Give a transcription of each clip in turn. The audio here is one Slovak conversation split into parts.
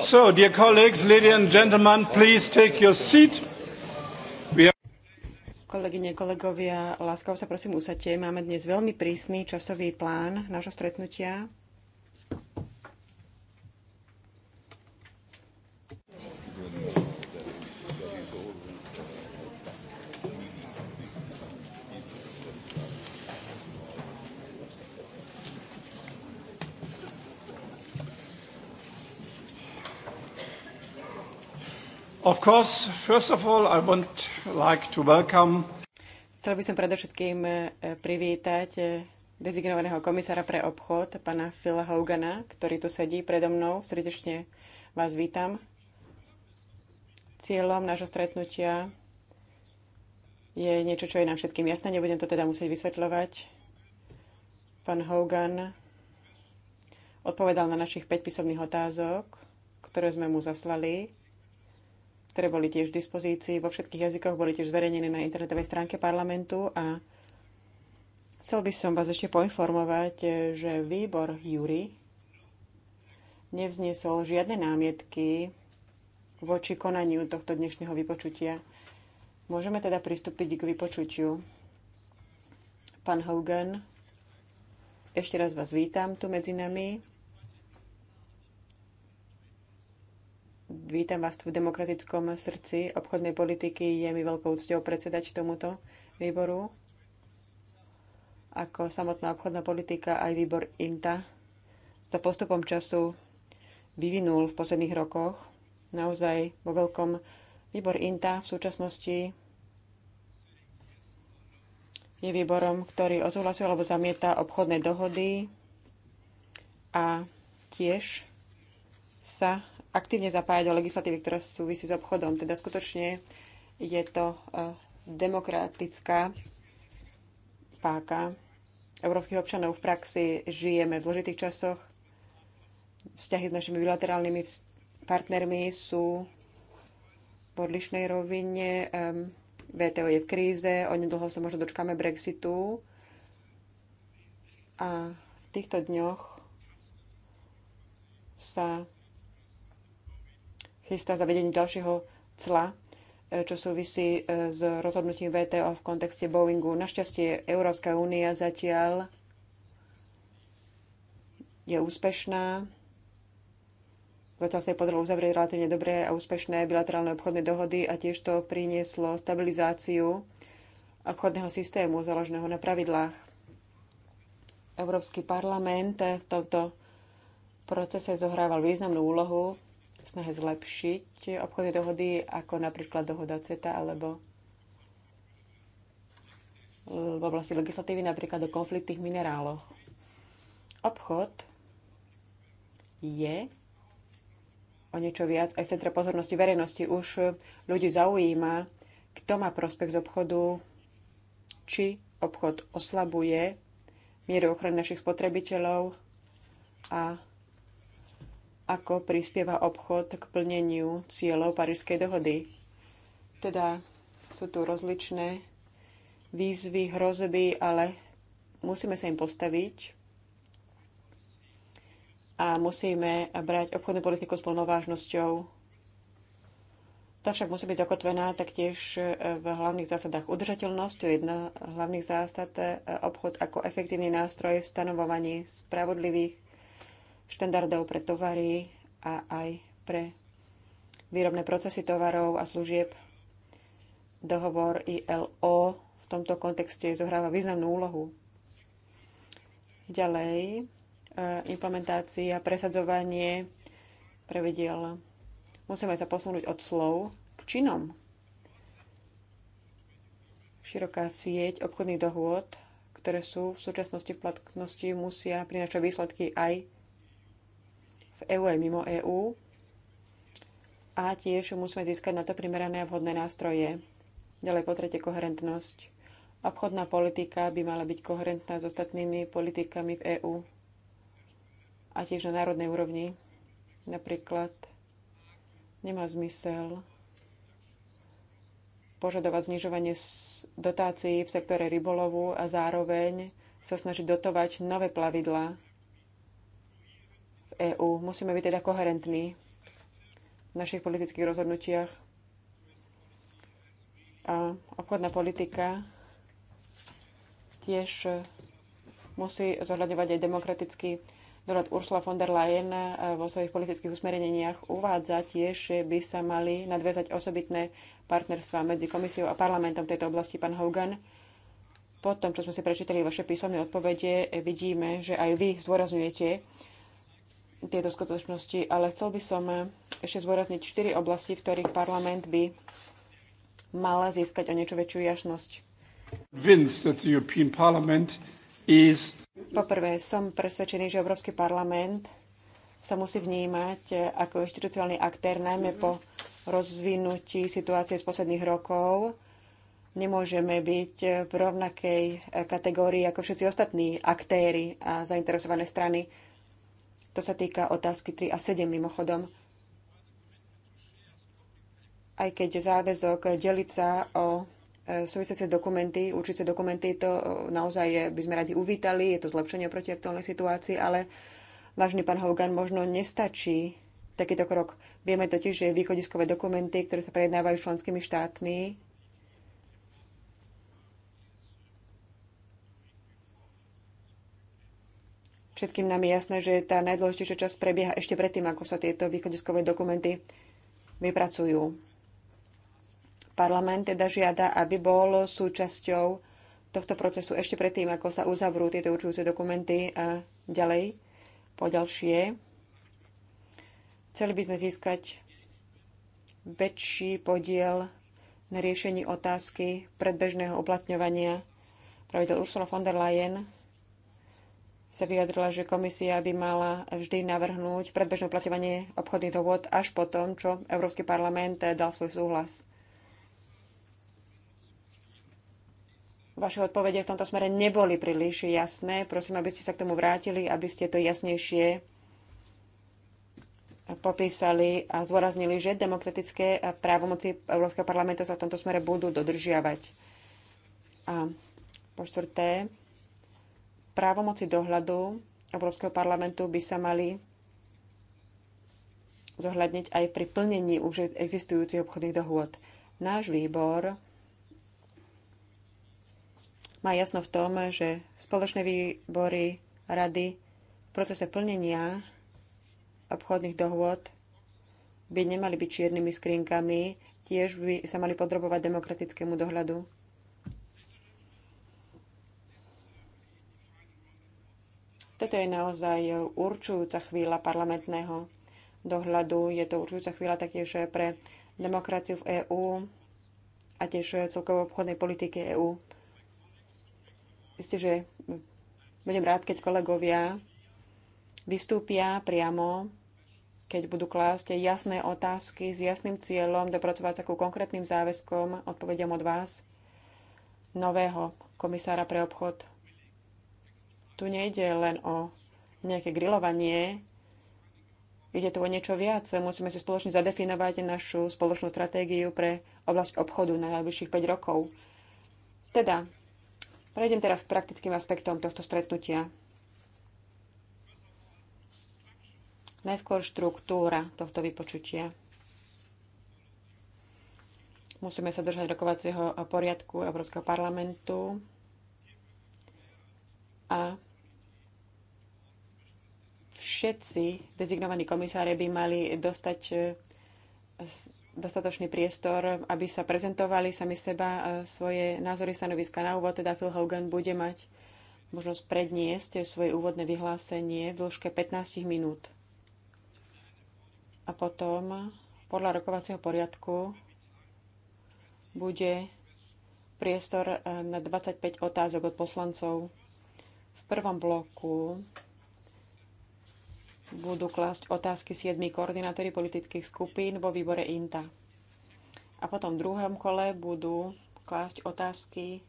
So, dear colleagues, ladies and gentlemen, please take your seat. Kolegyne, kolegovia, láskavo sa prosím usadte. Máme dnes veľmi prísny časový plán nášho stretnutia. course, first of all, I want like to welcome Chcel by som predovšetkým e, privítať e, dezignovaného komisára pre obchod, pana Phila Hogana, ktorý tu sedí predo mnou. Srdečne vás vítam. Cieľom nášho stretnutia je niečo, čo je nám všetkým jasné. Nebudem to teda musieť vysvetľovať. Pán Hogan odpovedal na našich 5 písomných otázok, ktoré sme mu zaslali ktoré boli tiež v dispozícii vo všetkých jazykoch, boli tiež zverejnené na internetovej stránke parlamentu a chcel by som vás ešte poinformovať, že výbor Júri nevzniesol žiadne námietky voči konaniu tohto dnešného vypočutia. Môžeme teda pristúpiť k vypočutiu. Pán Hogan, ešte raz vás vítam tu medzi nami. Vítam vás tu v demokratickom srdci obchodnej politiky. Je mi veľkou úcťou predsedať tomuto výboru. Ako samotná obchodná politika aj výbor INTA sa postupom času vyvinul v posledných rokoch. Naozaj vo veľkom výbor INTA v súčasnosti je výborom, ktorý odsúhlasuje alebo zamieta obchodné dohody a tiež sa aktívne zapájať do legislatívy, ktorá súvisí s obchodom. Teda skutočne je to e, demokratická páka európskych občanov. V praxi žijeme v zložitých časoch. Vzťahy s našimi bilaterálnymi partnermi sú v odlišnej rovine. VTO je v kríze, onedlho sa možno dočkáme Brexitu. A v týchto dňoch sa chystá zavedenie ďalšieho cla, e, čo súvisí e, s rozhodnutím VTO v kontexte Boeingu. Našťastie Európska únia zatiaľ je úspešná. Zatiaľ sa jej podarilo uzavrieť relatívne dobré a úspešné bilaterálne obchodné dohody a tiež to prinieslo stabilizáciu obchodného systému založeného na pravidlách. Európsky parlament v tomto procese zohrával významnú úlohu snahe zlepšiť obchodné dohody, ako napríklad dohoda CETA alebo eh, v oblasti legislatívy napríklad o konfliktných mineráloch. Obchod je o niečo viac aj v centre pozornosti verejnosti. Už ľudí zaujíma, kto má prospech z obchodu, či obchod oslabuje mieru ochrany našich spotrebiteľov a ako prispieva obchod k plneniu cieľov Parížskej dohody. Teda sú tu rozličné výzvy, hrozby, ale musíme sa im postaviť a musíme brať obchodnú politiku s plnou vážnosťou. Tá však musí byť zakotvená taktiež v hlavných zásadách udržateľnosť, to je jedna hlavných zásad, e, obchod ako efektívny nástroj v stanovovaní spravodlivých štandardov pre tovary a aj pre výrobné procesy tovarov a služieb. Dohovor ILO v tomto kontexte zohráva významnú úlohu. Ďalej, e, implementácia, presadzovanie prevediel. Musíme sa posunúť od slov k činom. Široká sieť obchodných dohôd ktoré sú v súčasnosti v platnosti, musia prinášať výsledky aj v EÚ aj mimo EÚ a tiež musíme získať na to primerané a vhodné nástroje. Ďalej po tretie koherentnosť. Obchodná politika by mala byť koherentná s ostatnými politikami v EÚ a tiež na národnej úrovni. Napríklad nemá zmysel požadovať znižovanie dotácií v sektore rybolovu a zároveň sa snažiť dotovať nové plavidlá EÚ. Musíme byť teda koherentní v našich politických rozhodnutiach. A obchodná politika tiež musí zohľadňovať aj demokratický dohľad Ursula von der Leyen vo svojich politických usmereniach uvádza tiež, že by sa mali nadviazať osobitné partnerstva medzi komisiou a parlamentom v tejto oblasti. Pán Hogan, po tom, čo sme si prečítali vaše písomné odpovede, vidíme, že aj vy zdôrazňujete tieto skutočnosti, ale chcel by som ešte zvorazniť štyri oblasti, v ktorých parlament by mal získať o niečo väčšiu jašnosť. Poprvé, som presvedčený, že Európsky parlament sa musí vnímať ako inštitucionálny aktér, najmä po rozvinutí situácie z posledných rokov. Nemôžeme byť v rovnakej kategórii ako všetci ostatní aktéry a zainteresované strany to sa týka otázky 3 a 7 mimochodom. Aj keď záväzok deliť sa o e, súvisiace dokumenty, určite dokumenty, to e, naozaj by sme radi uvítali, je to zlepšenie oproti aktuálnej situácii, ale vážny pán Hogan, možno nestačí takýto krok. Vieme totiž, že východiskové dokumenty, ktoré sa prejednávajú členskými štátmi, Všetkým nám je jasné, že tá najdôležitejšia časť prebieha ešte predtým, ako sa tieto východiskové dokumenty vypracujú. Parlament teda žiada, aby bol súčasťou tohto procesu ešte predtým, ako sa uzavrú tieto určujúce dokumenty a ďalej, po ďalšie. Chceli by sme získať väčší podiel na riešení otázky predbežného uplatňovania pravidel Ursula von der Leyen sa vyjadrila, že komisia by mala vždy navrhnúť predbežné uplatňovanie obchodných dohôd až po tom, čo Európsky parlament dal svoj súhlas. Vaše odpovede v tomto smere neboli príliš jasné. Prosím, aby ste sa k tomu vrátili, aby ste to jasnejšie popísali a zdôraznili, že demokratické právomoci Európskeho parlamentu sa v tomto smere budú dodržiavať. A po štvrté, právomoci dohľadu Európskeho parlamentu by sa mali zohľadniť aj pri plnení už existujúcich obchodných dohôd. Náš výbor má jasno v tom, že spoločné výbory rady v procese plnenia obchodných dohôd by nemali byť čiernymi skrinkami, tiež by sa mali podrobovať demokratickému dohľadu. Toto je naozaj určujúca chvíľa parlamentného dohľadu. Je to určujúca chvíľa taktiež pre demokraciu v EÚ a tiež celkovo obchodnej politike EÚ. Isté, že budem rád, keď kolegovia vystúpia priamo, keď budú klásť jasné otázky s jasným cieľom dopracovať sa ku konkrétnym záväzkom, odpovediam od vás, nového komisára pre obchod tu nejde len o nejaké grilovanie, ide tu o niečo viac. Musíme si spoločne zadefinovať našu spoločnú stratégiu pre oblasť obchodu na najbližších 5 rokov. Teda, prejdem teraz k praktickým aspektom tohto stretnutia. Najskôr štruktúra tohto vypočutia. Musíme sa držať rokovacieho poriadku Európskeho parlamentu a všetci dezignovaní komisári by mali dostať e, dostatočný priestor, aby sa prezentovali sami seba e, svoje názory, stanoviska na úvod. Teda Phil Hogan bude mať možnosť predniesť svoje úvodné vyhlásenie v dĺžke 15 minút. A potom podľa rokovacieho poriadku bude priestor e, na 25 otázok od poslancov. V prvom bloku budú klásť otázky siedmi koordinátori politických skupín vo výbore INTA. A potom v druhom kole budú klásť otázky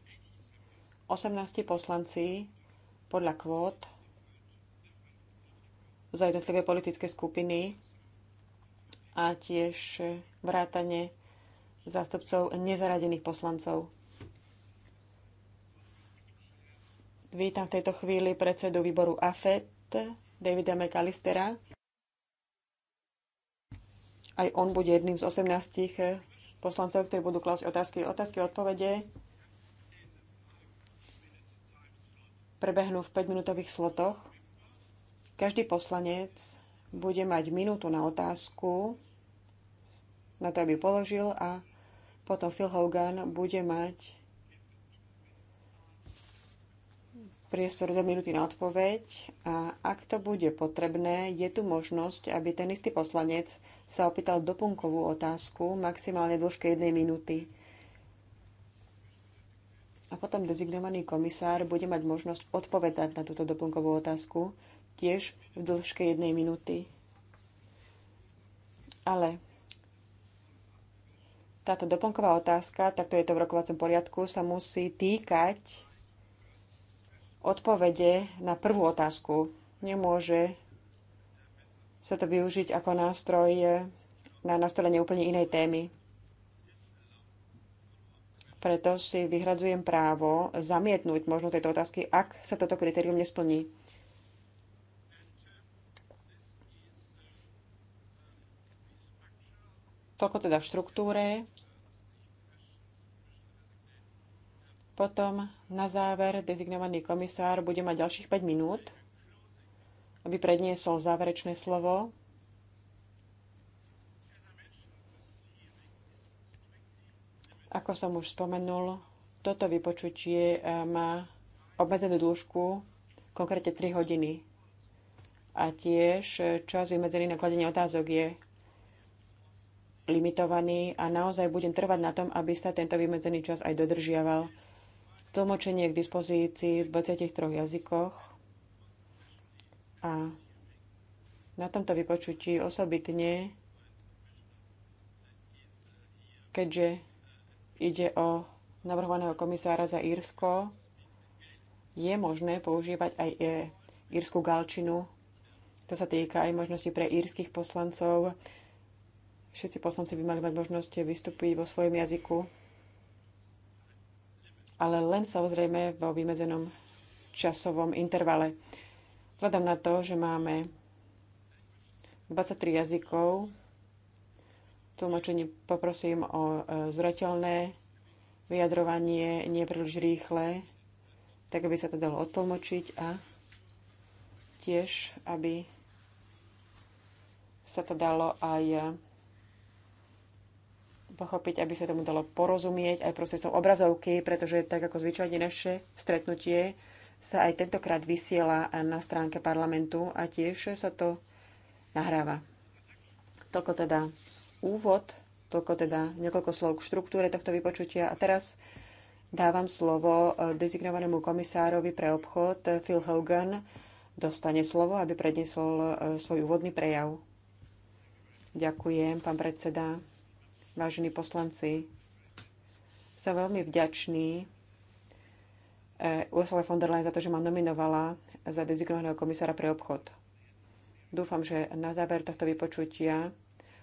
18 poslanci podľa kvót za jednotlivé politické skupiny a tiež vrátane zástupcov nezaradených poslancov. Vítam v tejto chvíli predsedu výboru AFET, Davida McAllistera. Aj on bude jedným z 18 eh, poslancov, ktorí budú klásť otázky, otázky a odpovede. Prebehnú v 5-minútových slotoch. Každý poslanec bude mať minútu na otázku, na to, aby položil a potom Phil Hogan bude mať priestor za minúty na odpoveď a ak to bude potrebné, je tu možnosť, aby ten istý poslanec sa opýtal doplnkovú otázku maximálne dĺžke jednej minúty. A potom dezignovaný komisár bude mať možnosť odpovedať na túto doplnkovú otázku tiež v dĺžke jednej minúty. Ale táto doplnková otázka, takto je to v rokovacom poriadku, sa musí týkať odpovede na prvú otázku. Nemôže sa to využiť ako nástroj na nastolenie úplne inej témy. Preto si vyhradzujem právo zamietnúť možno tejto otázky, ak sa toto kritérium nesplní. Toľko teda v štruktúre Potom na záver dezignovaný komisár bude mať ďalších 5 minút, aby predniesol záverečné slovo. Ako som už spomenul, toto vypočutie eh, má obmedzenú dĺžku, konkrétne 3 hodiny. A tiež eh, čas vymedzený na kladenie otázok je limitovaný a naozaj budem trvať na tom, aby sa tento vymedzený čas aj dodržiaval Tlmočenie je k dispozícii v 23 jazykoch a na tomto vypočutí osobitne, keďže ide o navrhovaného komisára za Írsko, je možné používať aj e, írsku galčinu. To sa týka aj možnosti pre írskych poslancov. Všetci poslanci by mali mať možnosť vystúpiť vo svojom jazyku ale len samozrejme vo vymedzenom časovom intervale. Vzhľadom na to, že máme 23 jazykov, tlmočenie poprosím o e, zreteľné vyjadrovanie, nie príliš rýchle, tak aby sa to dalo otlmočiť a tiež, aby sa to dalo aj pochopiť, aby sa tomu dalo porozumieť aj procesom obrazovky, pretože tak ako zvyčajne naše stretnutie sa aj tentokrát vysiela na stránke parlamentu a tiež sa to nahráva. Toľko teda úvod, toľko teda niekoľko slov k štruktúre tohto vypočutia a teraz dávam slovo e, dezignovanému komisárovi pre obchod Phil Hogan, dostane slovo, aby predniesol e, svoj úvodný prejav. Ďakujem, pán predseda vážení poslanci, som veľmi vďačný eh, Ursula von der Leyen za to, že ma nominovala za dezignovaného komisára pre obchod. Dúfam, že na záver tohto vypočutia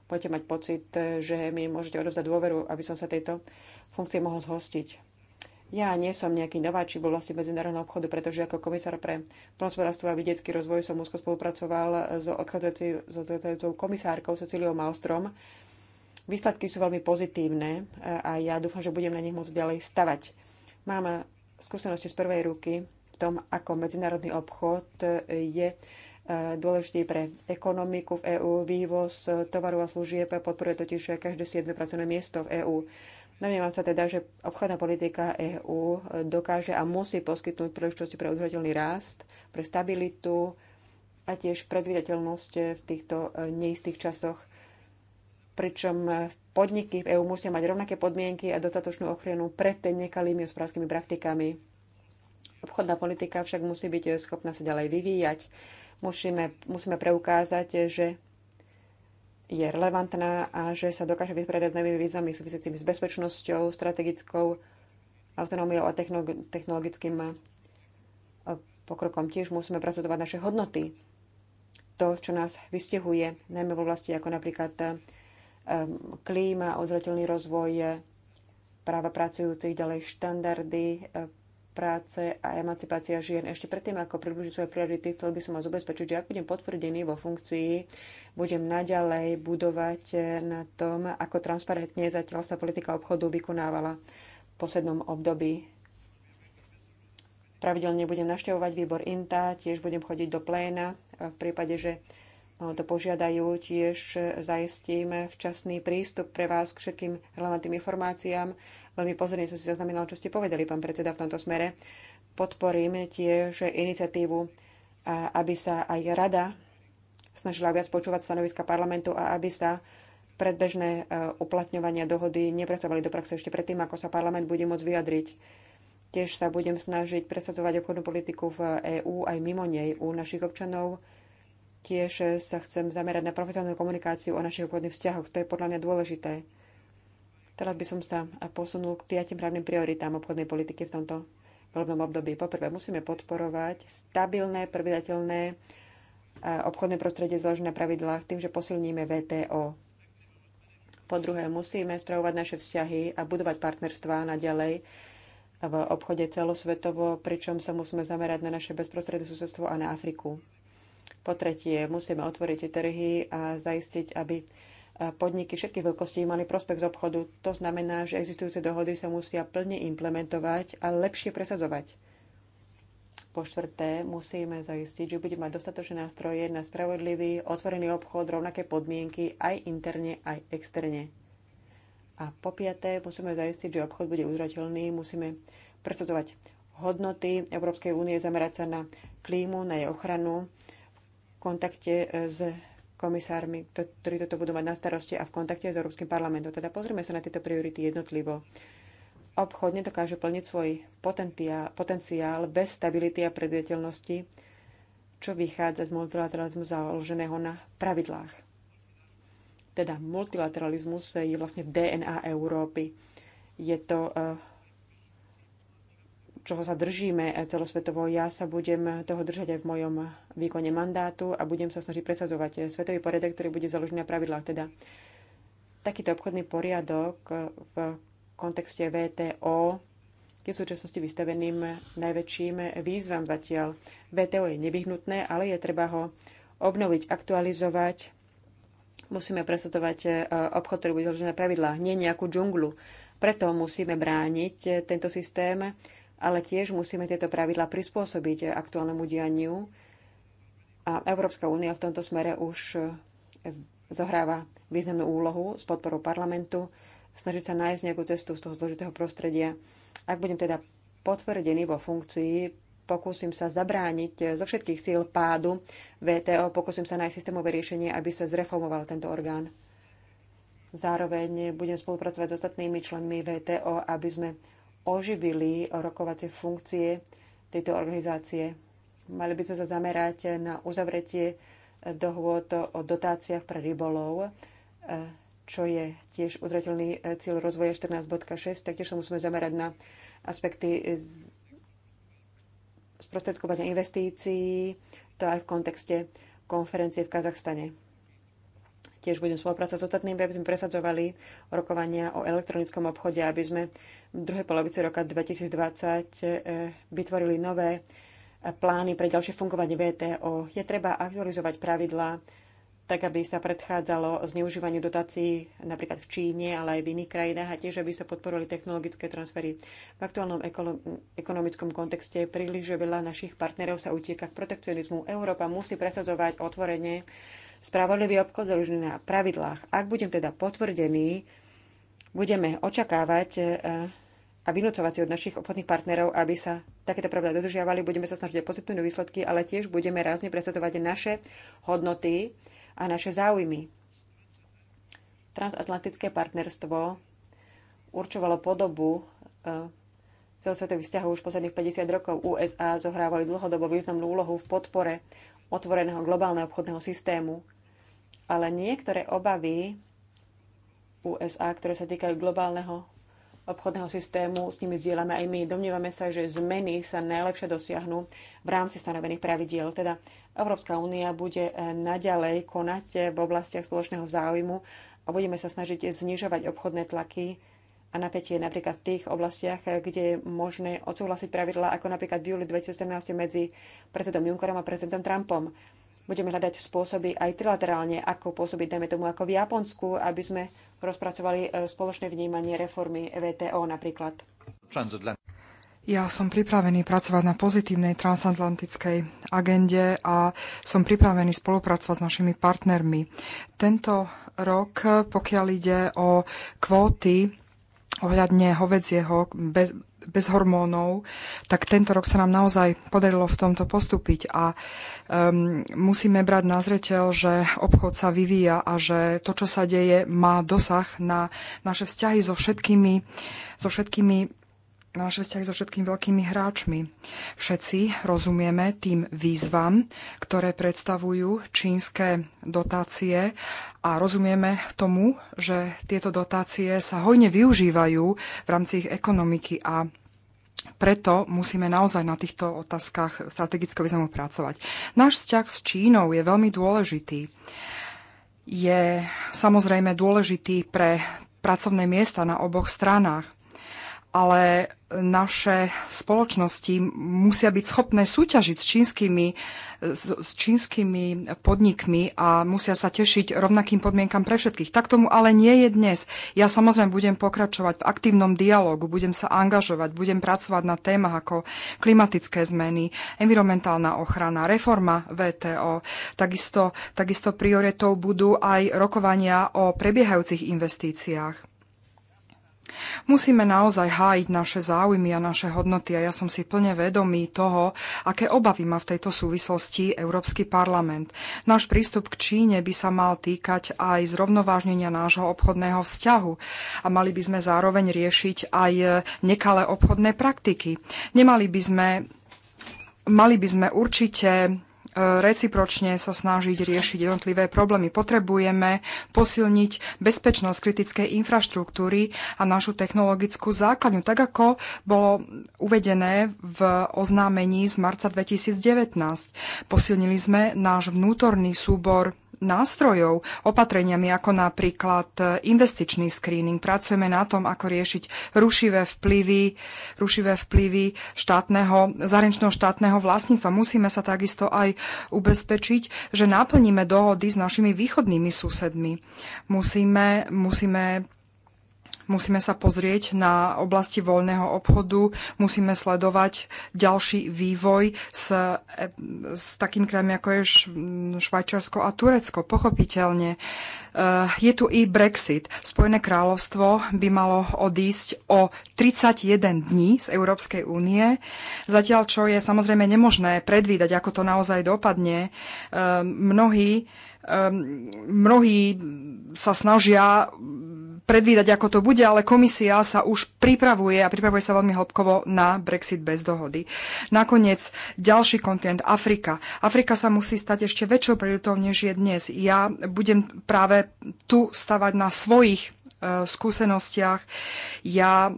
budete mať pocit, že mi môžete odovzdať dôveru, aby som sa tejto funkcie mohol zhostiť. Ja nie som nejaký nováčik v oblasti medzinárodného obchodu, pretože ako komisár pre prospodárstvo a vidiecký rozvoj som úzko spolupracoval s odchádzajúcou komisárkou Cecíliou Malstrom Výsledky sú veľmi pozitívne eh, a ja dúfam, že budem na nich môcť ďalej stavať. Mám eh, skúsenosti z prvej ruky v tom, ako medzinárodný obchod eh, je dôležitý pre ekonomiku v EÚ. Vývoz tovaru a služieb podporuje totiž každé 7 pracovné miesto v EÚ. Domnievam sa teda, že obchodná politika EÚ dokáže a musí poskytnúť príležitosti pre udržateľný rast, pre stabilitu a tiež predvidateľnosť v týchto neistých časoch pričom podniky v EÚ musia mať rovnaké podmienky a dostatočnú ochranu pred nekalými hospodárskymi praktikami. Obchodná politika však musí byť schopná sa ďalej vyvíjať. Musíme, musíme preukázať, že je relevantná a že sa dokáže vysporiadať s novými výzvami súvisiacimi s bezpečnosťou, strategickou autonómiou a technologickým pokrokom. Tiež musíme pracovať naše hodnoty, to, čo nás vystihuje, najmä v oblasti ako napríklad klíma, ozretelný rozvoj, e, práva pracujúcich, ďalej štandardy e, práce a emancipácia žien. Ešte predtým, ako približím svoje priority, chcel by som vás ubezpečiť, že ak budem potvrdený vo funkcii, budem naďalej budovať e, na tom, ako transparentne zatiaľ sa politika obchodu vykonávala v poslednom období. Pravidelne budem navštevovať výbor INTA, tiež budem chodiť do pléna v prípade, že to požiadajú, tiež zaistím včasný prístup pre vás k všetkým relevantným informáciám. Veľmi pozorne som si zaznamenal, čo ste povedali, pán predseda, v tomto smere. Podporím tiež iniciatívu, aby sa aj rada snažila viac počúvať stanoviska parlamentu a aby sa predbežné e, uplatňovania dohody nepracovali do praxe ešte predtým, ako sa parlament bude môcť vyjadriť. Tiež sa budem snažiť presadzovať obchodnú politiku v EÚ aj mimo nej u našich občanov, Tiež e, sa chcem zamerať na profesionálnu komunikáciu o našich obchodných vzťahoch. To je podľa mňa dôležité. Teraz by som sa posunul k piatim právnym prioritám obchodnej politiky v tomto volebnom období. Poprvé, musíme podporovať stabilné, predvydateľné e, obchodné prostredie založené na pravidlách tým, že posilníme VTO. Po druhé, musíme spravovať naše vzťahy a budovať partnerstvá naďalej v obchode celosvetovo, pričom sa musíme zamerať na naše bezprostredné susedstvo a na Afriku. Po tretie, musíme otvoriť trhy a zaistiť, aby e, podniky všetkých veľkostí mali prospekt z obchodu. To znamená, že existujúce dohody sa musia plne implementovať a lepšie presadzovať. Po štvrté, musíme zaistiť, že budeme mať dostatočné nástroje na spravodlivý, otvorený obchod, rovnaké podmienky aj interne, aj externe. A po piaté, musíme zaistiť, že obchod bude uzrateľný, musíme presadzovať hodnoty Európskej únie, zamerať sa na klímu, na jej ochranu, kontakte e, s komisármi, ktorí toto budú mať na starosti a v kontakte s Európskym parlamentom. Teda pozrieme sa na tieto priority jednotlivo. Obchod nedokáže plniť svoj potenciál bez stability a predvietelnosti, čo vychádza z multilateralizmu založeného na pravidlách. Teda multilateralizmus je vlastne v DNA Európy. Je to e, čoho sa držíme celosvetovo. Ja sa budem toho držať aj v mojom výkone mandátu a budem sa snažiť presadzovať svetový poriadok, ktorý bude založený na pravidlách. Teda takýto obchodný poriadok v kontexte VTO je v súčasnosti vystaveným najväčším výzvam zatiaľ. VTO je nevyhnutné, ale je treba ho obnoviť, aktualizovať. Musíme presadzovať e, obchod, ktorý bude založený na pravidlách, nie nejakú džunglu. Preto musíme brániť tento systém ale tiež musíme tieto pravidla prispôsobiť aktuálnemu dianiu. A Európska únia v tomto smere už e, zohráva významnú úlohu s podporou parlamentu, snažiť sa nájsť nejakú cestu z toho zložitého prostredia. Ak budem teda potvrdený vo funkcii, pokúsim sa zabrániť e, zo všetkých síl pádu VTO, pokúsim sa nájsť systémové riešenie, aby sa zreformoval tento orgán. Zároveň budem spolupracovať s ostatnými členmi VTO, aby sme oživili rokovacie funkcie tejto organizácie. Mali by sme sa zamerať na uzavretie dohôd o dotáciách pre rybolov, e, čo je tiež uzrateľný e, cieľ rozvoja 14.6. Taktiež sa musíme zamerať na aspekty sprostredkovania investícií, to aj v kontexte konferencie v Kazachstane. Tiež budem spolupracovať s ostatnými, aby sme presadzovali rokovania o elektronickom obchode, aby sme v druhej polovici roka 2020 eh, vytvorili nové eh, plány pre ďalšie fungovanie VTO. Je treba aktualizovať pravidlá, tak aby sa predchádzalo zneužívaniu dotácií napríklad v Číne, ale aj v iných krajinách a tiež, aby sa podporovali technologické transfery. V aktuálnom ekonomickom kontexte príliš veľa našich partnerov sa utieka k protekcionizmu. Európa musí presadzovať otvorenie spravodlivý obchod založený na pravidlách. Ak budem teda potvrdený, budeme očakávať e, a vynúcovať si od našich obchodných partnerov, aby sa takéto pravidlá dodržiavali. Budeme sa snažiť o pozitívne výsledky, ale tiež budeme rázne presadovať naše hodnoty a naše záujmy. Transatlantické partnerstvo určovalo podobu e, celosvetových vzťahov už posledných 50 rokov. USA zohrávajú dlhodobo významnú úlohu v podpore otvoreného globálneho obchodného systému. Ale niektoré obavy USA, ktoré sa týkajú globálneho obchodného systému, s nimi zdieľame aj my. Domnievame sa, že zmeny sa najlepšie dosiahnu v rámci stanovených pravidiel. Teda Európska únia bude e, naďalej konať e, v oblastiach spoločného záujmu a budeme sa snažiť znižovať obchodné tlaky a napätie napríklad v tých oblastiach, kde je možné odsúhlasiť pravidla, ako napríklad v júli 2017 medzi predsedom Junckerom a prezidentom Trumpom. Budeme hľadať spôsoby aj trilaterálne, ako pôsobiť, dajme tomu, ako v Japonsku, aby sme rozpracovali e, spoločné vnímanie reformy VTO napríklad. Ja som pripravený pracovať na pozitívnej transatlantickej agende a som pripravený spolupracovať s našimi partnermi. Tento rok, pokiaľ ide o kvóty, ohľadne hovedzieho bez, bez hormónov, tak tento rok sa nám naozaj podarilo v tomto postúpiť a um, musíme brať na zreteľ, že obchod sa vyvíja a že to, čo sa deje, má dosah na naše vzťahy so všetkými, so všetkými na naše vzťahy so všetkými veľkými hráčmi. Všetci rozumieme tým výzvam, ktoré predstavujú čínske dotácie a rozumieme tomu, že tieto dotácie sa hojne využívajú v rámci ich ekonomiky a preto musíme naozaj na týchto otázkach strategického významu pracovať. Náš vzťah s Čínou je veľmi dôležitý. Je samozrejme dôležitý pre pracovné miesta na oboch stranách ale naše spoločnosti musia byť schopné súťažiť s čínskymi, s, s čínskymi podnikmi a musia sa tešiť rovnakým podmienkam pre všetkých. Tak tomu ale nie je dnes. Ja samozrejme budem pokračovať v aktívnom dialogu, budem sa angažovať, budem pracovať na témach ako klimatické zmeny, environmentálna ochrana, reforma VTO. Takisto, takisto prioritou budú aj rokovania o prebiehajúcich investíciách Musíme naozaj hájiť naše záujmy a naše hodnoty a ja som si plne vedomý toho, aké obavy má v tejto súvislosti Európsky parlament. Náš prístup k Číne by sa mal týkať aj zrovnovážnenia nášho obchodného vzťahu a mali by sme zároveň riešiť aj nekalé obchodné praktiky. Nemali by sme, mali by sme určite recipročne sa snažiť riešiť jednotlivé problémy. Potrebujeme posilniť bezpečnosť kritickej infraštruktúry a našu technologickú základňu, tak ako bolo uvedené v oznámení z marca 2019. Posilnili sme náš vnútorný súbor nástrojov, opatreniami ako napríklad e, investičný screening. Pracujeme na tom, ako riešiť rušivé vplyvy, rušivé vplyvy štátneho, zahraničného štátneho vlastníctva. Musíme sa takisto aj ubezpečiť, že naplníme dohody s našimi východnými susedmi. Musíme, musíme musíme sa pozrieť na oblasti voľného obchodu, musíme sledovať ďalší vývoj s, s takým krajom ako je Švajčiarsko a Turecko, pochopiteľne. Eh, je tu i Brexit. Spojené kráľovstvo by malo odísť o 31 dní z Európskej únie, zatiaľ čo je samozrejme nemožné predvídať, ako to naozaj dopadne. Eh, mnohí Ehm, mnohí sa snažia predvídať, ako to bude, ale komisia sa už pripravuje a pripravuje sa veľmi hlbkovo na Brexit bez dohody. Nakoniec ďalší kontinent, Afrika. Afrika sa musí stať ešte väčšou prioritou, než je dnes. Ja budem práve tu stavať na svojich uh, skúsenostiach. Ja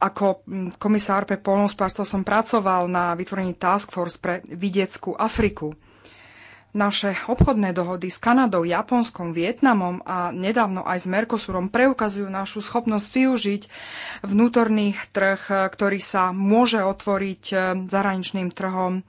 ako hm, komisár pre polnohospodárstvo som pracoval na vytvorení Task Force pre vidieckú Afriku. Naše obchodné dohody s Kanadou, Japonskom, Vietnamom a nedávno aj s Mercosurom preukazujú našu schopnosť využiť vnútorný trh, e, ktorý sa môže otvoriť e, zahraničným trhom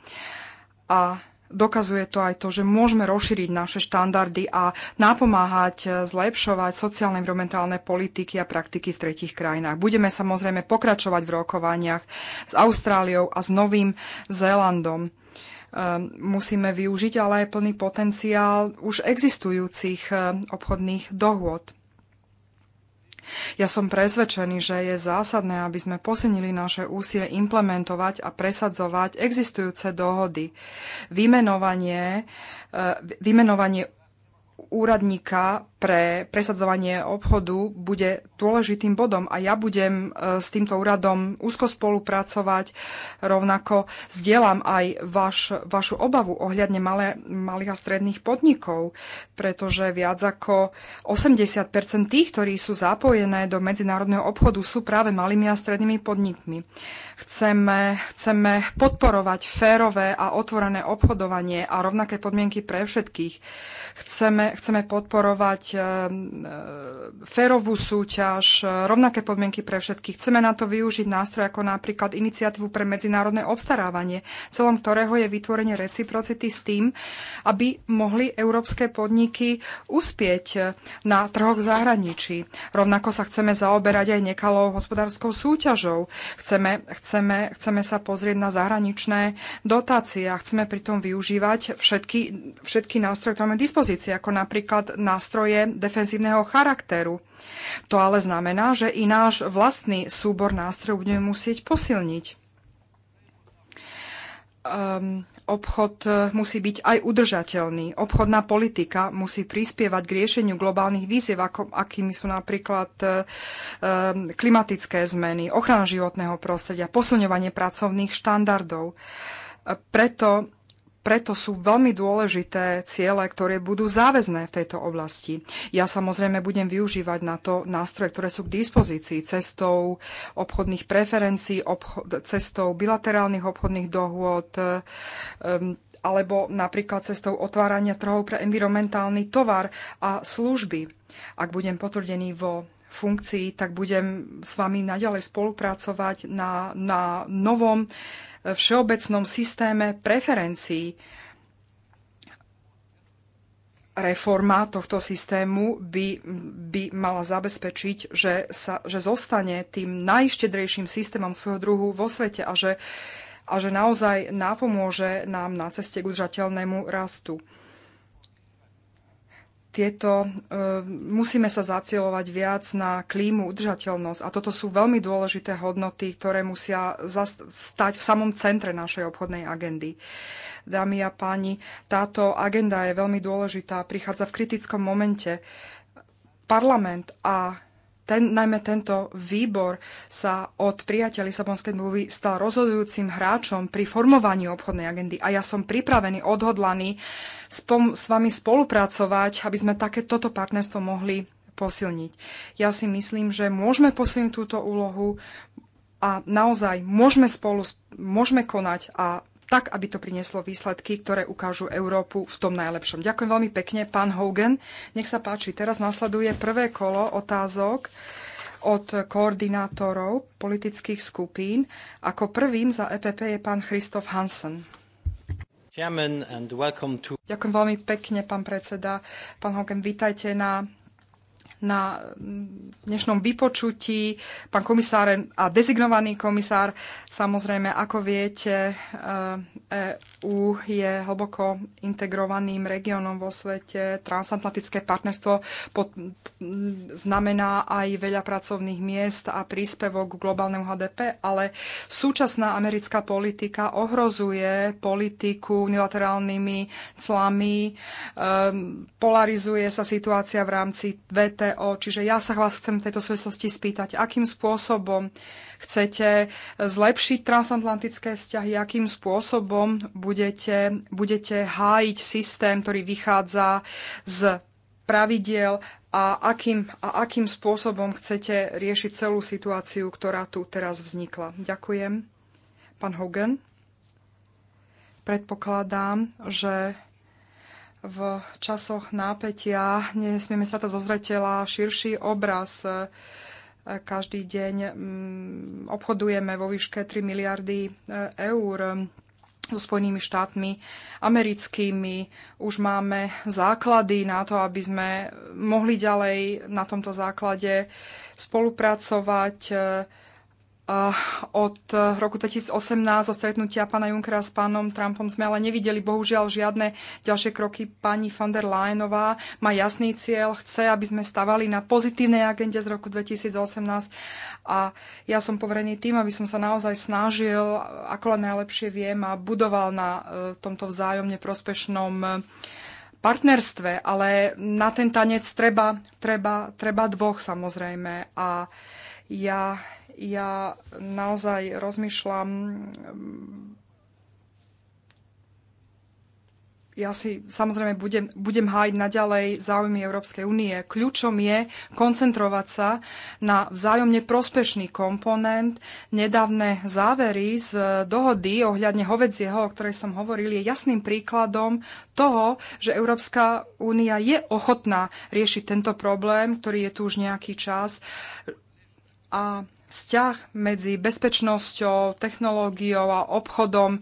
a dokazuje to aj to, že môžeme rozšíriť naše štandardy a napomáhať e, zlepšovať sociálne environmentálne politiky a praktiky v tretich krajinách. Budeme samozrejme pokračovať v rokovaniach s Austráliou a s Novým Zélandom. Ehm, musíme využiť, ale aj plný potenciál už existujúcich ehm, obchodných dohôd. Ja som presvedčený, že je zásadné, aby sme posilnili naše úsilie implementovať a presadzovať existujúce dohody. Vymenovanie, ehm, vymenovanie úradníka pre presadzovanie obchodu bude dôležitým bodom a ja budem e, s týmto úradom úzko spolupracovať. Rovnako zdieľam aj vaš, vašu obavu ohľadne malé, malých a stredných podnikov, pretože viac ako 80 tých, ktorí sú zapojené do medzinárodného obchodu, sú práve malými a strednými podnikmi. Chceme, chceme podporovať férové a otvorené obchodovanie a rovnaké podmienky pre všetkých. Chceme chceme, podporovať eh, eh, férovú súťaž, eh, rovnaké podmienky pre všetkých. Chceme na to využiť nástroj ako napríklad iniciatívu pre medzinárodné obstarávanie, celom ktorého je vytvorenie reciprocity s tým, aby mohli európske podniky uspieť na trhoch v zahraničí. Rovnako sa chceme zaoberať aj nekalou hospodárskou súťažou. Chceme, chceme, chceme sa pozrieť na zahraničné dotácie a chceme pritom využívať všetky, všetky nástroje, ktoré máme dispozícii, ako napríklad nástroje defenzívneho charakteru. To ale znamená, že i náš vlastný súbor nástrojov budeme musieť posilniť. Um, obchod musí byť aj udržateľný. Obchodná politika musí prispievať k riešeniu globálnych výziev, ako, akými sú napríklad um, klimatické zmeny, ochrana životného prostredia, posilňovanie pracovných štandardov. Preto preto sú veľmi dôležité ciele, ktoré budú záväzné v tejto oblasti. Ja samozrejme budem využívať na to nástroje, ktoré sú k dispozícii cestou obchodných preferencií, obchod, cestou bilaterálnych obchodných dohôd, um, alebo napríklad cestou otvárania trhov pre environmentálny tovar a služby. Ak budem potvrdený vo funkcii, tak budem s vami naďalej spolupracovať na, na novom všeobecnom systéme preferencií. Reforma tohto systému by, by mala zabezpečiť, že, sa, že zostane tým najštedrejším systémom svojho druhu vo svete a že, a že naozaj napomôže nám na ceste k udržateľnému rastu tieto, e, musíme sa zacielovať viac na klímu, udržateľnosť. A toto sú veľmi dôležité hodnoty, ktoré musia stať v samom centre našej obchodnej agendy. Dámy a páni, táto agenda je veľmi dôležitá, prichádza v kritickom momente. Parlament a ten, najmä tento výbor sa od prijatia Lisabonskej mluvy stal rozhodujúcim hráčom pri formovaní obchodnej agendy a ja som pripravený, odhodlaný spom- s vami spolupracovať, aby sme také toto partnerstvo mohli posilniť. Ja si myslím, že môžeme posilniť túto úlohu a naozaj môžeme spolu môžeme konať a tak, aby to prinieslo výsledky, ktoré ukážu Európu v tom najlepšom. Ďakujem veľmi pekne, pán Hogan. Nech sa páči, teraz nasleduje prvé kolo otázok od koordinátorov politických skupín. Ako prvým za EPP je pán Christoph Hansen. Ďakujem veľmi pekne, pán predseda. Pán Hogan, vítajte na na dnešnom vypočutí. Pán komisár a dezignovaný komisár, samozrejme, ako viete, eh, EÚ je hlboko integrovaným regiónom vo svete. Transatlantické partnerstvo pod, znamená aj veľa pracovných miest a príspevok k globálnemu HDP, ale súčasná americká politika ohrozuje politiku unilaterálnymi clami, um, polarizuje sa situácia v rámci VTO. Čiže ja sa vás chcem v tejto súvislosti spýtať, akým spôsobom chcete zlepšiť transatlantické vzťahy, akým spôsobom budete, budete hájiť systém, ktorý vychádza z pravidiel a akým, a akým spôsobom chcete riešiť celú situáciu, ktorá tu teraz vznikla. Ďakujem. Pán Hogan, predpokladám, že v časoch nápetia nesmieme sa to zozretela širší obraz každý deň mm, obchodujeme vo výške 3 miliardy e, eur mm, so Spojenými štátmi americkými. Už máme základy na to, aby sme mohli ďalej na tomto základe spolupracovať e, Eh, od eh, roku 2018 od stretnutia pána Junckera s pánom Trumpom sme ale nevideli bohužiaľ žiadne ďalšie kroky. Pani von der Leyenová má jasný cieľ, chce, aby sme stavali na pozitívnej agende z roku 2018 a ja som poverený tým, aby som sa naozaj snažil, ako len najlepšie viem a budoval na eh, tomto vzájomne prospešnom partnerstve, ale na ten tanec treba, treba, treba dvoch samozrejme a ja ja naozaj rozmýšľam, mm, ja si samozrejme budem, budem hájiť naďalej záujmy Európskej únie. Kľúčom je koncentrovať sa na vzájomne prospešný komponent. Nedávne závery z dohody ohľadne hovedzieho, o ktorej som hovoril, je jasným príkladom toho, že Európska únia je ochotná riešiť tento problém, ktorý je tu už nejaký čas. A vzťah medzi bezpečnosťou, technológiou a obchodom e,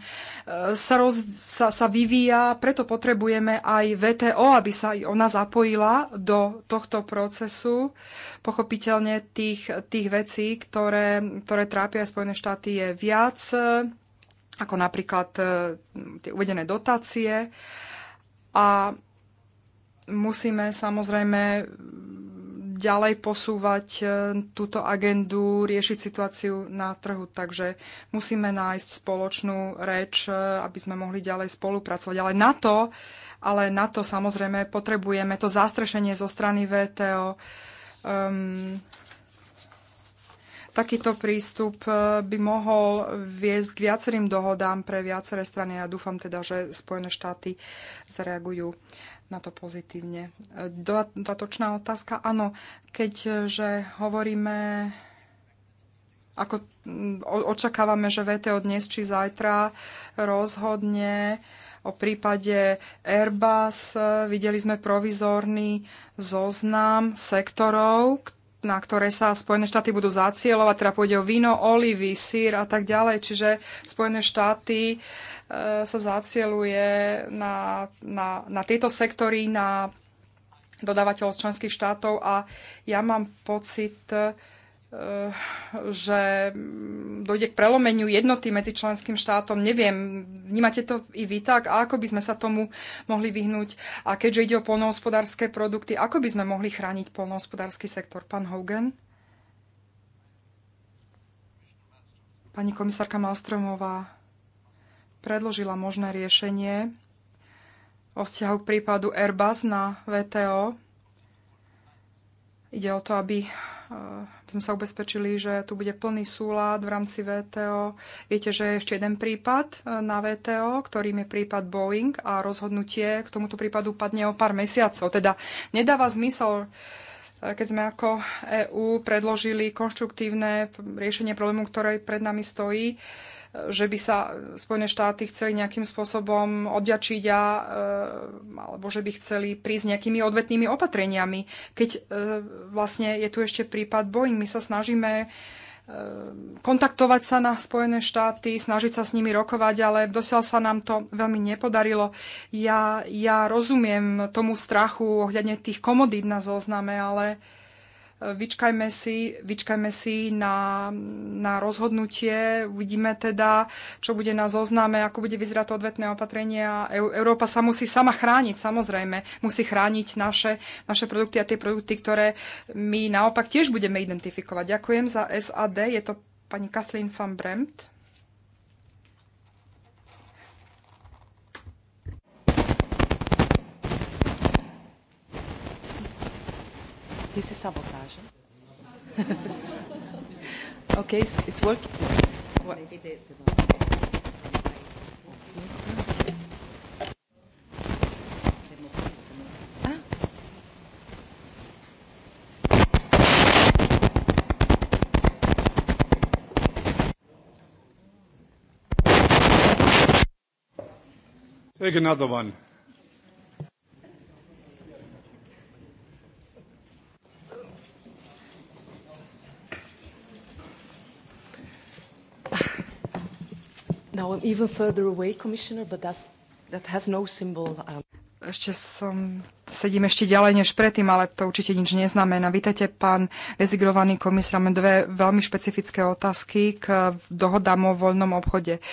sa, roz, sa, sa vyvíja, preto potrebujeme aj VTO, aby sa aj ona zapojila do tohto procesu. Pochopiteľne tých, tých vecí, ktoré, ktoré trápia aj Spojené štáty, je viac, e, ako napríklad e, tie uvedené dotácie. A musíme samozrejme ďalej posúvať e, túto agendu, riešiť situáciu na trhu. Takže musíme nájsť spoločnú reč, e, aby sme mohli ďalej spolupracovať. Ale na to, ale na to samozrejme potrebujeme to zastrešenie zo strany VTO. Um, ehm, takýto prístup e, by mohol viesť k viacerým dohodám pre viaceré strany. Ja dúfam teda, že Spojené štáty zareagujú na to pozitívne. Dodatočná otázka. Áno, keďže hovoríme, ako očakávame, že VTO dnes či zajtra rozhodne o prípade Airbus. Videli sme provizórny zoznam sektorov, na ktoré sa Spojené štáty budú zacielovať, teda pôjde o víno, olivy, sír a tak ďalej. Čiže Spojené štáty e, sa zacieluje na, na, na tieto sektory, na dodávateľov členských štátov a ja mám pocit, e, Eh, že mm, dojde k prelomeniu jednoty medzi členským štátom. Neviem, vnímate to i vy tak? A ako by sme sa tomu mohli vyhnúť? A keďže ide o polnohospodárske produkty, ako by sme mohli chrániť polnohospodársky sektor? Pán Hogan? Pani komisárka Malstromová predložila možné riešenie o vzťahu k prípadu Airbus na VTO. Ide o to, aby Eh, sme sa ubezpečili, že tu bude plný súlad v rámci VTO. Viete, že je ešte jeden prípad eh, na VTO, ktorým je prípad Boeing a rozhodnutie k tomuto prípadu padne o pár mesiacov. Teda nedáva zmysel eh, keď sme ako EÚ predložili konštruktívne riešenie problému, ktoré pred nami stojí, uh, že by sa Spojené štáty chceli nejakým spôsobom odďačiť a, e, alebo že by chceli prísť nejakými odvetnými opatreniami. Keď e, vlastne je tu ešte prípad Boeing, my sa snažíme e, kontaktovať sa na Spojené štáty, snažiť sa s nimi rokovať, ale dosiaľ sa nám to veľmi nepodarilo. Ja, ja rozumiem tomu strachu ohľadne tých komodít na zozname, ale uh, Vyčkajme si, vyčkajme si na, na rozhodnutie, uvidíme teda, čo bude na zozname, ako bude vyzerať to odvetné opatrenie. Európa sa musí sama chrániť, samozrejme. Musí chrániť naše, naše produkty a tie produkty, ktoré my naopak tiež budeme identifikovať. Ďakujem za SAD, je to pani Kathleen van Bremt. This is sabotage. okay, it's, it's working. What? Take another one. even further away, Commissioner, but that's, that has no symbol. Um... Ešte som, sedím ešte ďalej než predtým, ale to určite nič neznamená. Vítajte, pán rezigrovaný komisár. Mám dve veľmi špecifické otázky k dohodám o voľnom obchode.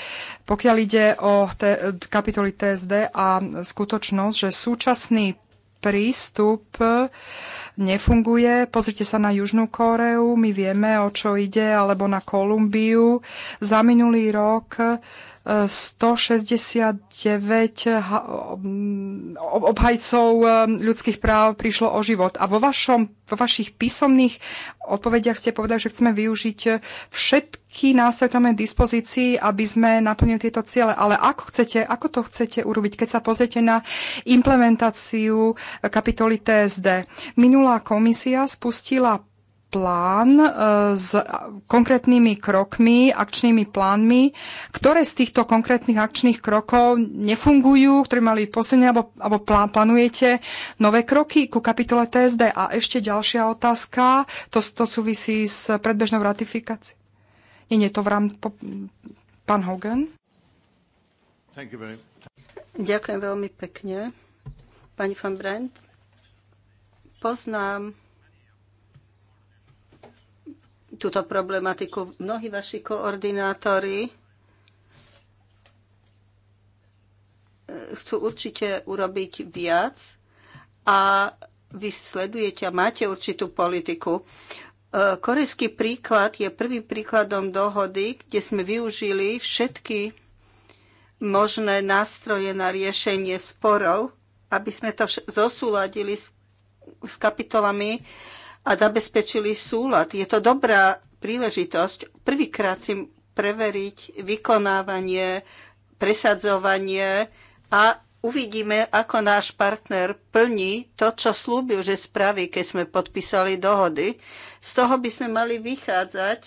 Pokiaľ ide o te, kapitoly TSD a skutočnosť, že súčasný prístup nefunguje. Pozrite sa na Južnú Kóreu, my vieme, o čo ide, alebo na Kolumbiu. Za minulý rok 169 obhajcov um, ľudských práv prišlo o život. A vo, vašom, vo vašich písomných odpovediach ste povedali, že chceme využiť všetky nástroje, ktoré máme dispozícii, aby sme naplnili tieto ciele. Ale ako, chcete, ako to chcete urobiť, keď sa pozriete na implementáciu kapitoly TSD? Minulá komisia spustila plán e, s konkrétnymi krokmi, akčnými plánmi, ktoré z týchto konkrétnych akčných krokov nefungujú, ktoré mali posilniť, alebo, alebo plán, plánujete nové kroky ku kapitole TSD. A ešte ďalšia otázka, to, to súvisí s predbežnou ratifikáciou. Nie, nie, to v rám... pán Hogan. Ďakujem veľmi pekne. Pani van Brent, poznám túto problematiku. Mnohí vaši koordinátori eh, chcú určite urobiť viac a vy sledujete a máte určitú politiku. Eh, korejský príklad je prvým príkladom dohody, kde sme využili všetky možné nástroje na riešenie sporov, aby sme to zosúladili s, s kapitolami a zabezpečili súlad. Je to dobrá príležitosť prvýkrát si preveriť vykonávanie, presadzovanie a uvidíme, ako náš partner plní to, čo slúbil, že spraví, keď sme podpísali dohody. Z toho by sme mali vychádzať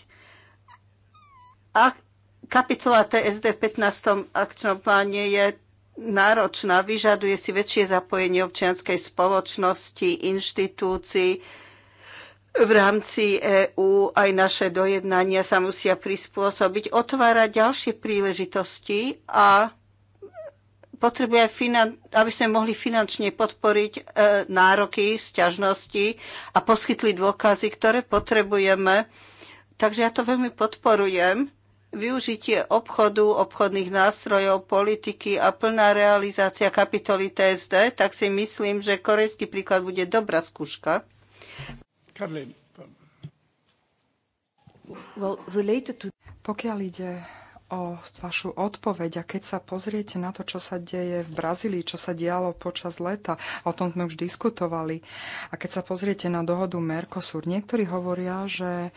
a kapitola TSD v 15. akčnom pláne je náročná, vyžaduje si väčšie zapojenie občianskej spoločnosti, inštitúcií, v rámci EÚ aj naše dojednania sa musia prispôsobiť, otvárať ďalšie príležitosti a potrebuje, aby sme mohli finančne podporiť e, nároky, sťažnosti a poskytli dôkazy, ktoré potrebujeme. Takže ja to veľmi podporujem. Využitie obchodu, obchodných nástrojov, politiky a plná realizácia kapitoly TSD, tak si myslím, že korejský príklad bude dobrá skúška pokiaľ ide o vašu odpoveď a keď sa pozriete na to, čo sa deje v Brazílii, čo sa dialo počas leta, o tom sme už diskutovali, a keď sa pozriete na dohodu Mercosur, niektorí hovoria, že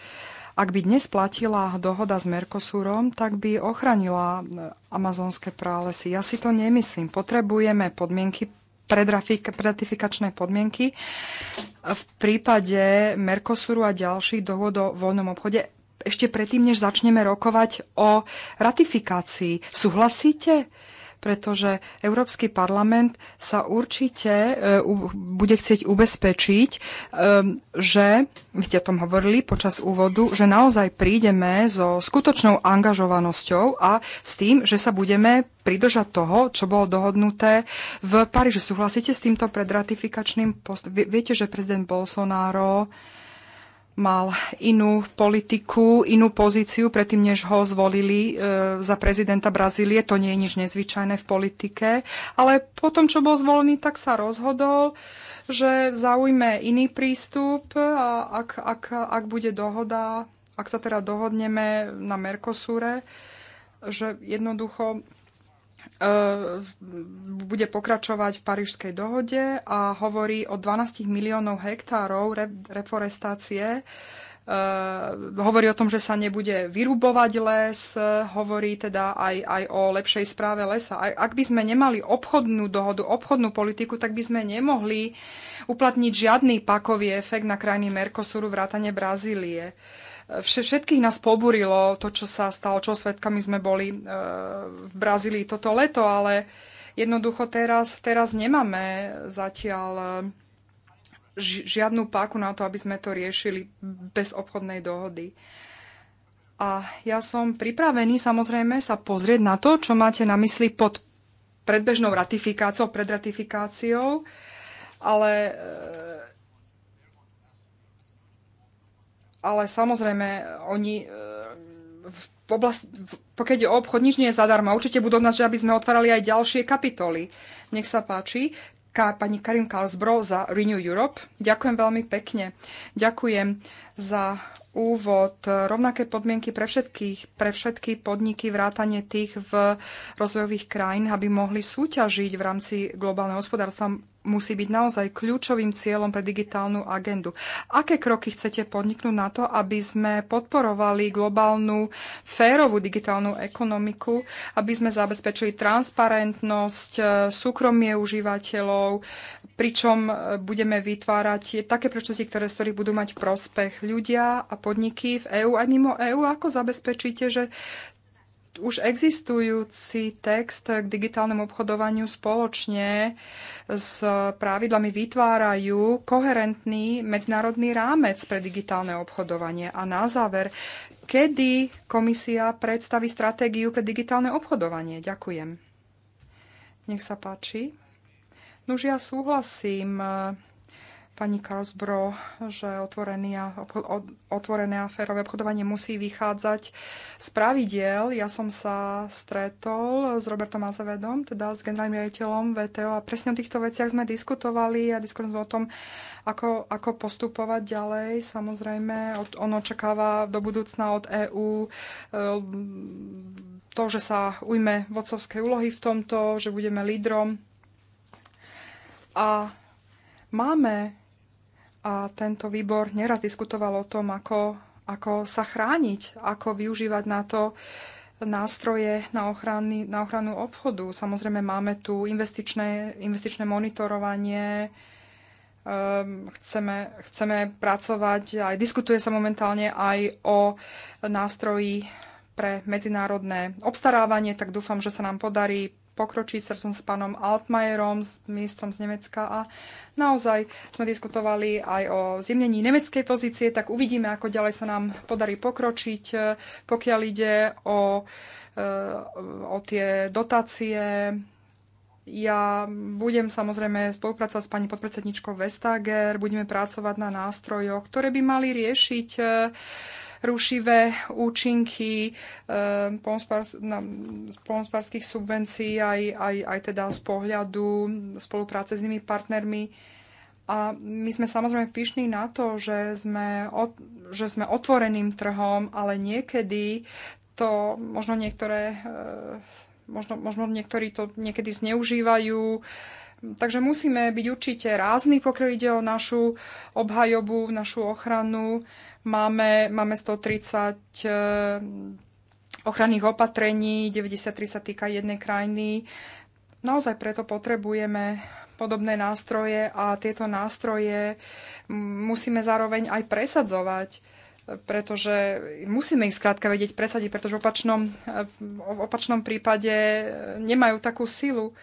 ak by dnes platila dohoda s Mercosurom, tak by ochránila amazonské prálesy. Ja si to nemyslím. Potrebujeme podmienky predratifikačné podmienky v prípade Mercosuru a ďalších dohod o voľnom obchode ešte predtým, než začneme rokovať o ratifikácii. Súhlasíte? pretože Európsky parlament sa určite e, bude chcieť ubezpečiť, e, že, vy ste o tom hovorili počas úvodu, že naozaj prídeme so skutočnou angažovanosťou a s tým, že sa budeme pridržať toho, čo bolo dohodnuté v Paríži. Súhlasíte s týmto predratifikačným postupom. Viete, že prezident Bolsonaro mal inú politiku, inú pozíciu predtým, než ho zvolili e, za prezidenta Brazílie. To nie je nič nezvyčajné v politike. Ale potom, čo bol zvolený, tak sa rozhodol, že zaujme iný prístup a ak, ak, ak bude dohoda, ak sa teda dohodneme na Mercosure, že jednoducho E, bude pokračovať v Parížskej dohode a hovorí o 12 miliónov hektárov reforestácie. E, hovorí o tom, že sa nebude vyrubovať les, hovorí teda aj, aj o lepšej správe lesa. Ak by sme nemali obchodnú dohodu, obchodnú politiku, tak by sme nemohli uplatniť žiadny pakový efekt na krajiny Mercosuru vrátane Brazílie. Uh, Všetkých nás poburilo to, čo sa stalo, čo svetkami sme boli e, v Brazílii toto leto, ale jednoducho teraz, teraz nemáme zatiaľ e, žiadnu páku na to, aby sme to riešili bez obchodnej dohody. A ja som pripravený samozrejme sa pozrieť na to, čo máte na mysli pod predbežnou ratifikáciou, pred ratifikáciou, ale e, ale samozrejme, oni e, v oblasti, pokiaľ je o obchod, nič nie je zadarmo. Určite budú nás, že aby sme otvárali aj ďalšie kapitoly. Nech sa páči. Ka, pani Karin Karlsbro za Renew Europe. Ďakujem veľmi pekne. Ďakujem za úvod. Rovnaké podmienky pre všetkých, pre všetky podniky, vrátane tých v rozvojových krajín, aby mohli súťažiť v rámci globálneho hospodárstva musí byť naozaj kľúčovým cieľom pre digitálnu agendu. Aké kroky chcete podniknúť na to, aby sme podporovali globálnu férovú digitálnu ekonomiku, aby sme zabezpečili transparentnosť, e, súkromie užívateľov, pričom e, budeme vytvárať také prečnosti, ktoré, z ktorých budú mať prospech ľudia a podniky v EÚ aj mimo EÚ, ako zabezpečíte, že už existujúci text k digitálnemu obchodovaniu spoločne s pravidlami vytvárajú koherentný medzinárodný rámec pre digitálne obchodovanie. A na záver, kedy komisia predstaví stratégiu pre digitálne obchodovanie? Ďakujem. Nech sa páči. Nuž ja súhlasím pani Karlsbro, že otvorené a, otvorené a férové obchodovanie musí vychádzať z pravidiel. Ja som sa stretol s Robertom Azevedom, teda s generálnym riaditeľom VTO a presne o týchto veciach sme diskutovali a diskutovali sme o tom, ako, ako postupovať ďalej. Samozrejme, od, on očakáva do budúcna od EÚ eh, to, že sa ujme vodcovskej úlohy v tomto, že budeme lídrom. A máme a tento výbor neraz diskutoval o tom, ako, ako sa chrániť, ako využívať na to nástroje na, ochrany, na ochranu obchodu. Samozrejme máme tu investičné, investičné monitorovanie, um, chceme, chceme pracovať, aj diskutuje sa momentálne aj o nástroji pre medzinárodné obstarávanie, tak dúfam, že sa nám podarí pokročí srdcom s pánom Altmajerom, s ministrom z Nemecka a naozaj sme diskutovali aj o zjemnení nemeckej pozície, tak uvidíme, ako ďalej sa nám podarí pokročiť, pokiaľ ide o, e, o tie dotácie. Ja budem samozrejme spolupracovať s pani podpredsedničkou Vestager, budeme pracovať na nástrojoch, ktoré by mali riešiť e, rušivé účinky eh, polnospárských subvencií aj, aj, aj teda z pohľadu spolupráce s inými partnermi. A my sme samozrejme pyšní na to, že sme, ot- že sme otvoreným trhom, ale niekedy to možno niektoré, eh, možno, možno niektorí to niekedy zneužívajú. Takže musíme byť určite rázni, pokiaľ ide o našu obhajobu, našu ochranu. Máme, máme 130 e, ochranných opatrení, 93 sa týka jednej krajiny. Naozaj preto potrebujeme podobné nástroje a tieto nástroje musíme zároveň aj presadzovať, pretože musíme ich skrátka vedieť presadiť, pretože v opačnom, e, v opačnom prípade e, nemajú takú silu.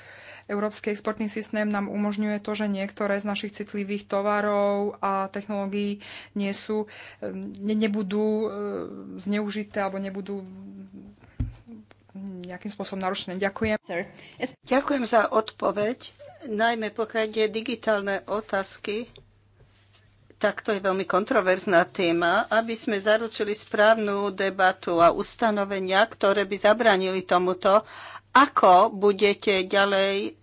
Európsky exportný systém nám umožňuje to, že niektoré z našich citlivých tovarov a technológií nie sú, ne, nebudú eh, zneužité alebo nebudú nejakým spôsobom narušené. Ďakujem. Ďakujem za odpoveď, najmä pokiaľ ide digitálne otázky. Tak to je veľmi kontroverzná téma, aby sme zaručili správnu debatu a ustanovenia, ktoré by zabranili tomuto ako budete ďalej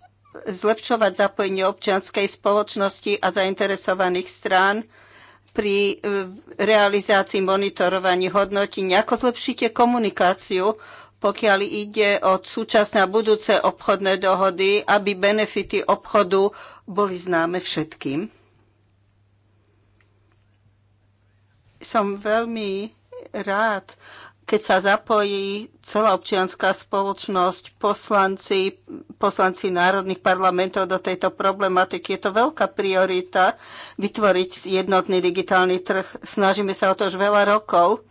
zlepšovať zapojenie občianskej spoločnosti a zainteresovaných strán pri e, realizácii monitorovaní hodnotení? Ako zlepšíte komunikáciu, pokiaľ ide o súčasné a budúce obchodné dohody, aby benefity obchodu boli známe všetkým? Som veľmi rád, keď sa zapojí celá občianská spoločnosť, poslanci, poslanci národných parlamentov do tejto problematiky. Je to veľká priorita vytvoriť jednotný digitálny trh. Snažíme sa o to už veľa rokov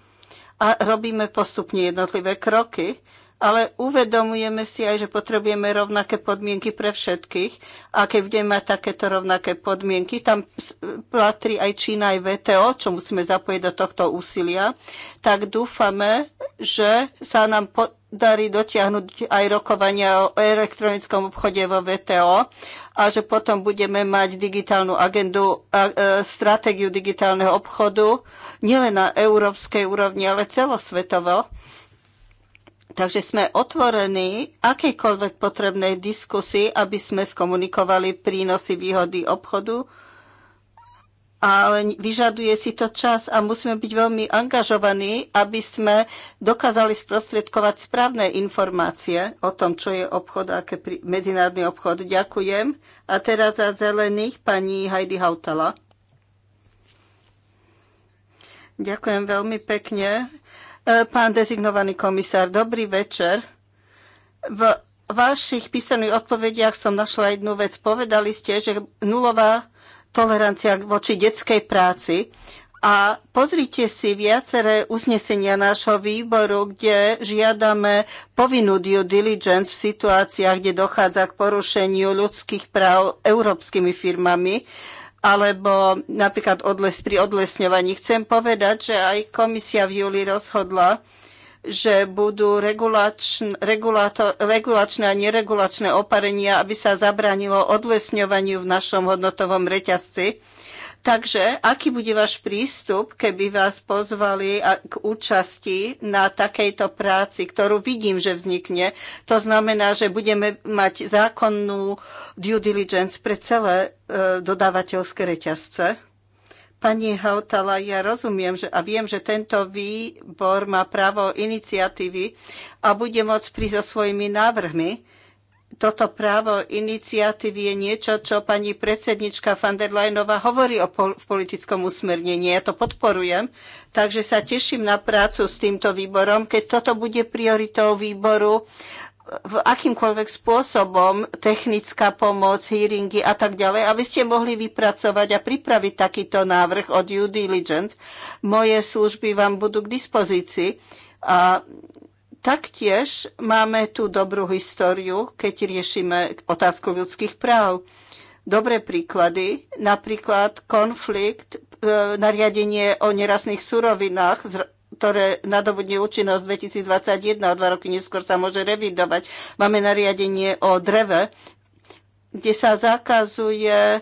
a robíme postupne jednotlivé kroky ale uvedomujeme si aj, že potrebujeme rovnaké podmienky pre všetkých. A keď budeme mať takéto rovnaké podmienky, tam platí aj Čína, aj VTO, čo musíme zapojiť do tohto úsilia, tak dúfame, že sa nám podarí dotiahnuť aj rokovania o elektronickom obchode vo VTO a že potom budeme mať digitálnu agendu, a, e, stratégiu digitálneho obchodu nielen na európskej úrovni, ale celosvetovo Takže sme otvorení akejkoľvek potrebnej diskusii, aby sme skomunikovali prínosy, výhody obchodu, ale vyžaduje si to čas a musíme byť veľmi angažovaní, aby sme dokázali sprostredkovať správne informácie o tom, čo je obchod, aké pri... medzinárodný obchod. Ďakujem. A teraz za zelených pani Heidi Hautala. Ďakujem veľmi pekne. E, pán dezignovaný komisár, dobrý večer. V vašich písaných odpovediach som našla jednu vec. Povedali ste, že nulová tolerancia voči detskej práci. A pozrite si viaceré uznesenia nášho výboru, kde žiadame povinnú due diligence v situáciách, kde dochádza k porušeniu ľudských práv európskymi firmami alebo napríklad odles, pri odlesňovaní. Chcem povedať, že aj komisia v júli rozhodla, že budú regulačn, regulato, regulačné a neregulačné oparenia, aby sa zabránilo odlesňovaniu v našom hodnotovom reťazci Takže aký bude váš prístup, keby vás pozvali k účasti na takejto práci, ktorú vidím, že vznikne? To znamená, že budeme mať zákonnú due diligence pre celé e, dodávateľské reťazce? Pani Hautala, ja rozumiem že, a viem, že tento výbor má právo iniciatívy a bude môcť prísť so svojimi návrhmi, toto právo iniciatívy je niečo, čo pani predsednička van der Leyenová hovorí o pol- v politickom usmernení. Ja to podporujem, takže sa teším na prácu s týmto výborom. Keď toto bude prioritou výboru, v akýmkoľvek spôsobom technická pomoc, hearingy a tak ďalej, aby ste mohli vypracovať a pripraviť takýto návrh od due diligence. Moje služby vám budú k dispozícii a Taktiež máme tú dobrú históriu, keď riešime otázku ľudských práv. Dobré príklady, napríklad konflikt, e, nariadenie o nerastných surovinách ktoré nadobudne účinnosť 2021, o dva roky neskôr sa môže revidovať. Máme nariadenie o dreve, kde sa zakazuje e,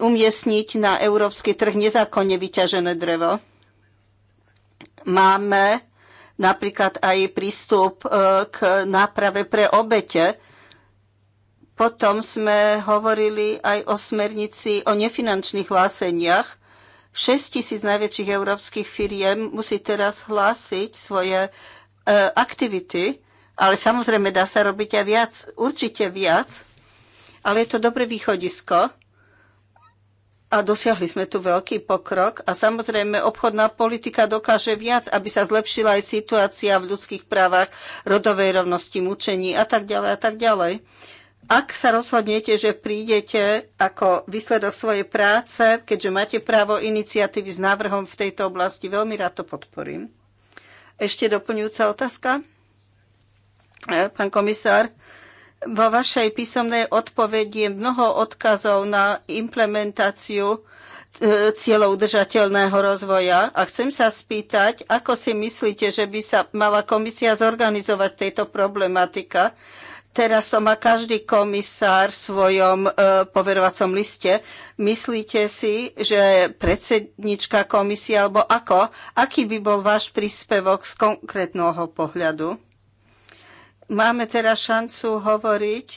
umiestniť na európsky trh nezákonne vyťažené drevo. Máme napríklad aj prístup e, k náprave pre obete. Potom sme hovorili aj o smernici o nefinančných hláseniach. 6 tisíc najväčších európskych firiem musí teraz hlásiť svoje e, aktivity, ale samozrejme dá sa robiť aj viac, určite viac, ale je to dobré východisko a dosiahli sme tu veľký pokrok a samozrejme obchodná politika dokáže viac, aby sa zlepšila aj situácia v ľudských právach, rodovej rovnosti, mučení a tak ďalej a tak ďalej. Ak sa rozhodnete, že prídete ako výsledok svojej práce, keďže máte právo iniciatívy s návrhom v tejto oblasti, veľmi rád to podporím. Ešte doplňujúca otázka? E, pán komisár, vo vašej písomnej odpovedi je mnoho odkazov na implementáciu e, cieľov udržateľného rozvoja a chcem sa spýtať, ako si myslíte, že by sa mala komisia zorganizovať tejto problematika? Teraz to má každý komisár v svojom e, poverovacom liste. Myslíte si, že predsednička komisia alebo ako? Aký by bol váš príspevok z konkrétneho pohľadu? Máme teraz šancu hovoriť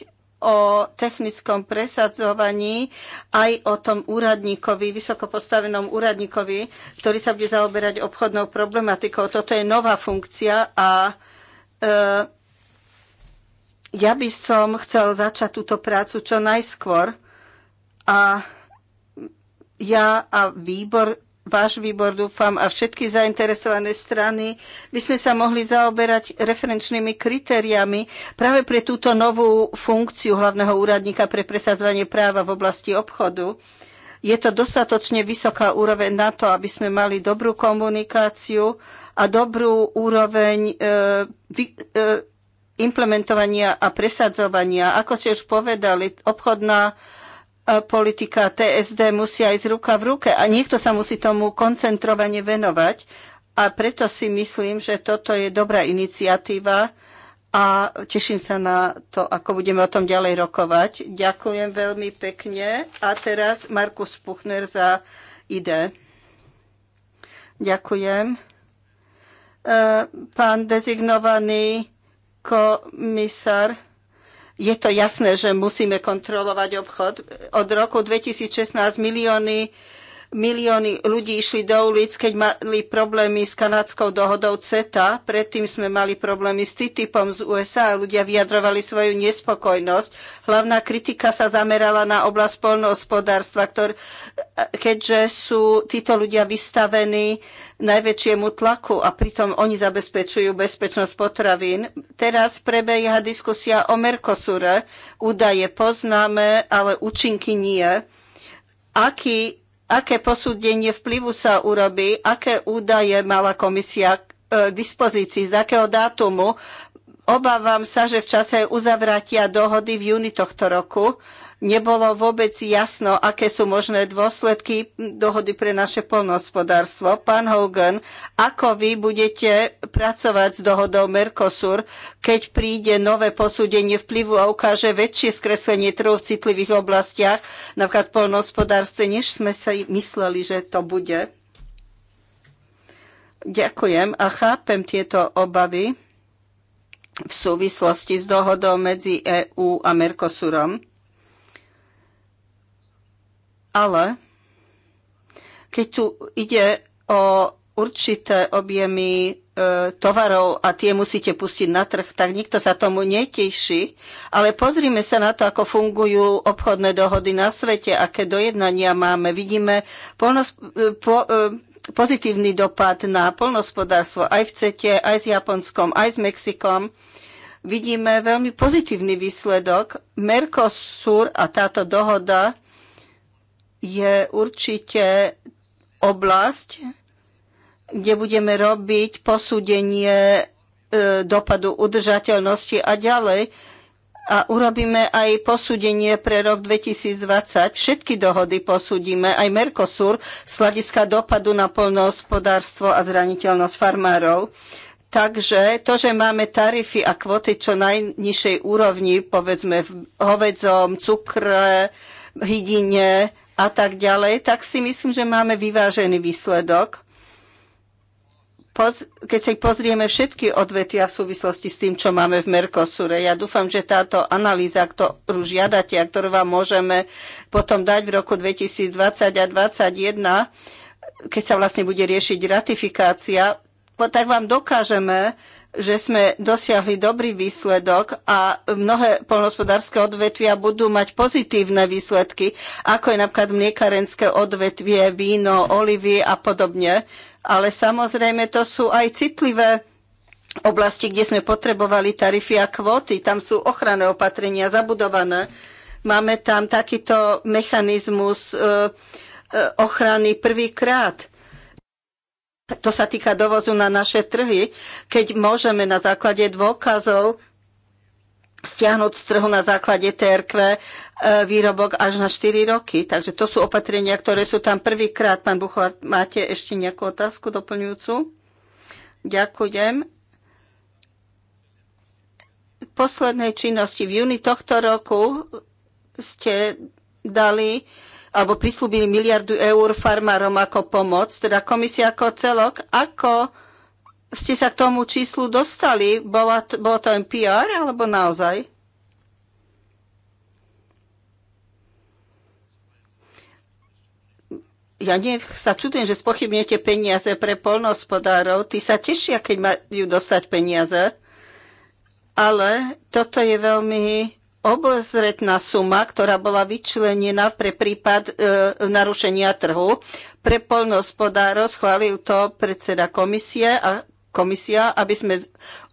o technickom presadzovaní aj o tom úradníkovi, vysokopostavenom úradníkovi, ktorý sa bude zaoberať obchodnou problematikou. Toto je nová funkcia a e, ja by som chcel začať túto prácu čo najskôr a ja a výbor váš výbor, dúfam, a všetky zainteresované strany by sme sa mohli zaoberať referenčnými kritériami práve pre túto novú funkciu hlavného úradníka pre presadzovanie práva v oblasti obchodu. Je to dostatočne vysoká úroveň na to, aby sme mali dobrú komunikáciu a dobrú úroveň e, vy, e, implementovania a presadzovania. Ako ste už povedali, obchodná E, politika TSD musia ísť ruka v ruke a niekto sa musí tomu koncentrovane venovať. A preto si myslím, že toto je dobrá iniciatíva a teším sa na to, ako budeme o tom ďalej rokovať. Ďakujem veľmi pekne. A teraz Markus Puchner za ide. Ďakujem. E, pán dezignovaný komisár je to jasné, že musíme kontrolovať obchod. Od roku 2016 milióny milióny ľudí išli do ulic, keď mali problémy s kanadskou dohodou CETA. Predtým sme mali problémy s TTIPom z USA a ľudia vyjadrovali svoju nespokojnosť. Hlavná kritika sa zamerala na oblasť polnohospodárstva, ktor- keďže sú títo ľudia vystavení uh, najväčšiemu tlaku a pritom oni zabezpečujú bezpečnosť potravín. Teraz prebieha diskusia o Mercosure. Údaje poznáme, ale účinky nie. Aký, aké posúdenie vplyvu sa urobí? Aké údaje mala komisia k e, dispozícii? Z akého dátumu? Obávam sa, že v čase uzavratia dohody v júni tohto roku nebolo vôbec jasno, aké sú možné dôsledky dohody pre naše polnohospodárstvo. Pán Hogan, ako vy budete pracovať s dohodou Mercosur, keď príde nové posúdenie vplyvu a ukáže väčšie skreslenie trhu v citlivých oblastiach, napríklad polnohospodárstve, než sme sa mysleli, že to bude? Ďakujem a chápem tieto obavy v súvislosti s dohodou medzi EÚ a Mercosurom. Ale keď tu ide o určité objemy e, tovarov a tie musíte pustiť na trh, tak nikto sa tomu neteší. Ale pozrime sa na to, ako fungujú obchodné dohody na svete, aké dojednania máme. Vidíme e, po, e, pozitívny dopad na polnospodárstvo aj v CETE, aj s Japonskom, aj s Mexikom. Vidíme veľmi pozitívny výsledok. Mercosur a táto dohoda je určite oblasť, kde budeme robiť posúdenie e, dopadu udržateľnosti a ďalej. A urobíme aj posúdenie pre rok 2020. Všetky dohody posúdime, aj Mercosur, z dopadu na polnohospodárstvo a zraniteľnosť farmárov. Takže to, že máme tarify a kvoty čo najnižšej úrovni, povedzme v hovedzom, cukre, hydine a tak ďalej, tak si myslím, že máme vyvážený výsledok. Keď si pozrieme všetky odvetia v súvislosti s tým, čo máme v Mercosure, ja dúfam, že táto analýza, ktorú žiadate a ktorú vám môžeme potom dať v roku 2020 a 2021, keď sa vlastne bude riešiť ratifikácia, tak vám dokážeme že sme dosiahli dobrý výsledok a mnohé polnospodárske odvetvia budú mať pozitívne výsledky, ako je napríklad mliekarenské odvetvie, víno, olivy a podobne. Ale samozrejme to sú aj citlivé oblasti, kde sme potrebovali tarify a kvóty. Tam sú ochranné opatrenia zabudované. Máme tam takýto mechanizmus e, e, ochrany prvýkrát to sa týka dovozu na naše trhy, keď môžeme na základe dôkazov stiahnuť z trhu na základe TRQ e, výrobok až na 4 roky. Takže to sú opatrenia, ktoré sú tam prvýkrát. Pán Buchová, máte ešte nejakú otázku doplňujúcu? Ďakujem. V poslednej činnosti v júni tohto roku ste dali alebo prislúbili miliardu eur farmárom ako pomoc, teda komisia ako celok. Ako ste sa k tomu číslu dostali? Bola, bolo to len PR alebo naozaj? ja nie, sa čudujem, že spochybnete peniaze pre polnohospodárov. Tí sa tešia, keď majú dostať peniaze. Ale toto je veľmi obozretná suma, ktorá bola vyčlenená pre prípad e, narušenia trhu. Pre polnohospodárov schválil to predseda komisie a komisia, aby sme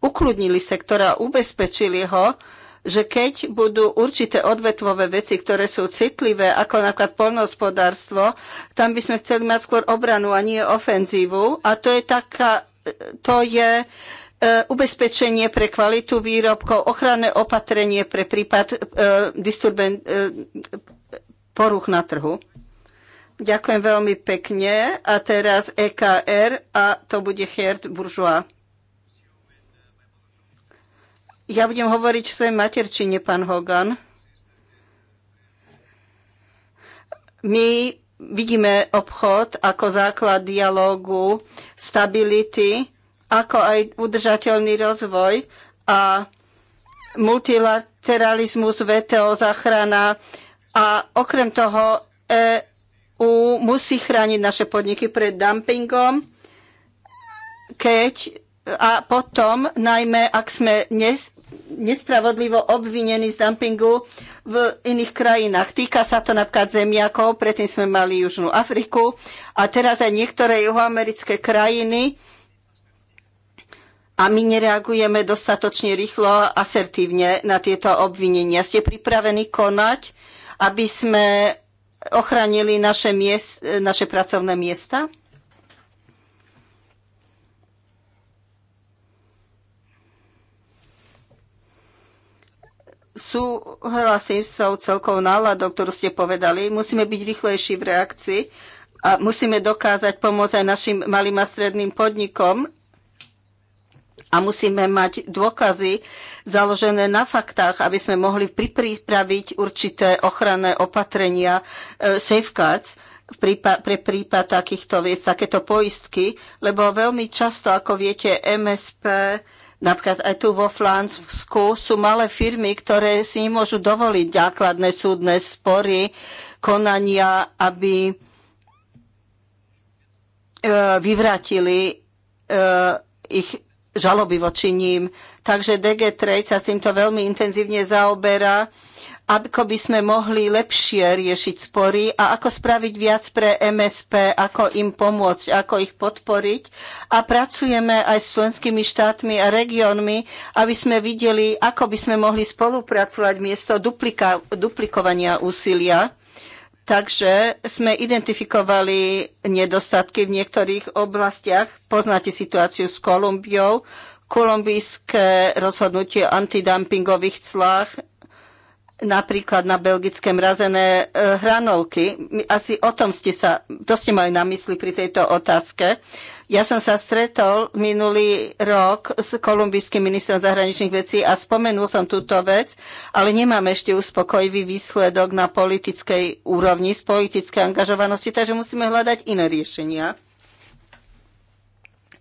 ukludnili sektor a ubezpečili ho, že keď budú určité odvetvové veci, ktoré sú citlivé, ako napríklad polnohospodárstvo, tam by sme chceli mať skôr obranu a nie ofenzívu. A to je taká, to je E, ubezpečenie pre kvalitu výrobkov, ochranné opatrenie pre prípad e, disturben, e, poruch na trhu. Ďakujem veľmi pekne. A teraz EKR a to bude Hert Buržois. Ja budem hovoriť v svojej materčine, pán Hogan. My vidíme obchod ako základ dialógu, stability, ako aj udržateľný rozvoj a multilateralizmus, VTO, záchrana a okrem toho EU musí chrániť naše podniky pred dumpingom, keď a potom, najmä ak sme nes, nespravodlivo obvinení z dumpingu v iných krajinách. Týka sa to napríklad zemiakov, predtým sme mali Južnú Afriku a teraz aj niektoré juhoamerické krajiny, a my nereagujeme dostatočne rýchlo, a asertívne na tieto obvinenia. Ste pripravení konať, aby sme ochránili naše, miest, naše pracovné miesta? Súhlasím s tou celkou náladou, ktorú ste povedali. Musíme byť rýchlejší v reakcii a musíme dokázať pomôcť aj našim malým a stredným podnikom, a musíme mať dôkazy založené na faktách, aby sme mohli pripraviť určité ochranné opatrenia, e, safeguards pre prípad takýchto vec, takéto poistky, lebo veľmi často, ako viete, MSP, napríklad aj tu vo Flánsku, sú malé firmy, ktoré si nemôžu dovoliť základné súdne spory, konania, aby e, vyvratili e, ich žaloby voči ním. Takže DG Trade sa s týmto veľmi intenzívne zaoberá, ako by sme mohli lepšie riešiť spory a ako spraviť viac pre MSP, ako im pomôcť, ako ich podporiť. A pracujeme aj s členskými štátmi a regiónmi, aby sme videli, ako by sme mohli spolupracovať miesto duplika, duplikovania úsilia Takže sme identifikovali nedostatky v niektorých oblastiach. Poznáte situáciu s Kolumbiou, kolumbijské rozhodnutie o antidumpingových clách, napríklad na belgické mrazené e, hranolky. Asi o tom ste sa, to ste mali na mysli pri tejto otázke. Ja som sa stretol minulý rok s kolumbijským ministrom zahraničných vecí a spomenul som túto vec, ale nemám ešte uspokojivý výsledok na politickej úrovni, z politickej angažovanosti, takže musíme hľadať iné riešenia.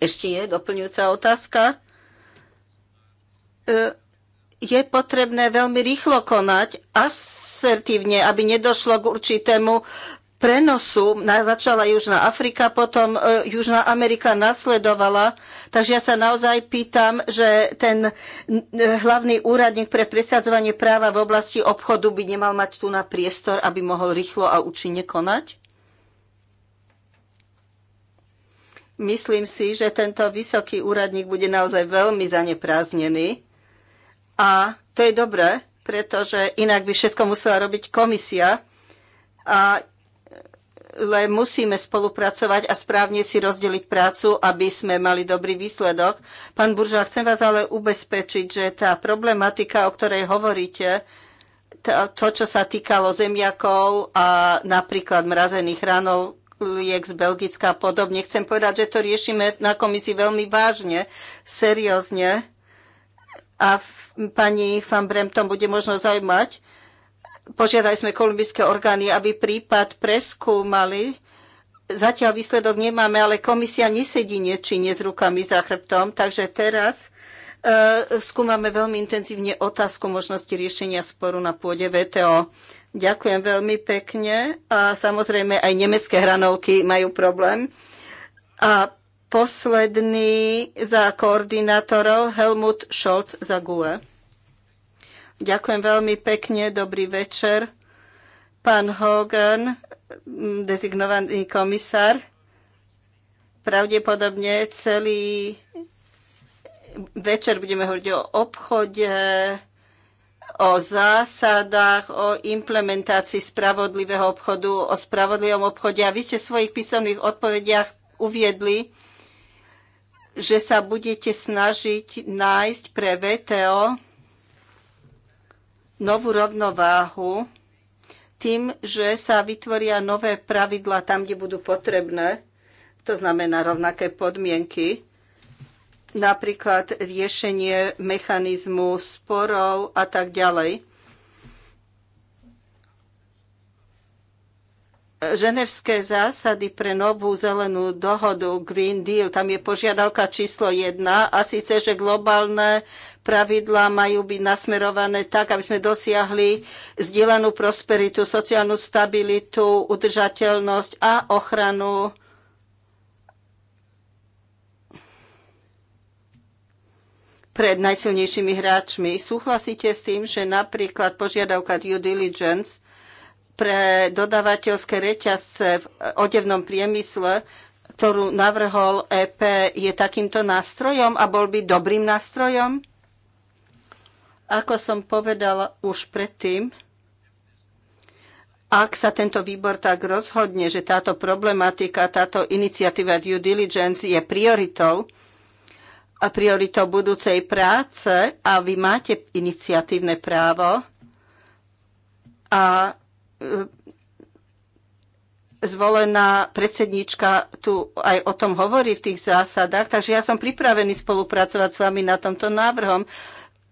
Ešte je doplňujúca otázka. E, je potrebné veľmi rýchlo konať, asertívne, aby nedošlo k určitému prenosu začala Južná Afrika, potom e, Južná Amerika nasledovala. Takže ja sa naozaj pýtam, že ten e, hlavný úradník pre presadzovanie práva v oblasti obchodu by nemal mať tu na priestor, aby mohol rýchlo a účinne konať? Myslím si, že tento vysoký úradník bude naozaj veľmi zanepráznený. A to je dobré, pretože inak by všetko musela robiť komisia. A ale musíme spolupracovať a správne si rozdeliť prácu, aby sme mali dobrý výsledok. Pán Burža, chcem vás ale ubezpečiť, že tá problematika, o ktorej hovoríte, to, čo sa týkalo zemiakov a napríklad mrazených ranov, liek z Belgická a podobne. Chcem povedať, že to riešime na komisii veľmi vážne, seriózne a pani Fambrem to bude možno zaujímať, Požiadali sme kolumbijské orgány, aby prípad preskúmali. Zatiaľ výsledok nemáme, ale komisia nesedí nečine s rukami za chrbtom, takže teraz e, skúmame veľmi intenzívne otázku možnosti riešenia sporu na pôde VTO. Ďakujem veľmi pekne a samozrejme aj nemecké hranovky majú problém. A posledný za koordinátorov Helmut Scholz za GUE. Ďakujem veľmi pekne, dobrý večer. Pán Hogan, dezignovaný komisár, pravdepodobne celý večer budeme hovoriť o obchode, o zásadách, o implementácii spravodlivého obchodu, o spravodlivom obchode. A vy ste v svojich písomných odpovediach uviedli, že sa budete snažiť nájsť pre VTO novú rovnováhu tým, že sa vytvoria nové pravidla tam, kde budú potrebné, to znamená rovnaké podmienky, napríklad riešenie mechanizmu sporov a tak ďalej. ženevské zásady pre novú zelenú dohodu Green Deal, tam je požiadavka číslo jedna a síce, že globálne pravidlá majú byť nasmerované tak, aby sme dosiahli zdieľanú prosperitu, sociálnu stabilitu, udržateľnosť a ochranu pred najsilnejšími hráčmi. Súhlasíte s tým, že napríklad požiadavka due diligence pre dodávateľské reťazce v odevnom priemysle, ktorú navrhol EP, je takýmto nástrojom a bol by dobrým nástrojom? Ako som povedala už predtým, ak sa tento výbor tak rozhodne, že táto problematika, táto iniciatíva due diligence je prioritou a prioritou budúcej práce a vy máte iniciatívne právo a E, zvolená predsedníčka tu aj o tom hovorí v tých zásadách, takže ja som pripravený spolupracovať s vami na tomto návrhom.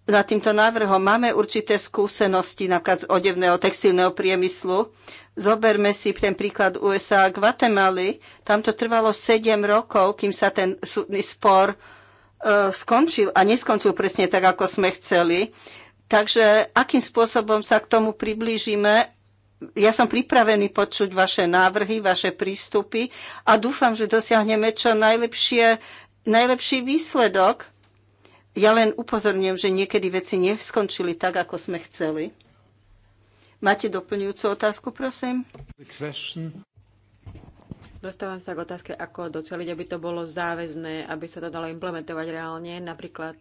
Na týmto návrhom máme určité skúsenosti napríklad z odevného textilného priemyslu. Zoberme si ten príklad USA a Guatemaly. Tam to trvalo 7 rokov, kým sa ten súdny spor e, skončil a neskončil presne tak, ako sme chceli. Takže akým spôsobom sa k tomu priblížime ja som pripravený počuť vaše návrhy, vaše prístupy a dúfam, že dosiahneme čo najlepšie, najlepší výsledok. Ja len upozorňujem, že niekedy veci neskončili tak, ako sme chceli. Máte doplňujúcu otázku, prosím? Dostávam sa k otázke, ako doceliť, aby to bolo záväzné, aby sa to dalo implementovať reálne, napríklad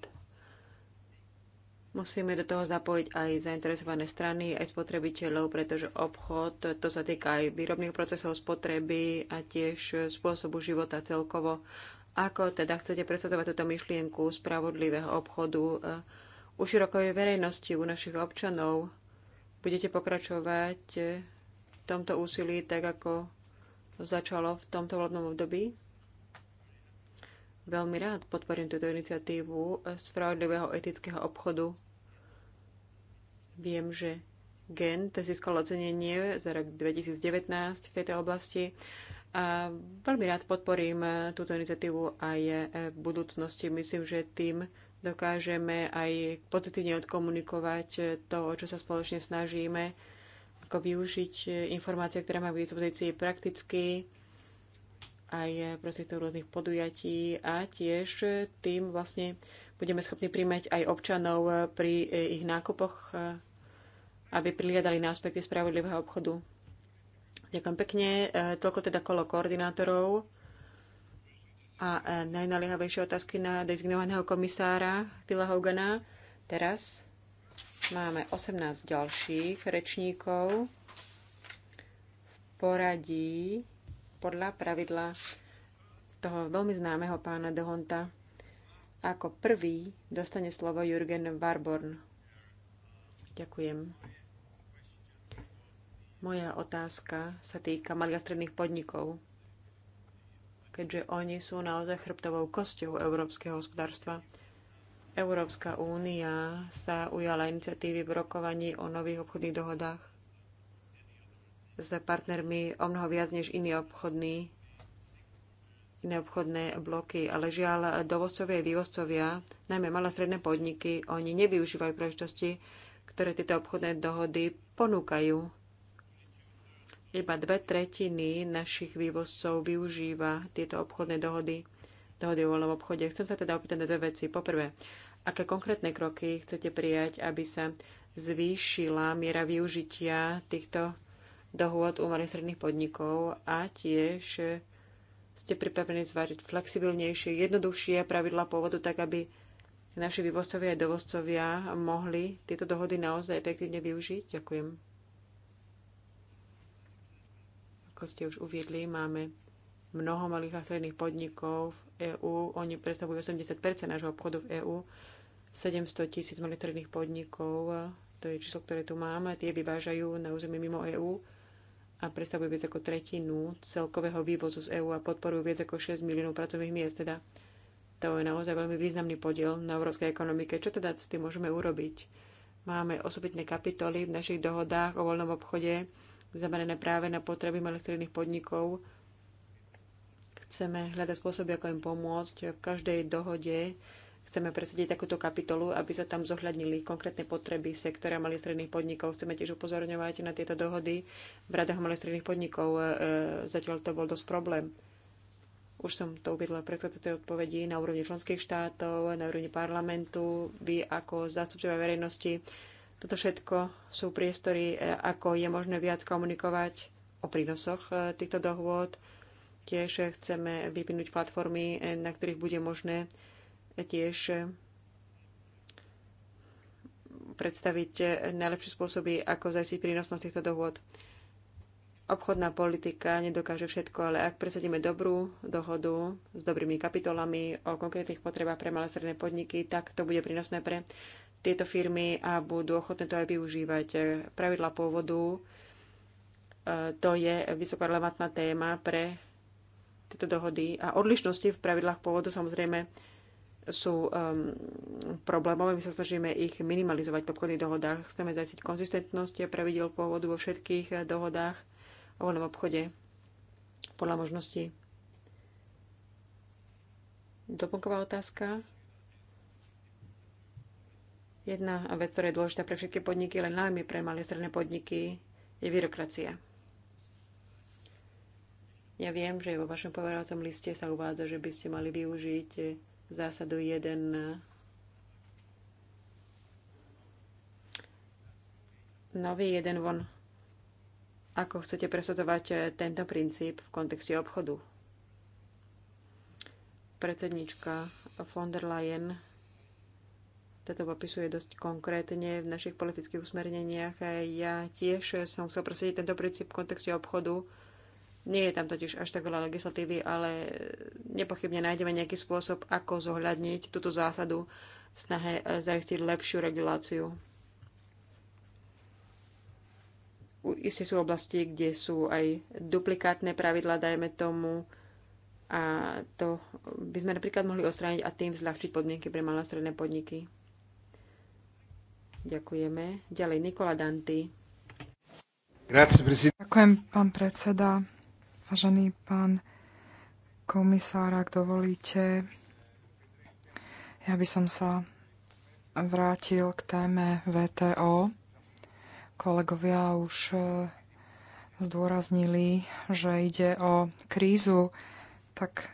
Musíme do toho zapojiť aj zainteresované strany, aj spotrebiteľov, pretože obchod, to sa týka aj výrobných procesov spotreby a tiež spôsobu života celkovo. Ako teda chcete predstavovať túto myšlienku spravodlivého obchodu eh, u širokej verejnosti, u našich občanov? Budete pokračovať v tomto úsilí tak, ako začalo v tomto volebnom období? Veľmi rád podporím túto iniciatívu spravodlivého etického obchodu. Viem, že Gent získal ocenenie za rok 2019 v tejto oblasti. A veľmi rád podporím túto iniciatívu aj v budúcnosti. Myslím, že tým dokážeme aj pozitívne odkomunikovať to, o čo sa spoločne snažíme, ako využiť informácie, ktoré máme k dispozícii prakticky aj e, prostredstvom rôznych podujatí a tiež tým vlastne budeme schopní príjmať aj občanov e, pri e, ich nákupoch, aby prihliadali na aspekty spravodlivého obchodu. Ďakujem pekne. Toľko teda kolo koordinátorov a najnaliehavejšie otázky na dezignovaného komisára Pila Hogana. Teraz máme 18 ďalších rečníkov v poradí podľa pravidla toho veľmi známeho pána De Honta. Ako prvý dostane slovo Jürgen Warborn. Ďakujem. Moja otázka sa týka malých stredných podnikov, keďže oni sú naozaj chrbtovou kosťou európskeho hospodárstva. Európska únia sa ujala iniciatívy v rokovaní o nových obchodných dohodách s partnermi o mnoho viac než iní obchodní iné obchodné bloky, ale žiaľ dovozcovia a vývozcovia, najmä malé stredné podniky, oni nevyužívajú príležitosti, ktoré tieto obchodné dohody ponúkajú. Iba dve tretiny našich vývozcov využíva tieto obchodné dohody, dohody o voľnom obchode. Chcem sa teda opýtať na dve veci. Poprvé, aké konkrétne kroky chcete prijať, aby sa zvýšila miera využitia týchto dohôd u malých stredných podnikov a tiež ste pripravení zvariť flexibilnejšie, jednoduchšie pravidla pôvodu, tak aby naši vývozcovia a dovozcovia mohli tieto dohody naozaj efektívne využiť? Ďakujem. Ako ste už uviedli, máme mnoho malých a stredných podnikov v EÚ. Oni predstavujú 80 nášho obchodu v EÚ. 700 tisíc malých stredných podnikov, to je číslo, ktoré tu máme, tie vyvážajú na území mimo EÚ a predstavujú viac ako tretinu celkového vývozu z EÚ a podporujú viac ako 6 miliónov pracovných miest. Teda to je naozaj veľmi významný podiel na európskej ekonomike. Čo teda s tým môžeme urobiť? Máme osobitné kapitoly v našich dohodách o voľnom obchode, zamerané práve na potreby malých stredných podnikov. Chceme hľadať spôsoby, ako im pomôcť v každej dohode Chceme presadiť takúto kapitolu, aby sa tam zohľadnili konkrétne potreby sektora malých stredných podnikov. Chceme tiež upozorňovať na tieto dohody v radách malých stredných podnikov. E, zatiaľ to bol dosť problém. Už som to uvedla v predchádzajúcej odpovedi na úrovni členských štátov, na úrovni parlamentu, vy ako zástupcovia verejnosti. Toto všetko sú priestory, e, ako je možné viac komunikovať o prínosoch e, týchto dohôd. Tiež chceme vyvinúť platformy, na ktorých bude možné tiež eh, predstaviť eh, najlepšie spôsoby, ako zajistiť prínosnosť týchto dohôd. Obchodná politika nedokáže všetko, ale ak presadíme dobrú dohodu s dobrými kapitolami o konkrétnych potrebách pre malé stredné podniky, tak to bude prínosné pre tieto firmy a budú ochotné to aj využívať. Eh, pravidla pôvodu to je vysoko relevantná téma pre tieto dohody a odlišnosti v pravidlách pôvodu samozrejme sú um, problémové. My sa snažíme ich minimalizovať v obchodných dohodách. Chceme zajistiť konzistentnosť a pravidel pôvodu vo všetkých eh, dohodách o voľnom obchode podľa možností. Doplnková otázka. Jedna vec, ktorá je dôležitá pre všetky podniky, len najmä pre malé stredné podniky, je byrokracia. Ja viem, že vo vašom poverovacom liste sa uvádza, že by ste mali využiť zásadu 1 nový jeden von. Ako chcete presadovať eh, tento princíp v kontexte obchodu? Predsednička von der Leyen toto popisuje dosť konkrétne v našich politických usmerneniach. Ja tiež som chcel presadiť tento princíp v kontexte obchodu nie je tam totiž až tak veľa legislatívy, ale nepochybne nájdeme nejaký spôsob, ako zohľadniť túto zásadu v snahe eh, zaistiť lepšiu reguláciu. Isté sú oblasti, kde sú aj duplikátne pravidla, dajme tomu, a to by sme napríklad mohli ostrániť a tým zľahčiť podmienky pre malé a stredné podniky. Ďakujeme. Ďalej Nikola Danti. Ďakujem, pán predseda. Vážený pán komisár, ak dovolíte, ja by som sa vrátil k téme VTO. Kolegovia už e, zdôraznili, že ide o krízu tak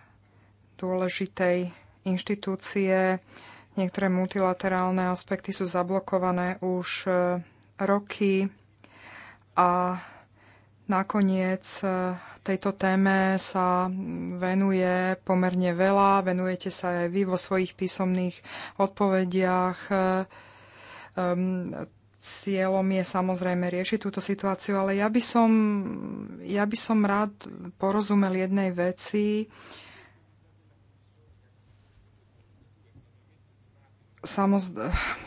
dôležitej inštitúcie. Niektoré multilaterálne aspekty sú zablokované už e, roky a nakoniec e, Tejto téme sa venuje pomerne veľa, venujete sa aj vy vo svojich písomných odpovediach. Ehm, cieľom je samozrejme riešiť túto situáciu, ale ja by som, ja by som rád porozumel jednej veci. Samoz...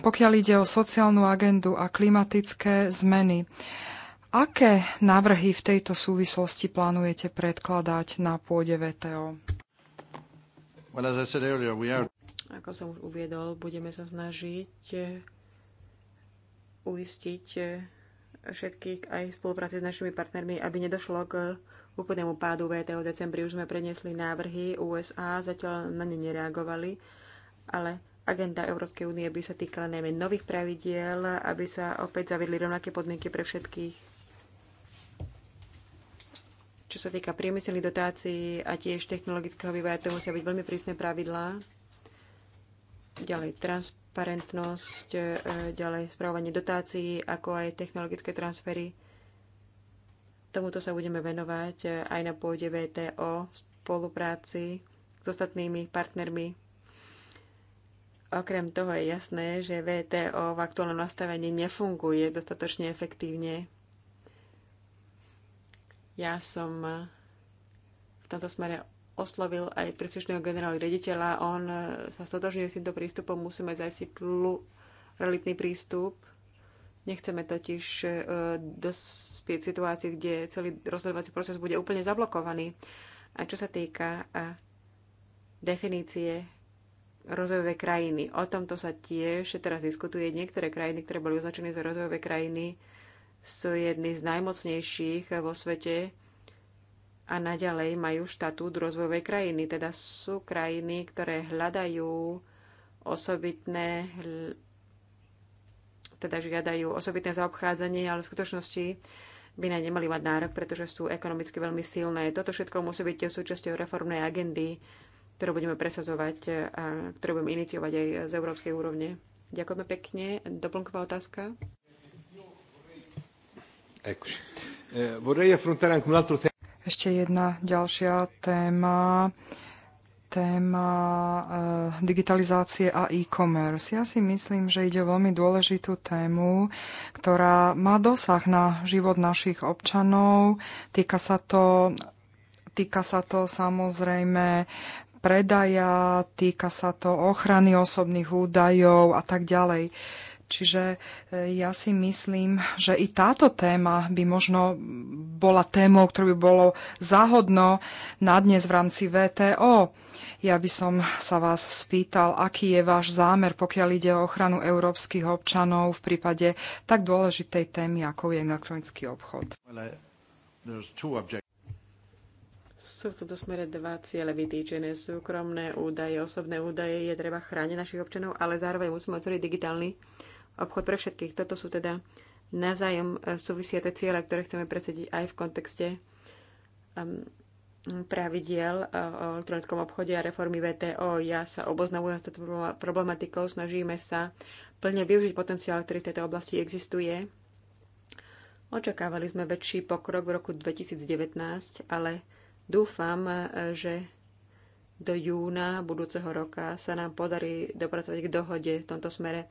pokiaľ ide o sociálnu agendu a klimatické zmeny. Uh, Aké návrhy v tejto súvislosti plánujete predkladať na pôde VTO? Well, earlier, are... Ako som už uviedol, budeme sa snažiť eh, uistiť eh, všetkých aj v spolupráci s našimi partnermi, aby nedošlo k eh, úplnému pádu VTO v decembri. Už sme preniesli návrhy USA, zatiaľ na ne nereagovali, ale agenda Európskej únie by sa týkala najmä nových pravidiel, aby sa opäť zavedli rovnaké podmienky pre všetkých čo sa týka priemyselných dotácií a tiež technologického vývoja, to musia byť veľmi prísne pravidlá. Ďalej transparentnosť, e, ďalej správanie dotácií, ako aj technologické transfery. Tomuto sa budeme venovať e, aj na pôde VTO v spolupráci s ostatnými partnermi. Okrem toho je jasné, že VTO v aktuálnom nastavení nefunguje dostatočne efektívne. Ja som eh, v tomto smere oslovil aj príslušného generálneho rediteľa. On eh, sa stotožňuje s týmto prístupom. Musíme zajistiť pluralitný prístup. Nechceme totiž eh, dospieť situácii, kde celý rozhodovací proces bude úplne zablokovaný. A čo sa týka definície rozvojové krajiny. O tomto sa tiež teraz diskutuje. Niektoré krajiny, ktoré boli označené za rozvojové krajiny, sú jedni z najmocnejších vo svete a naďalej majú štatút rozvojovej krajiny. Teda sú krajiny, ktoré hľadajú osobitné teda žiadajú osobitné zaobchádzanie, ale v skutočnosti by na nemali mať nárok, pretože sú ekonomicky veľmi silné. Toto všetko musí byť súčasťou reformnej agendy, ktorú budeme presazovať a ktorú budeme iniciovať aj z európskej úrovne. Ďakujeme pekne. Doplnková otázka. Eh, Ešte jedna ďalšia téma téma eh, digitalizácie a e-commerce. Ja si myslím, že ide o veľmi dôležitú tému, ktorá má dosah na život našich občanov. Týka sa to, týka sa to samozrejme predaja, týka sa to ochrany osobných údajov a tak ďalej. Uh, Čiže e, ja si myslím, že i táto téma by možno bola témou, ktorú by bolo záhodno na dnes v rámci VTO. Ja by som sa vás spýtal, aký je váš zámer, pokiaľ ide o ochranu európskych občanov v prípade tak dôležitej témy, ako je elektronický obchod. Sú v tomto smere dva ciele vytýčené. Súkromné údaje, osobné údaje je treba chrániť našich občanov, ale zároveň musíme otvoriť digitálny obchod pre všetkých. Toto sú teda navzájom e, súvisiate ciele, ktoré chceme presediť aj v kontexte pravidiel e, o elektronickom obchode a reformy VTO. Ja sa oboznamujem s touto problematikou, snažíme sa plne využiť potenciál, ktorý v tejto oblasti existuje. Očakávali sme väčší pokrok v roku 2019, ale dúfam, e, že do júna budúceho roka sa nám podarí dopracovať k dohode v tomto smere.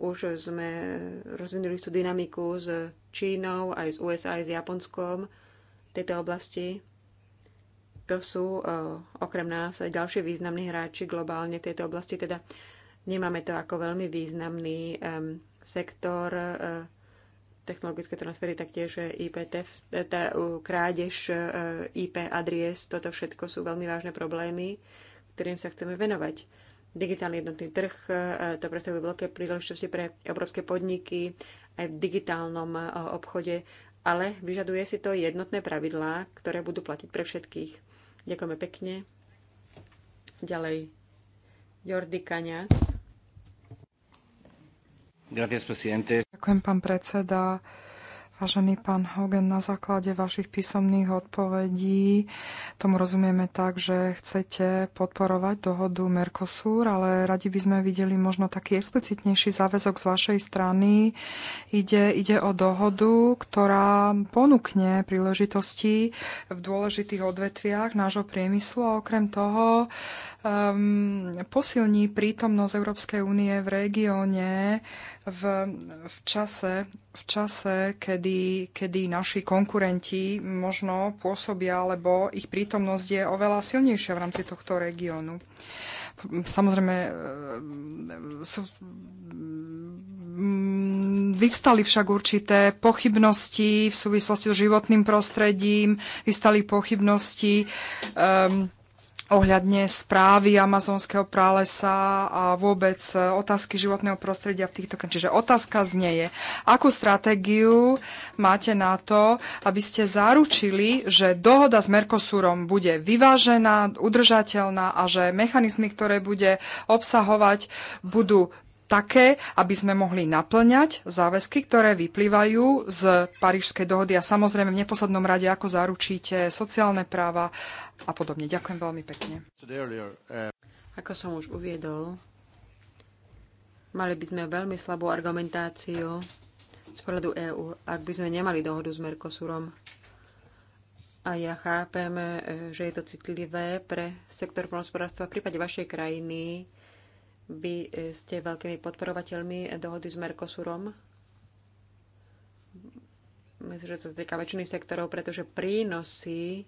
Už sme rozvinuli tú dynamiku s Čínou, aj s USA, aj s Japonskom v tejto oblasti. To sú eh, okrem nás aj ďalší významní hráči globálne v tejto oblasti, teda nemáme to ako veľmi významný sektor eh, technologické transfery, taktiež eh, IPT, tá, krádež IP adries, toto všetko sú veľmi vážne problémy, ktorým sa chceme venovať. Digitálny jednotný trh, e, to predstavuje veľké príležitosti pre európske podniky aj v digitálnom e, obchode, ale vyžaduje si to jednotné pravidlá, ktoré budú platiť pre všetkých. Ďakujeme pekne. Ďalej. Jordi Kaňas. Ďakujem, pán predseda. Vážený pán Hogan, na základe vašich písomných odpovedí tomu rozumieme tak, že chcete podporovať dohodu Mercosur, ale radi by sme videli možno taký explicitnejší záväzok z vašej strany. Ide, ide o dohodu, ktorá ponúkne príležitosti v dôležitých odvetviach nášho priemyslu a okrem toho um, posilní prítomnosť Európskej únie v regióne v, v, čase, v čase kedy, kedy naši konkurenti možno pôsobia, alebo ich prítomnosť je oveľa silnejšia v rámci tohto regiónu. Samozrejme, e, sú, vyvstali však určité pochybnosti v súvislosti s životným prostredím, vyvstali pochybnosti um, ohľadne správy amazonského pralesa a vôbec e, otázky životného prostredia v týchto krajinách. Čiže otázka znieje. je, akú stratégiu máte na to, aby ste zaručili, že dohoda s Mercosurom bude vyvážená, udržateľná a že mechanizmy, ktoré bude obsahovať, budú také, aby sme mohli naplňať záväzky, ktoré vyplývajú z Parížskej dohody a samozrejme v neposlednom rade, ako zaručíte sociálne práva a podobne. Ďakujem veľmi pekne. Ako som už uviedol, mali by sme veľmi slabú argumentáciu z pohľadu EÚ, ak by sme nemali dohodu s Mercosurom. A ja chápem, e, že je to citlivé pre sektor polnospodárstva. V prípade vašej krajiny vy e, ste veľkými podporovateľmi dohody s Mercosurom. Myslím, že to sa týka väčšiny sektorov, pretože prínosy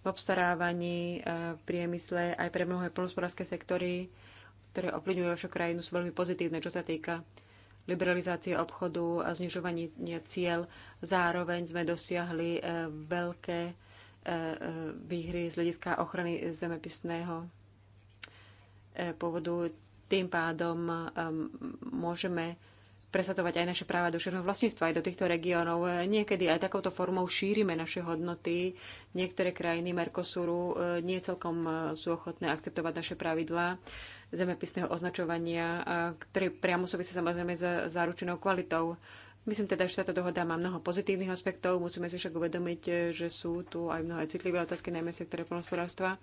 v obstarávaní, e, v priemysle aj pre mnohé polnospodárske sektory, ktoré ovplyvňujú vašu krajinu, sú veľmi pozitívne, čo sa týka liberalizácie obchodu a znižovania cieľ. Zároveň sme dosiahli e, veľké výhry z hľadiska ochrany zemepisného pôvodu. Tým pádom um, môžeme presadzovať aj naše práva duševného vlastníctva aj do týchto regiónov. Niekedy aj takouto formou šírime naše hodnoty. Niektoré krajiny Mercosuru uh, nie celkom uh, sú ochotné akceptovať naše pravidlá zemepisného označovania, uh, ktoré priamo súvisí samozrejme s záručenou kvalitou Myslím teda, že táto dohoda má mnoho pozitívnych aspektov. Musíme si však uvedomiť, že sú tu aj mnohé citlivé otázky, najmä v sektore polnospodárstva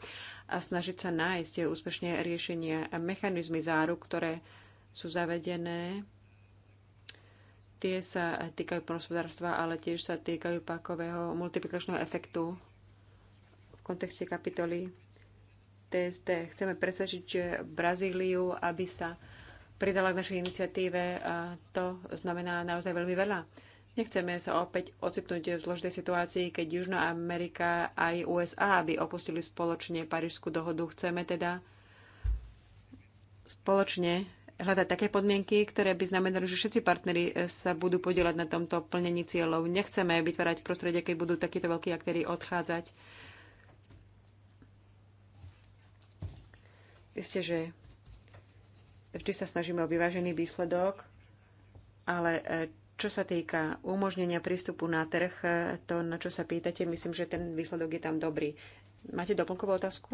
a snažiť sa nájsť úspešne riešenie a mechanizmy záruk, ktoré sú zavedené. Tie sa týkajú polnospodárstva, ale tiež sa týkajú pakového multiplikačného efektu v kontexte kapitoly TST. Chceme presvedčiť Brazíliu, aby sa pridala k našej iniciatíve a to znamená naozaj veľmi veľa. Nechceme sa opäť ocitnúť v zložitej situácii, keď Južná Amerika aj USA by opustili spoločne Parížskú dohodu. Chceme teda spoločne hľadať také podmienky, ktoré by znamenali, že všetci partnery sa budú podielať na tomto plnení cieľov. Nechceme vytvárať prostredie, keď budú takíto veľkí aktéry odchádzať. Isté, že Vždy sa snažíme o vyvážený výsledok, ale e, čo sa týka umožnenia prístupu na trh, e, to, na čo sa pýtate, myslím, že ten výsledok je tam dobrý. Máte doplnkovú otázku?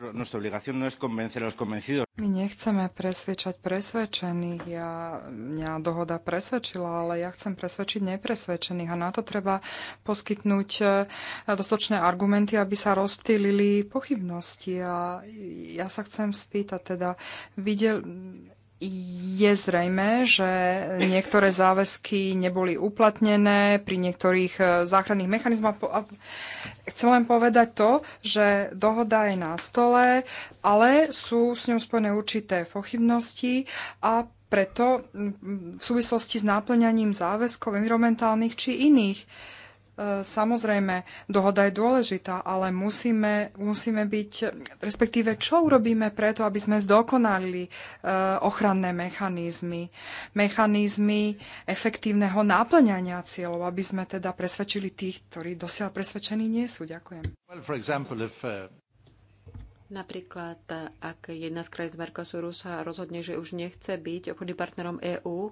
No My nechceme presvedčať presvedčených. Ja, mňa dohoda presvedčila, ale ja chcem presvedčiť nepresvedčených. A na to treba poskytnúť e, dostočné argumenty, aby sa rozptýlili pochybnosti. A ja sa chcem spýtať, teda videl, je zrejme, že niektoré záväzky neboli uplatnené pri niektorých e, záchranných mechanizmoch. Chcem len povedať to, že dohoda je na stole, ale sú s ňou spojené určité pochybnosti a preto v súvislosti s náplňaním záväzkov environmentálnych či iných E, samozrejme, dohoda je dôležitá, ale musíme, musíme byť, respektíve čo urobíme preto, aby sme zdokonalili e, ochranné mechanizmy, mechanizmy efektívneho náplňania cieľov, aby sme teda presvedčili tých, ktorí dosiaľ presvedčení nie sú. Ďakujem. Well, example, if, uh... Napríklad, ak jedna z krajín z Mercosuru sa rozhodne, že už nechce byť obchodným partnerom EÚ,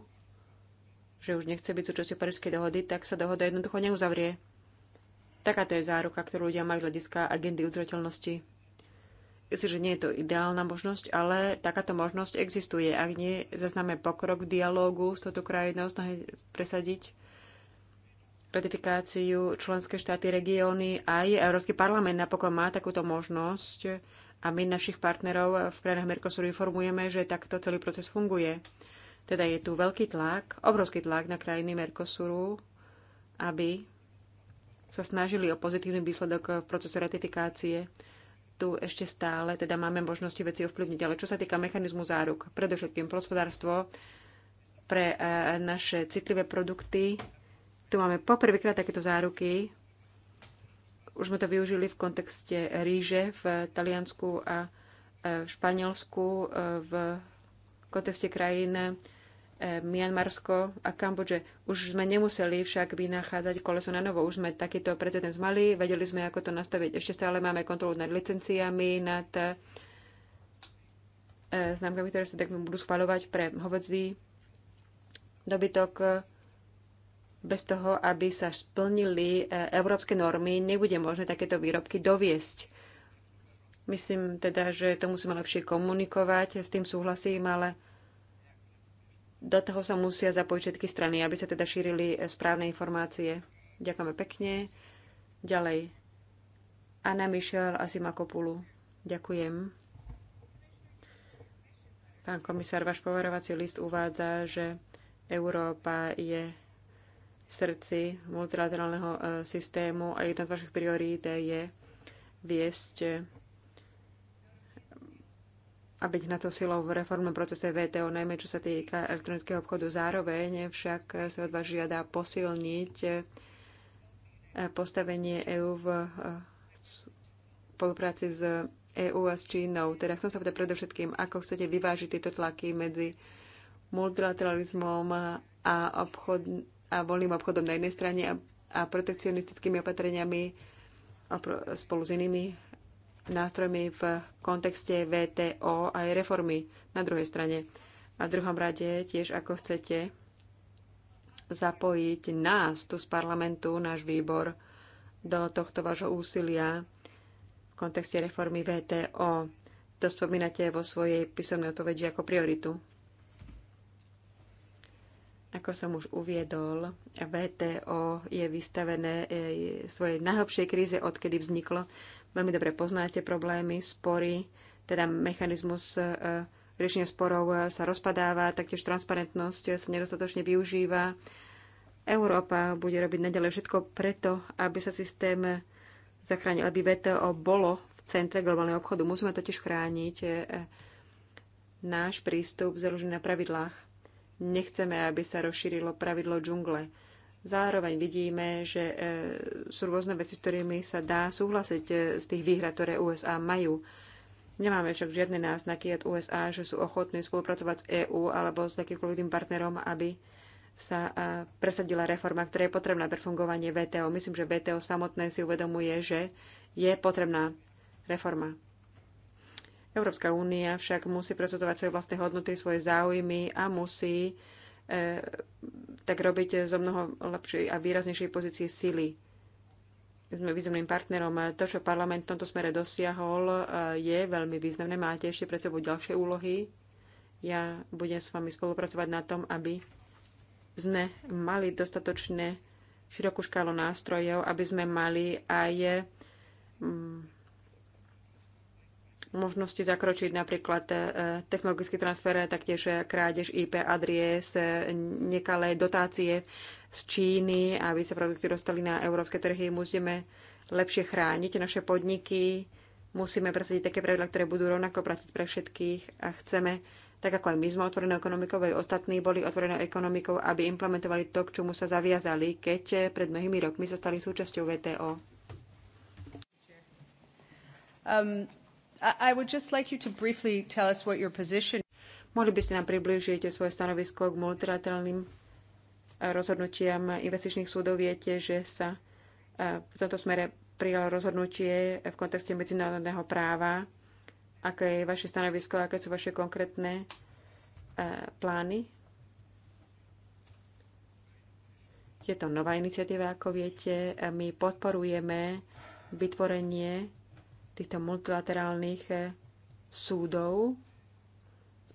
že už nechce byť súčasťou Parížskej dohody, tak sa dohoda jednoducho neuzavrie. Taká to je záruka, ktorú ľudia majú hľadiska agendy udržateľnosti. Myslím, že nie je to ideálna možnosť, ale takáto možnosť existuje. Ak nie, zaznáme pokrok v dialógu s touto krajinou, snahy presadiť ratifikáciu členské štáty, regióny, aj Európsky parlament napokon má takúto možnosť a my našich partnerov v krajinách Mercosuru informujeme, že takto celý proces funguje. Teda je tu veľký tlak, obrovský tlak na krajiny Mercosuru, aby sa snažili o pozitívny výsledok v procese ratifikácie. Tu ešte stále teda máme možnosti veci ovplyvniť. Ale čo sa týka mechanizmu záruk, predovšetkým prospodárstvo pre e, naše citlivé produkty, tu máme poprvýkrát takéto záruky. Už sme to využili v kontexte ríže v Taliansku a v e, Španielsku e, v kontexte krajín Mianmarsko a Kambodže. Už sme nemuseli však vynachádzať koleso na novo. Už sme takýto precedens mali, vedeli sme, ako to nastaviť. Ešte stále máme kontrolu nad licenciami, nad e, známkami, ktoré sa tak budú schváľovať pre hovedzí dobytok e, bez toho, aby sa splnili e, európske normy, nebude možné takéto výrobky doviesť. Myslím teda, že to musíme lepšie komunikovať, s tým súhlasím, ale do toho sa musia zapojiť všetky strany, aby sa teda šírili eh, správne informácie. Ďakujeme pekne. Ďalej. Anna Michel Asimakopulu. Ďakujem. Pán komisár, váš poverovací list uvádza, že Európa je v srdci multilaterálneho eh, systému a jedna z vašich priorít je viesť eh, a byť na to silou v reformnom procese VTO, najmä čo sa týka elektronického obchodu. Zároveň však sa od vás žiada posilniť e, postavenie EÚ v e, spolupráci s EÚ a s Čínou. Teda chcem sa povedať predovšetkým, ako chcete vyvážiť tieto tlaky medzi multilateralizmom a, obchod, a voľným obchodom na jednej strane a, a protekcionistickými opatreniami a pro, spolu s inými nástrojmi v kontexte VTO aj reformy na druhej strane. A v druhom rade tiež ako chcete zapojiť nás tu z parlamentu, náš výbor, do tohto vášho úsilia v kontexte reformy VTO. To spomínate vo svojej písomnej odpovedi ako prioritu. Ako som už uviedol, VTO je vystavené e, svojej najhlbšej kríze, odkedy vzniklo Veľmi dobre poznáte problémy, spory, teda mechanizmus e, riešenia sporov e, sa rozpadáva, taktiež transparentnosť e, sa nedostatočne využíva. Európa bude robiť nadalej všetko preto, aby sa systém zachránil, aby VTO bolo v centre globálneho obchodu. Musíme totiž chrániť náš prístup založený na pravidlách. Nechceme, aby sa rozšírilo pravidlo džungle. Zároveň vidíme, že e, sú rôzne veci, s ktorými sa dá súhlasiť e, z tých výhrad, ktoré USA majú. Nemáme však žiadne náznaky od USA, že sú ochotní spolupracovať s EÚ alebo s takýmkoľvek tým partnerom, aby sa e, presadila reforma, ktorá je potrebná pre fungovanie VTO. Myslím, že VTO samotné si uvedomuje, že je potrebná reforma. Európska únia však musí prezentovať svoje vlastné hodnoty, svoje záujmy a musí E, tak robiť zo mnoho lepšej a výraznejšej pozície sily. Sme významným partnerom. E, to, čo parlament v tomto smere dosiahol, e, je veľmi významné. Máte ešte pred sebou ďalšie úlohy. Ja budem s vami spolupracovať na tom, aby sme mali dostatočne širokú škálu nástrojov, aby sme mali aj mm, možnosti zakročiť napríklad e, technologický transfer, taktiež e, krádež IP adries, e, nekalé dotácie z Číny, aby sa produkty dostali na európske trhy. Musíme lepšie chrániť naše podniky, musíme presadiť také pravidla, ktoré budú rovnako platiť pre všetkých a chceme, tak ako aj my sme otvorenou ekonomikou, aj ostatní boli otvorenou ekonomikou, aby implementovali to, k čomu sa zaviazali, keď pred mnohými rokmi sa stali súčasťou VTO. Um, i would just like you to briefly tell us what your position Mohli by ste nám približiť svoje stanovisko k multilaterálnym eh, rozhodnutiam investičných súdov. Viete, že sa eh, v tomto smere prijalo rozhodnutie eh, v kontexte medzinárodného práva. Aké je vaše stanovisko, aké sú vaše konkrétne plány? Je to nová iniciatíva, ako viete. My podporujeme vytvorenie týchto multilaterálnych e, súdov.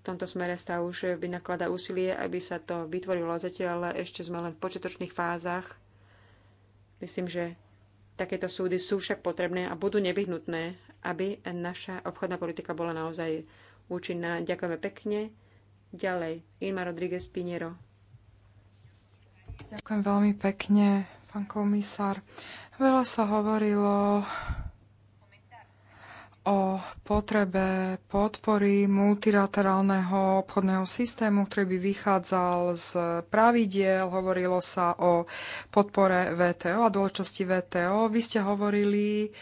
V tomto smere sa už by naklada úsilie, aby sa to vytvorilo zatiaľ, ešte sme len v počiatočných fázach. Myslím, že takéto súdy sú však potrebné a budú nevyhnutné, aby naša obchodná politika bola naozaj účinná. Ďakujeme pekne. Ďalej, Ilma Rodríguez Pinero. Ďakujem veľmi pekne, pán komisár. Veľa sa hovorilo o potrebe podpory multilaterálneho obchodného systému, ktorý by vychádzal z pravidiel. Hovorilo sa o podpore VTO a dôležitosti VTO. Vy ste hovorili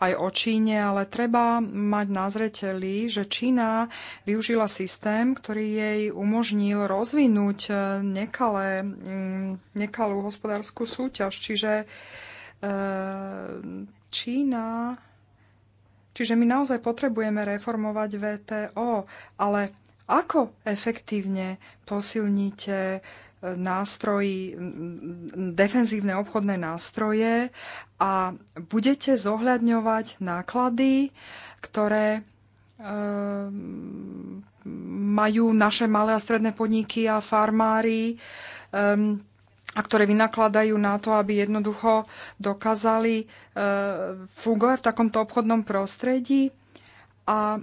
aj o Číne, ale treba mať na zreteli, že Čína využila systém, ktorý jej umožnil rozvinúť nekalé, mm, nekalú hospodárskú súťaž. Čiže eh, Čína Čiže my naozaj potrebujeme reformovať VTO, ale ako efektívne posilníte e, nástroji, defenzívne obchodné nástroje a budete zohľadňovať náklady, ktoré e, majú naše malé a stredné podniky a farmári. E, a ktoré vynakladajú na to, aby jednoducho dokázali e, fungovať v takomto obchodnom prostredí. A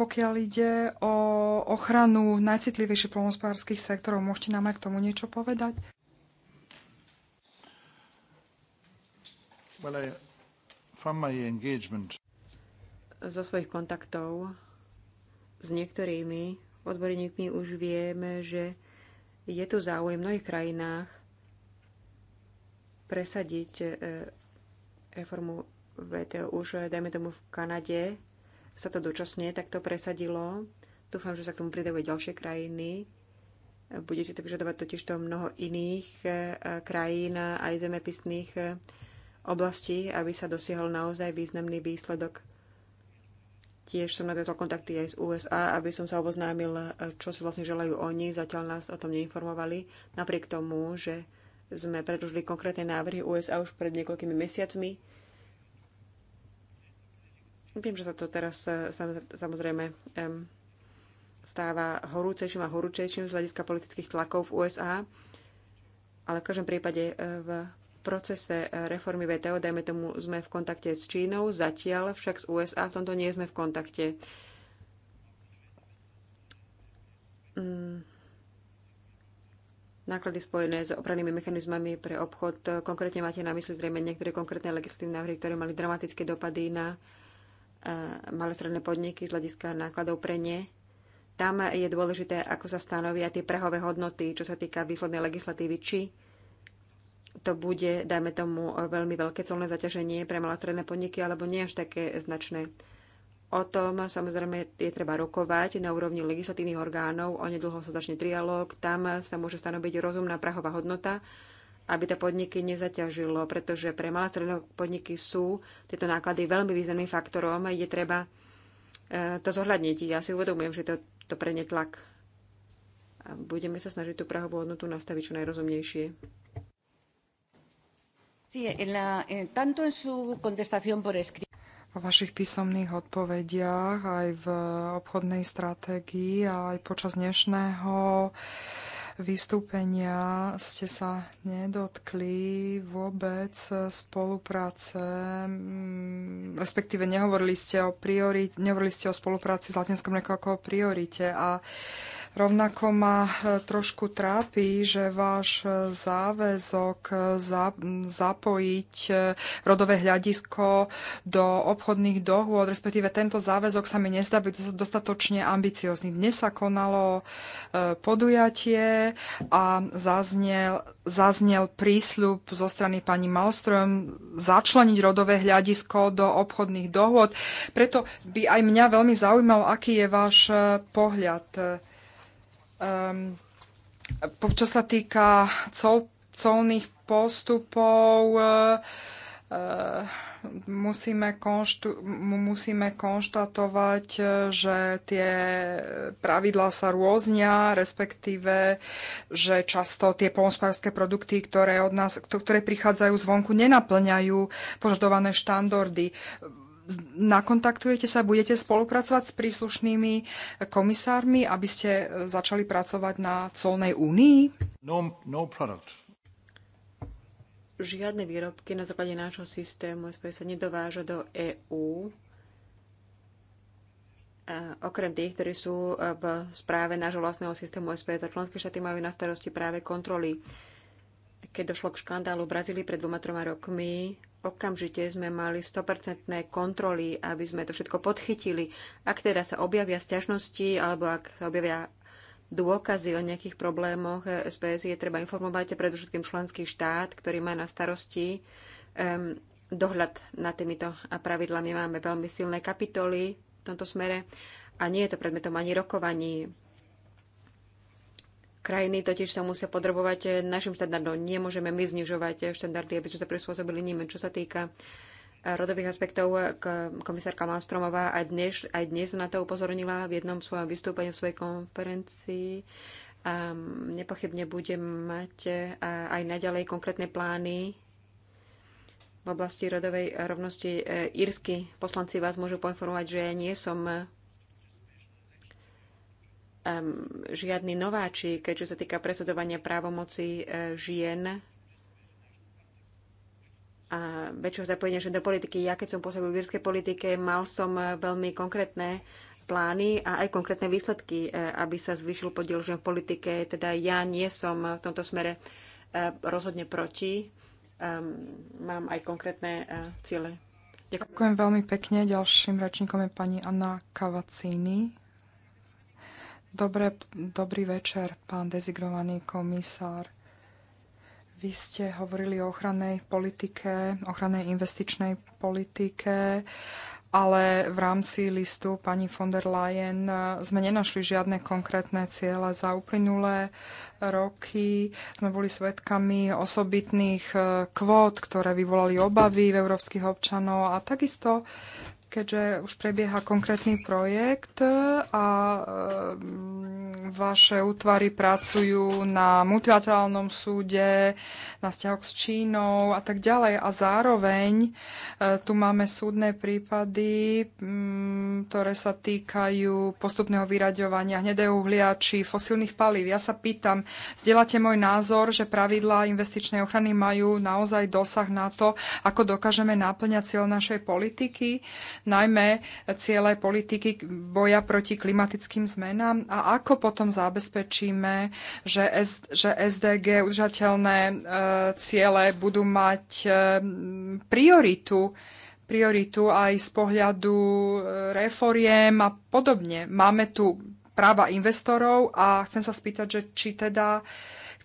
pokiaľ ide o ochranu najcitlivejších polnospodárských sektorov, môžete nám aj k tomu niečo povedať? Well, I, from my engagement... Zo svojich kontaktov s niektorými odborníkmi už vieme, že je tu záujem v mnohých krajinách presadiť e, reformu VTO. Už, e, dajme tomu, v Kanade sa to dočasne takto presadilo. Dúfam, že sa k tomu pridajú ďalšie krajiny. Bude si to vyžadovať totiž to mnoho iných e, krajín, aj zemepisných oblastí, aby sa dosiahol naozaj významný výsledok. Tiež som nadviazal kontakty aj z USA, aby som sa oboznámil, čo si vlastne želajú oni. Zatiaľ nás o tom neinformovali, napriek tomu, že sme predložili konkrétne návrhy USA už pred niekoľkými mesiacmi. Viem, že sa to teraz e, samozrejme stáva horúcejším a horúcejším z hľadiska politických tlakov v USA, ale v každom prípade e, v procese eh, reformy VTO, dajme tomu, sme v kontakte s Čínou, zatiaľ však s USA v tomto nie sme v kontakte. Mm. Náklady spojené s opravnými mechanizmami pre obchod. Eh, konkrétne máte na mysli zrejme niektoré konkrétne legislatívne návrhy, ktoré mali dramatické dopady na eh, malé stredné podniky z hľadiska nákladov pre ne. Tam je dôležité, ako sa stanovia tie prahové hodnoty, čo sa týka výslednej legislatívy, či to bude, dajme tomu, veľmi veľké colné zaťaženie pre malé stredné podniky, alebo nie až také značné. O tom samozrejme je treba rokovať na úrovni legislatívnych orgánov. nedlho sa začne trialóg, tam sa môže stanoviť rozumná prahová hodnota, aby to podniky nezaťažilo, pretože pre malé stredné podniky sú tieto náklady veľmi významným faktorom. Je treba e, to zohľadniť. Ja si uvedomujem, že to, to pre ne tlak. A budeme sa snažiť tú prahovú hodnotu nastaviť čo najrozumnejšie. Sí, en la, en, eh, tanto en su contestación por escrito vo vašich písomných odpovediach, aj v eh, obchodnej stratégii a aj počas dnešného vystúpenia ste sa nedotkli vôbec eh, spolupráce, mm, respektíve nehovorili ste o, priori, nehovorili ste o spolupráci s Latinskom ako o priorite a Rovnako ma e, trošku trápi, že váš e, záväzok e, zapojiť rodové hľadisko do obchodných dohôd, respektíve tento záväzok sa mi nezdá byť dostatočne ambiciozný. Dnes sa konalo podujatie a zaznel, zaznel prísľub zo strany pani Malström začleniť rodové hľadisko do obchodných dohôd. Preto by aj mňa veľmi zaujímalo, aký je váš pohľad Um, čo sa týka col, colných postupov, eh, eh, musíme, konštu, musíme konštatovať, eh, že tie pravidlá sa rôznia, respektíve, že často tie polnospodárske produkty, ktoré, od nás, ktoré prichádzajú zvonku, nenaplňajú požadované štandardy nakontaktujete sa, budete spolupracovať s príslušnými komisármi, aby ste e, začali pracovať na colnej únii? No, no product. Žiadne výrobky na základe nášho systému SP sa nedováža do EÚ, okrem tých, ktorí sú e, v správe nášho vlastného systému SPS za členské štáty majú na starosti práve kontroly. Keď došlo k škandálu v Brazílii pred dvoma, troma rokmi, okamžite sme mali 100% kontroly, aby sme to všetko podchytili. Ak teda sa objavia sťažnosti alebo ak sa objavia dôkazy o nejakých problémoch SPS, eh, je treba informovať predovšetkým členský štát, ktorý má na starosti um, dohľad nad týmito pravidlami. Máme veľmi silné kapitoly v tomto smere a nie je to predmetom ani rokovaní. Krajiny totiž sa musia podrobovať našim štandardom. Nemôžeme my znižovať štandardy, aby sme sa prispôsobili ním. Čo sa týka eh, rodových aspektov, komisárka Malmstromová aj dnes, aj dnes na to upozornila v jednom svojom vystúpení v svojej konferencii. A nepochybne budem mať eh, aj naďalej konkrétne plány v oblasti rodovej rovnosti. Eh, írsky poslanci vás môžu poinformovať, že ja nie som žiadny nováčik, čo sa týka presudovania právomoci e, žien a väčšieho zapojenia žien do politiky. Ja, keď som pôsobil v írskej politike, mal som e, veľmi konkrétne plány a aj konkrétne výsledky, e, aby sa zvýšil podiel žien v politike. Teda ja nie som v tomto smere rozhodne proti. Mám aj konkrétne ciele. Ďakujem. Ďakujem veľmi pekne. Ďalším ročníkom je pani Anna Cavazzini. Dobre, dobrý večer, pán dezignovaný komisár. Vy ste hovorili o ochrannej politike, ochrannej investičnej politike, ale v rámci listu pani von der Leyen sme nenašli žiadne konkrétne ciele. Za uplynulé roky sme boli svedkami osobitných eh, kvót, ktoré vyvolali obavy v európskych občanov a takisto keďže už prebieha konkrétny projekt a ehm, vaše útvary pracujú na multilaterálnom súde, na vzťahoch s Čínou a tak ďalej. A zároveň e, tu máme súdne prípady, mm, ktoré sa týkajú postupného vyraďovania hnedého uhlia či fosílnych palív. Ja sa pýtam, zdieľate môj názor, že pravidlá investičnej ochrany majú naozaj dosah na to, ako dokážeme náplňať cieľ našej politiky? najmä ciele politiky boja proti klimatickým zmenám a ako potom zabezpečíme, že, S, že SDG udržateľné e, ciele budú mať e, prioritu prioritu aj z pohľadu e, reforiem a podobne. Máme tu práva investorov a chcem sa spýtať, že či teda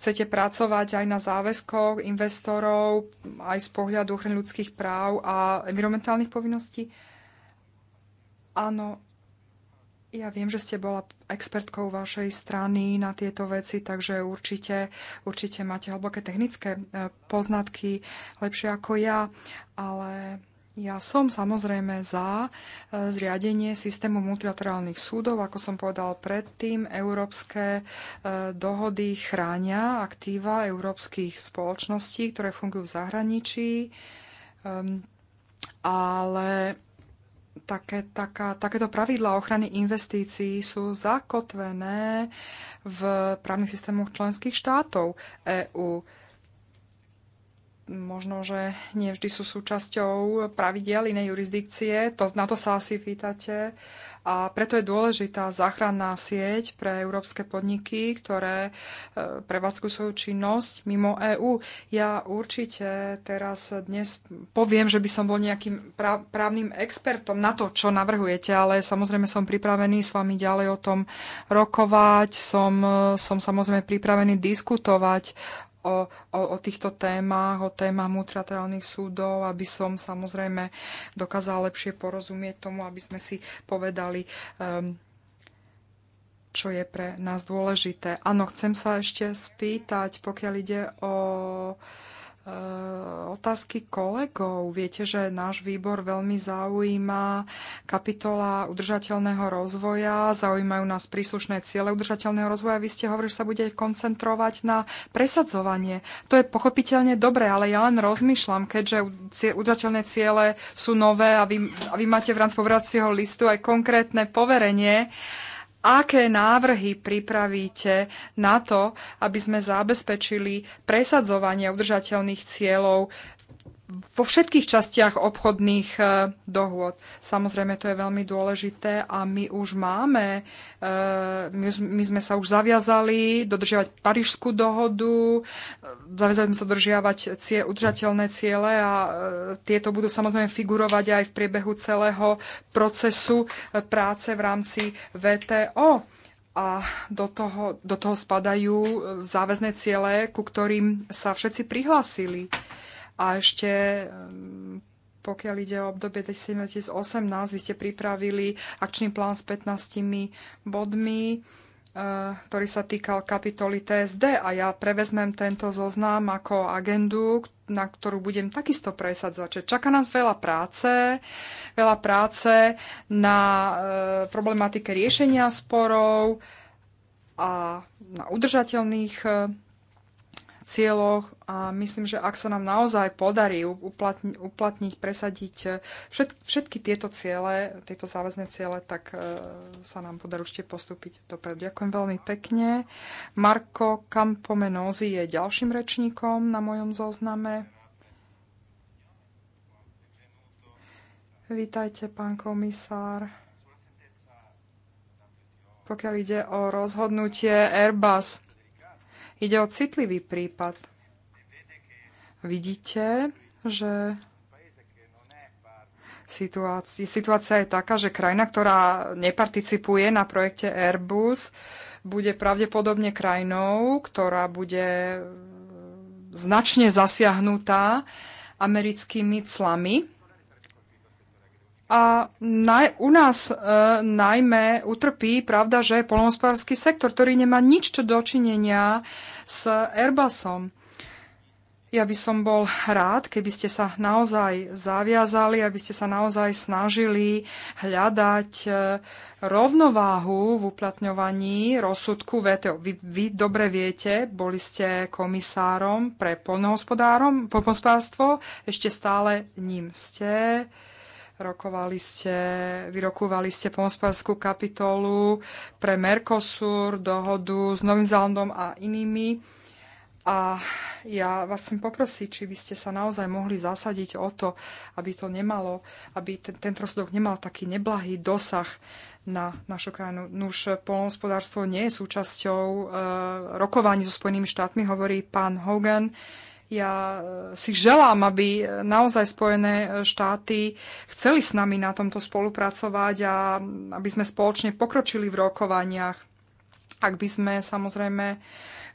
chcete pracovať aj na záväzkoch investorov, aj z pohľadu ochrany ľudských práv a environmentálnych povinností? Áno, ja viem, že ste bola expertkou vašej strany na tieto veci, takže určite, určite máte hlboké technické e, poznatky lepšie ako ja, ale ja som samozrejme za e, zriadenie systému multilaterálnych súdov. Ako som povedal predtým, európske e, dohody chránia aktíva európskych spoločností, ktoré fungujú v zahraničí, ehm, ale také, taká, takéto pravidlá ochrany investícií sú zakotvené v právnych systémoch členských štátov EÚ. Možno, že nie vždy sú súčasťou pravidel inej jurisdikcie, to, na to sa asi pýtate, a preto je dôležitá záchranná sieť pre európske podniky, ktoré e, prevádzkujú svoju činnosť mimo EÚ. Ja určite teraz dnes poviem, že by som bol nejakým právnym expertom na to, čo navrhujete, ale samozrejme som pripravený s vami ďalej o tom rokovať, som, e, som samozrejme pripravený diskutovať e, o, o, o týchto témach, o témach mutratelných súdov, aby som samozrejme dokázala lepšie porozumieť tomu, aby sme si povedali, um, čo je pre nás dôležité. Áno, chcem sa ešte spýtať, pokiaľ ide o Eh, otázky kolegov. Viete, že náš výbor veľmi zaujíma kapitola udržateľného rozvoja, zaujímajú nás príslušné ciele udržateľného rozvoja. Vy ste hovorili, že sa bude koncentrovať na presadzovanie. To je pochopiteľne dobré, ale ja len rozmýšľam, keďže udržateľné ciele sú nové a vy, a vy máte v rámci povracieho listu aj konkrétne poverenie. Uh, aké návrhy pripravíte na to, aby sme zabezpečili presadzovanie udržateľných cieľov vo všetkých častiach obchodných e, dohôd. Samozrejme, to je veľmi dôležité a my už máme, e, my, sme sa už zaviazali dodržiavať Parížskú dohodu, e, zaviazali sme sa dodržiavať cie, udržateľné ciele a tieto budú samozrejme figurovať aj v priebehu celého procesu práce v rámci VTO a do toho, do toho spadajú záväzné ciele, ku ktorým sa všetci prihlásili. A ešte mm, pokiaľ ide o obdobie 2018 vy ste pripravili akčný plán s 15 bodmi, e, ktorý sa týkal kapitoly TSD a ja prevezmem tento zoznam ako agendu, na ktorú budem takisto presadzovať. Čiže čaká nás veľa práce, veľa práce na e, problematike riešenia sporov a na udržateľných e, cieľoch a myslím, že ak sa nám naozaj podarí uplatni, uplatniť, presadiť eh, všet, všetky tieto ciele, tieto záväzné ciele, tak eh, sa nám podarí ešte postúpiť dopredu. Ďakujem veľmi pekne. Marko Campomenozi je ďalším rečníkom na mojom zozname. Vítajte, pán komisár. Pokiaľ ide o rozhodnutie Airbus, Ide o citlivý prípad. Vidíte, že situácia, situácia je taká, že krajina, ktorá neparticipuje na projekte Airbus, bude pravdepodobne krajinou, ktorá bude značne zasiahnutá americkými clami a naj, u nás e, najmä utrpí, pravda, že polnohospodársky sektor, ktorý nemá nič čo dočinenia s Airbusom. Ja by som bol rád, keby ste sa naozaj zaviazali, aby ste sa naozaj snažili hľadať e, rovnováhu v uplatňovaní rozsudku VTO. Vy, vy dobre viete, boli ste komisárom pre polnohospodárstvo, ešte stále ním ste rokovali ste, vyrokovali ste pomospárskú kapitolu pre Mercosur, dohodu s Novým Zelandom a inými. A ja vás chcem poprosiť, či by ste sa naozaj mohli zasadiť o to, aby to nemalo, aby ten, ten rozsudok nemal taký neblahý dosah na našu krajinu. Nuž, polnohospodárstvo nie je súčasťou e, rokovaní so Spojenými štátmi, hovorí pán Hogan. E, ja e, si želám, aby e, naozaj Spojené e, štáty chceli s nami na tomto spolupracovať a aby sme spoločne pokročili v rokovaniach. Ak by sme samozrejme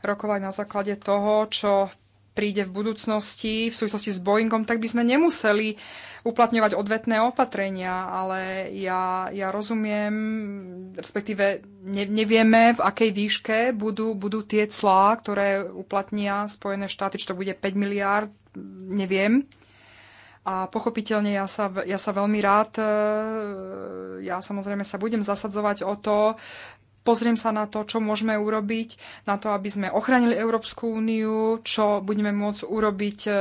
rokovať na základe toho, čo príde v budúcnosti v súvislosti s Boeingom, tak by sme nemuseli uplatňovať odvetné opatrenia, ale ja, ja rozumiem, respektíve ne, nevieme, v akej výške budú, budú tie clá, ktoré uplatnia Spojené štáty, či to bude 5 miliárd, neviem. A pochopiteľne ja sa, ja sa veľmi rád, e, ja samozrejme sa budem zasadzovať o to, pozriem sa na to, čo môžeme urobiť, na to, aby sme ochránili Európsku úniu, čo budeme môcť urobiť e,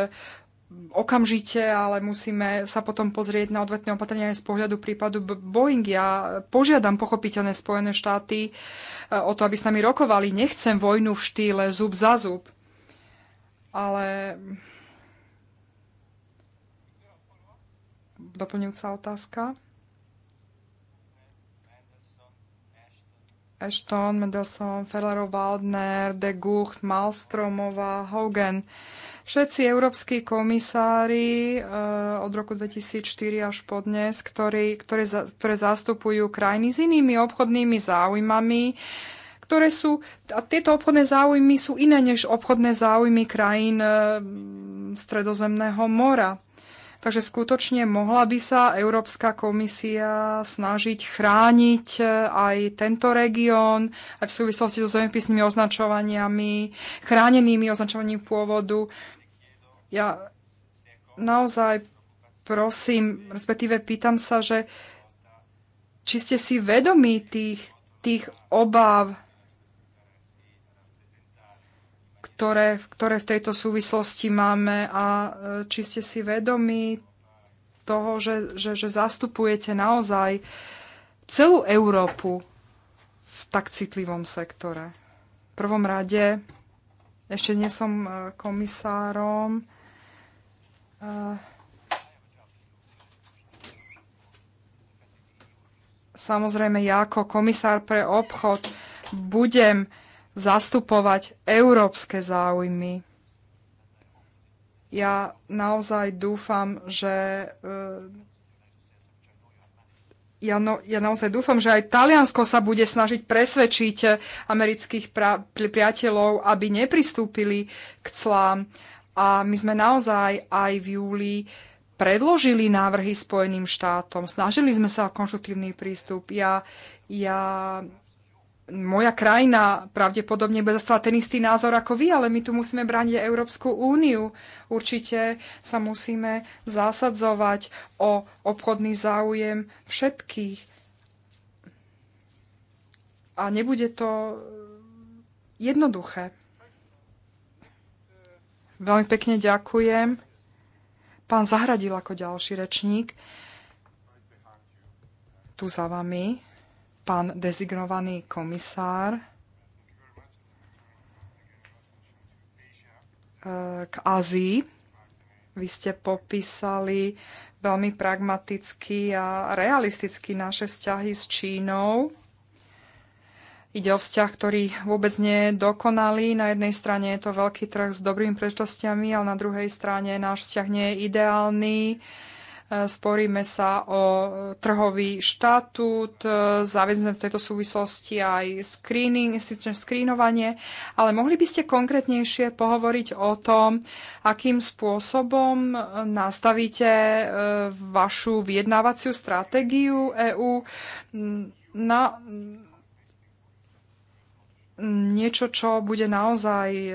okamžite, ale musíme sa potom pozrieť na odvetné opatrenia aj z pohľadu prípadu Boeing. Ja požiadam pochopiteľné Spojené štáty e, o to, aby s nami rokovali. Nechcem vojnu v štýle zub za zub. Ale... Doplňujúca otázka. Ashton, Mendelssohn, Ferrero, Waldner, De Gucht, Malstromová, Hogan. Uh, Všetci európsky komisári e, od roku 2004 až po dnes, ktorí, ktoré, ktoré zastupujú krajiny s inými obchodnými záujmami, ktoré sú, a tieto obchodné záujmy sú iné než obchodné záujmy krajín e, Stredozemného mora. Takže skutočne mohla by sa Európska komisia snažiť chrániť eh, aj tento región, aj v súvislosti so zemepisnými označovaniami, chránenými označovaním pôvodu. Ja naozaj prosím, respektíve pýtam sa, že či ste si vedomí tých, tých obáv, ktoré, ktoré v tejto súvislosti máme a e, či ste si vedomí toho, že, že, že zastupujete naozaj celú Európu v tak citlivom sektore. V prvom rade, ešte nie som e, komisárom, Eh, samozrejme, ja ako komisár pre obchod budem zastupovať európske záujmy. Ja naozaj dúfam, že eh, ja, no, ja naozaj dúfam, že aj Taliansko sa bude snažiť presvedčiť amerických pra- priateľov, aby nepristúpili k clám. A my sme naozaj aj v júli predložili návrhy Spojeným štátom. Snažili sme sa o konštruktívny prístup. Ja, ja, moja krajina pravdepodobne bude zastávať ten istý názor ako vy, ale my tu musíme brániť Európsku úniu. Určite sa musíme zásadzovať o obchodný záujem všetkých. A nebude to jednoduché. Veľmi pekne ďakujem. Pán Zahradil ako ďalší rečník. Tu za vami pán dezignovaný komisár eh, k Ázii. Vy ste popísali veľmi pragmaticky a realisticky naše vzťahy s Čínou Ide o vzťah, ktorý vôbec nie je dokonalý. Na jednej strane je to veľký trh s dobrými prečnostiami, ale na druhej strane náš vzťah nie je ideálny. E, sporíme sa o trhový štatút, e, zaviedzme v tejto súvislosti aj screening, síce screenovanie, ale mohli by ste konkrétnejšie pohovoriť o tom, akým spôsobom nastavíte e, vašu vyjednávaciu stratégiu EÚ na niečo, čo bude naozaj e,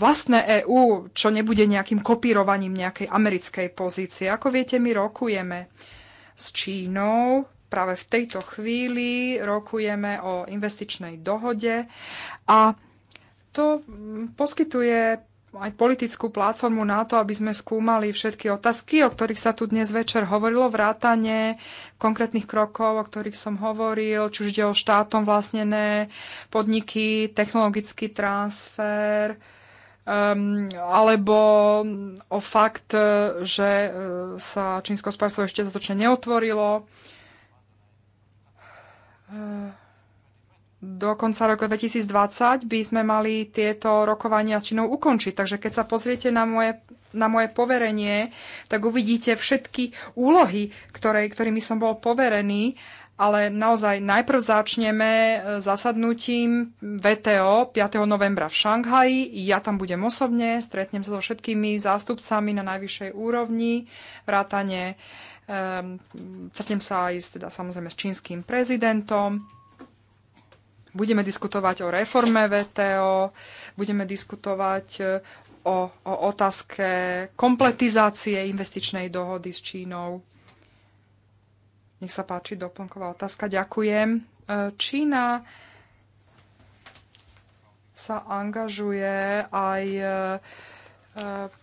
vlastné EÚ, čo nebude nejakým kopírovaním nejakej americkej pozície. Ako viete, my rokujeme s Čínou, práve v tejto chvíli rokujeme o investičnej dohode a to poskytuje aj politickú platformu na to, aby sme skúmali všetky otázky, o ktorých sa tu dnes večer hovorilo, vrátane konkrétnych krokov, o ktorých som hovoril, či už ide o štátom vlastnené podniky, technologický transfer, um, alebo o fakt, e, že e, sa čínsko spárstvo ešte zatočne neotvorilo. Uh, do konca roku 2020 by sme mali tieto rokovania s Čínou ukončiť. Takže keď sa pozriete na moje, na moje poverenie, tak uvidíte všetky úlohy, ktoré, ktorými som bol poverený. Ale naozaj najprv začneme e, zasadnutím VTO 5. novembra v Šanghaji. Ja tam budem osobne, stretnem sa so všetkými zástupcami na najvyššej úrovni, vrátane, um, stretnem sa aj s, teda, samozrejme s čínskym prezidentom, Budeme diskutovať o reforme VTO, budeme diskutovať e, o, o otázke kompletizácie investičnej dohody s Čínou. Nech sa páči, doplnková otázka. Ďakujem. E, Čína sa angažuje aj e,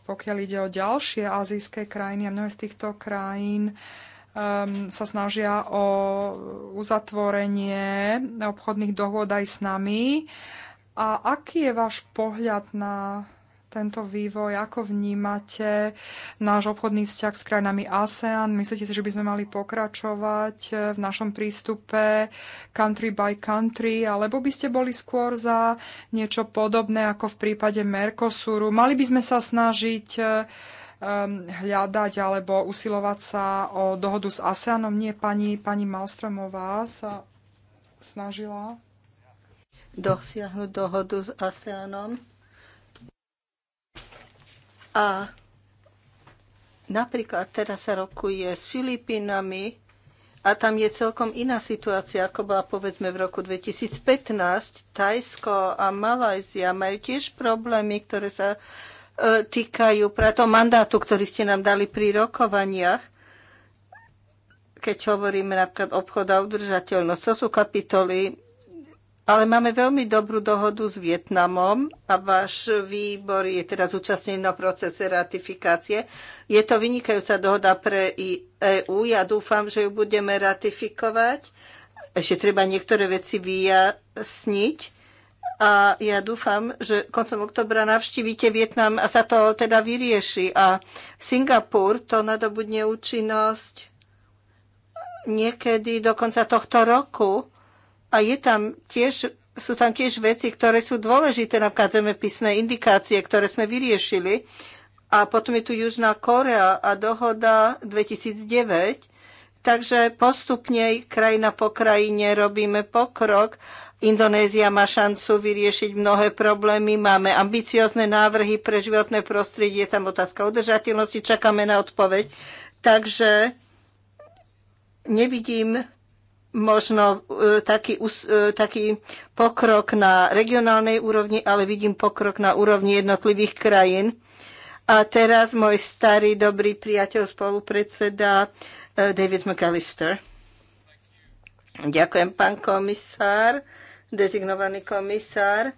pokiaľ ide o ďalšie azijské krajiny a mnohé z týchto krajín um, sa snažia o uzatvorenie obchodných dohôd aj s nami. A aký je váš pohľad na tento vývoj? Ako vnímate náš obchodný vzťah s krajinami ASEAN? Myslíte si, že by sme mali pokračovať eh, v našom prístupe country by country? Alebo by ste boli skôr za niečo podobné ako v prípade Mercosuru? Mali by sme sa snažiť eh, Um, hľadať alebo usilovať sa o dohodu s ASEANom. Nie, pani, pani Malstromová sa snažila dosiahnuť dohodu s ASEANom. A napríklad teraz sa rokuje s Filipínami a tam je celkom iná situácia, ako bola povedzme v roku 2015. Tajsko a Malajzia majú tiež problémy, ktoré sa týkajú preto mandátu, ktorý ste nám dali pri rokovaniach, keď hovoríme napríklad obchod a udržateľnosť. To sú kapitoly, ale máme veľmi dobrú dohodu s Vietnamom a váš výbor je teraz zúčastnený na procese ratifikácie. Je to vynikajúca dohoda pre EÚ. Ja dúfam, že ju budeme ratifikovať. Ešte treba niektoré veci vyjasniť a ja dúfam, že koncom oktobra navštívite Vietnam a sa to teda vyrieši. A Singapur to nadobudne účinnosť niekedy do konca tohto roku. A je tam tiež, sú tam tiež veci, ktoré sú dôležité, napríklad zemepisné indikácie, ktoré sme vyriešili. A potom je tu Južná Korea a dohoda 2009. Takže postupne krajina po krajine robíme pokrok. Indonézia má šancu vyriešiť mnohé problémy. Máme ambiciozne návrhy pre životné prostredie. Je tam otázka udržateľnosti. Čakáme na odpoveď. Takže nevidím možno e, taký, e, taký pokrok na regionálnej úrovni, ale vidím pokrok na úrovni jednotlivých krajín. A teraz môj starý dobrý priateľ, spolupredseda Eh, David McAllister. Ďakujem, pán komisár, dezignovaný komisár.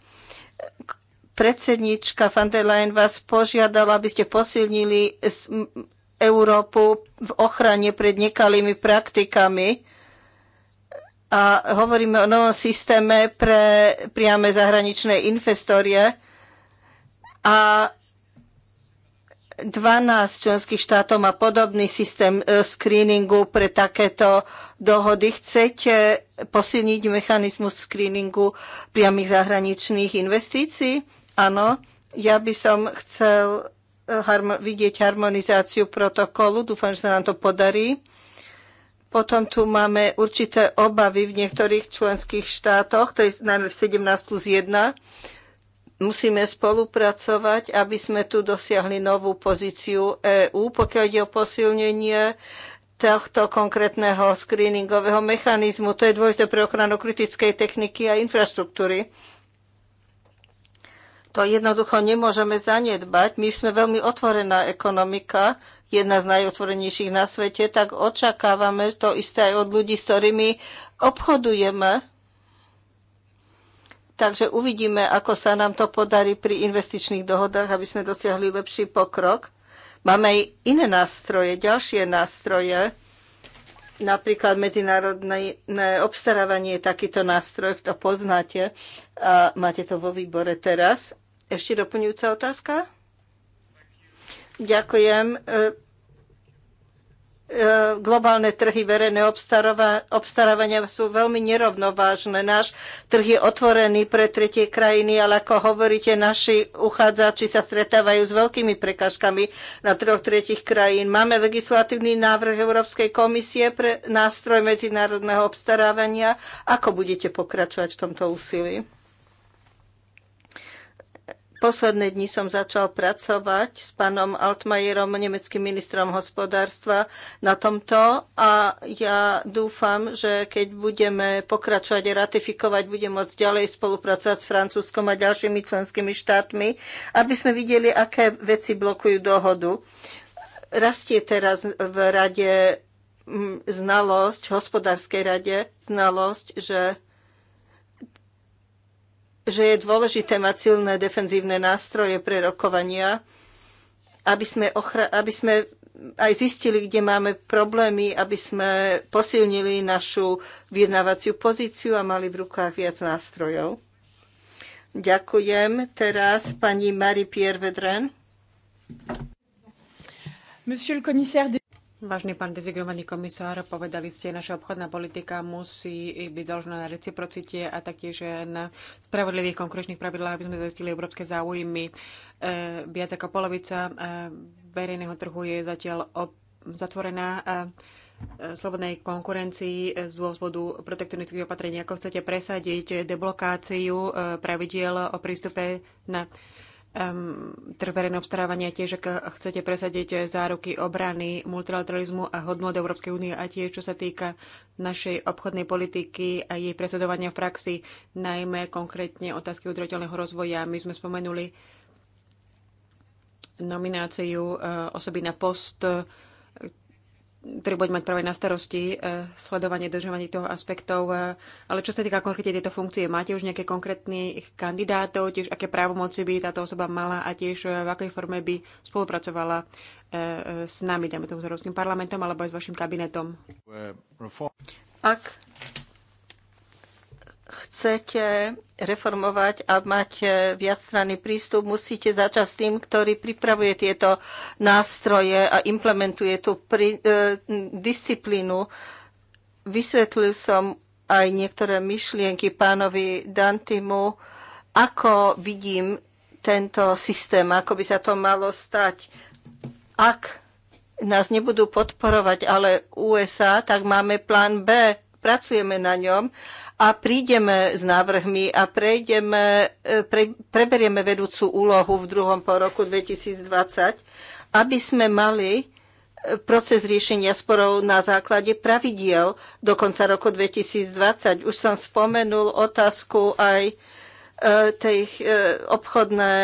Predsednička van der Leyen vás požiadala, aby ste posilnili Európu v ochrane pred nekalými praktikami a hovoríme o novom systéme pre priame zahraničné investorie a 12 členských štátov má podobný systém e, screeningu pre takéto dohody. Chcete posilniť mechanizmus screeningu priamých zahraničných investícií? Áno, ja by som chcel e, vidieť harmonizáciu protokolu. Dúfam, že sa nám to podarí. Potom tu máme určité obavy v niektorých členských štátoch, to je najmä v 17 plus 1, musíme spolupracovať, aby sme tu dosiahli novú pozíciu EÚ, pokiaľ ide o posilnenie tohto konkrétneho screeningového mechanizmu. To je dôležité pre ochranu kritickej techniky a infraštruktúry. To jednoducho nemôžeme zanedbať. My sme veľmi otvorená ekonomika, jedna z najotvorenejších na svete, tak očakávame to isté aj od ľudí, s ktorými obchodujeme Takže uvidíme, ako sa nám to podarí pri investičných dohodách, aby sme dosiahli lepší pokrok. Máme aj iné nástroje, ďalšie nástroje. Napríklad medzinárodné obstarávanie je takýto nástroj, to poznáte. A máte to vo výbore teraz. Ešte doplňujúca otázka? Ďakujem. E, E, globálne trhy verejné obstarávania sú veľmi nerovnovážne. Náš trh je otvorený pre tretie krajiny, ale ako hovoríte, naši uchádzači sa stretávajú s veľkými prekažkami na troch tretich krajín. Máme legislatívny návrh Európskej komisie pre nástroj medzinárodného obstarávania. Ako budete pokračovať v tomto úsilí? Posledné dni som začal pracovať s pánom Altmajerom, nemeckým ministrom hospodárstva, na tomto a ja dúfam, že keď budeme pokračovať a ratifikovať, budem môcť ďalej spolupracovať s Francúzskom a ďalšími členskými štátmi, aby sme videli, aké veci blokujú dohodu. Rastie teraz v rade znalosť, hospodárskej rade znalosť, že že je dôležité mať silné defenzívne nástroje pre rokovania, aby sme, ochra- aby sme aj zistili, kde máme problémy, aby sme posilnili našu vyjednávaciu pozíciu a mali v rukách viac nástrojov. Ďakujem. Teraz pani Marie-Pierre Vedren. Monsieur le commissaire de... Vážny pán dezignovaný komisár, povedali ste, naša obchodná politika musí byť založená na reciprocite a taktiež na spravodlivých konkurenčných pravidlách, aby sme zaistili európske záujmy. E, viac ako polovica e, verejného trhu je zatiaľ zatvorená e, slobodnej konkurencii z dôvodu protekcionických opatrení. Ako chcete presadiť deblokáciu pravidiel o prístupe na um, trh verejného obstarávania tiež, ak chcete presadiť záruky obrany multilateralizmu a hodnot Európskej únie a tiež, čo sa týka našej obchodnej politiky a jej presadovania v praxi, najmä konkrétne otázky udržateľného rozvoja. My sme spomenuli nomináciu uh, osoby na post, ktorý bude mať práve na starosti e, sledovanie, dodržovanie toho aspektov. E, ale čo sa týka konkrétne tejto funkcie, máte už nejaké konkrétnych kandidátov, tiež aké právomoci by táto osoba mala a tiež e, v akej forme by spolupracovala s nami, dáme tomu s Európskym parlamentom alebo aj s vašim kabinetom? Ak chcete reformovať a mať viacstranný prístup, musíte začať s tým, ktorý pripravuje tieto nástroje a implementuje tú pri, e, disciplínu. Vysvetlil som aj niektoré myšlienky pánovi Dantimu, ako vidím tento systém, ako by sa to malo stať. Ak nás nebudú podporovať ale USA, tak máme plán B, pracujeme na ňom a prídeme s návrhmi a prejdeme, e, pre, preberieme vedúcu úlohu v druhom po roku 2020, aby sme mali e, proces riešenia sporov na základe pravidiel do konca roku 2020. Už som spomenul otázku aj e, tej obchodné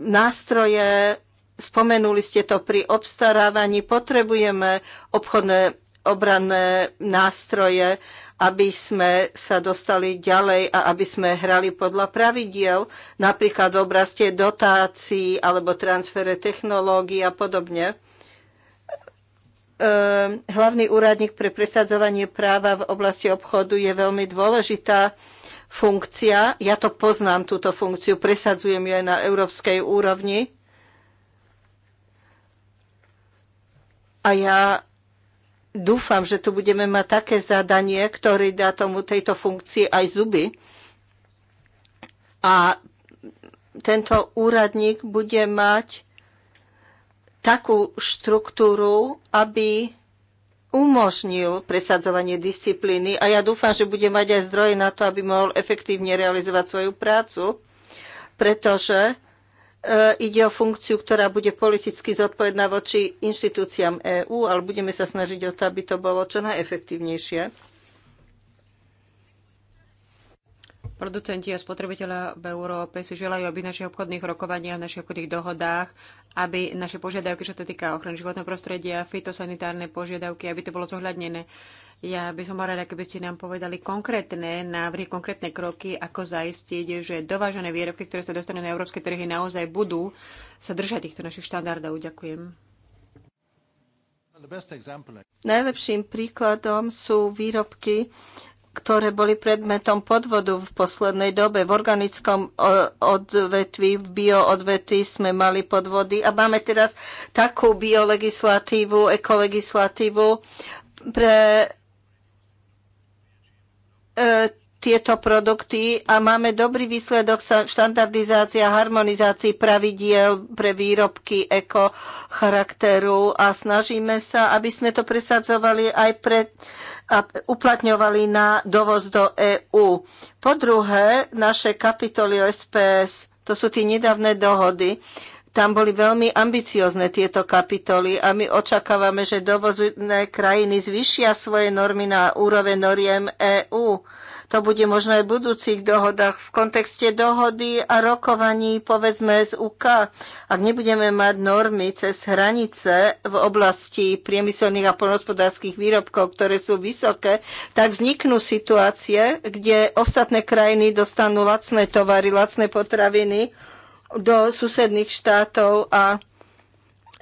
nástroje Spomenuli ste to pri obstarávaní. Potrebujeme obchodné obranné nástroje, aby sme sa dostali ďalej a aby sme hrali podľa pravidiel, napríklad v obraste dotácií alebo transfere technológií a podobne. Ehm, hlavný úradník pre presadzovanie práva v oblasti obchodu je veľmi dôležitá funkcia. Ja to poznám, túto funkciu, presadzujem ju aj na európskej úrovni. A ja dúfam, že tu budeme mať také zadanie, ktoré dá tomu tejto funkcii aj zuby. A tento úradník bude mať takú štruktúru, aby umožnil presadzovanie disciplíny a ja dúfam, že bude mať aj zdroje na to, aby mohol efektívne realizovať svoju prácu, pretože E, ide o funkciu, ktorá bude politicky zodpovedná voči inštitúciám EÚ, ale budeme sa snažiť o to, aby to bolo čo najefektívnejšie. Producenti a spotrebitelia v Európe si želajú, aby v našich obchodných rokovaniach, v našich obchodných dohodách, aby naše požiadavky, čo sa týka ochrany životného prostredia, fitosanitárne požiadavky, aby to bolo zohľadnené. Ja by som rada, keby ste nám povedali konkrétne návrhy, konkrétne kroky, ako zaistiť, že dovážené výrobky, ktoré sa dostanú na európske trhy, naozaj budú sa držať týchto našich štandardov. Ďakujem. Najlepším príkladom sú výrobky, ktoré boli predmetom podvodu v poslednej dobe. V organickom odvetví, v bioodvetví sme mali podvody a máme teraz takú biolegislatívu, ekolegislatívu pre E, tieto produkty a máme dobrý výsledok štandardizácia a harmonizácii pravidiel pre výrobky eko charakteru a snažíme sa, aby sme to presadzovali aj pre a uplatňovali na dovoz do EÚ. Po druhé, naše kapitoly SPS, to sú tie nedávne dohody, tam boli veľmi ambiciozne tieto kapitoly a my očakávame, že dovozné krajiny zvyšia svoje normy na úroveň noriem EÚ. To bude možno aj v budúcich dohodách v kontexte dohody a rokovaní, povedzme, z UK. Ak nebudeme mať normy cez hranice v oblasti priemyselných a polnohospodárských výrobkov, ktoré sú vysoké, tak vzniknú situácie, kde ostatné krajiny dostanú lacné tovary, lacné potraviny, do susedných štátov a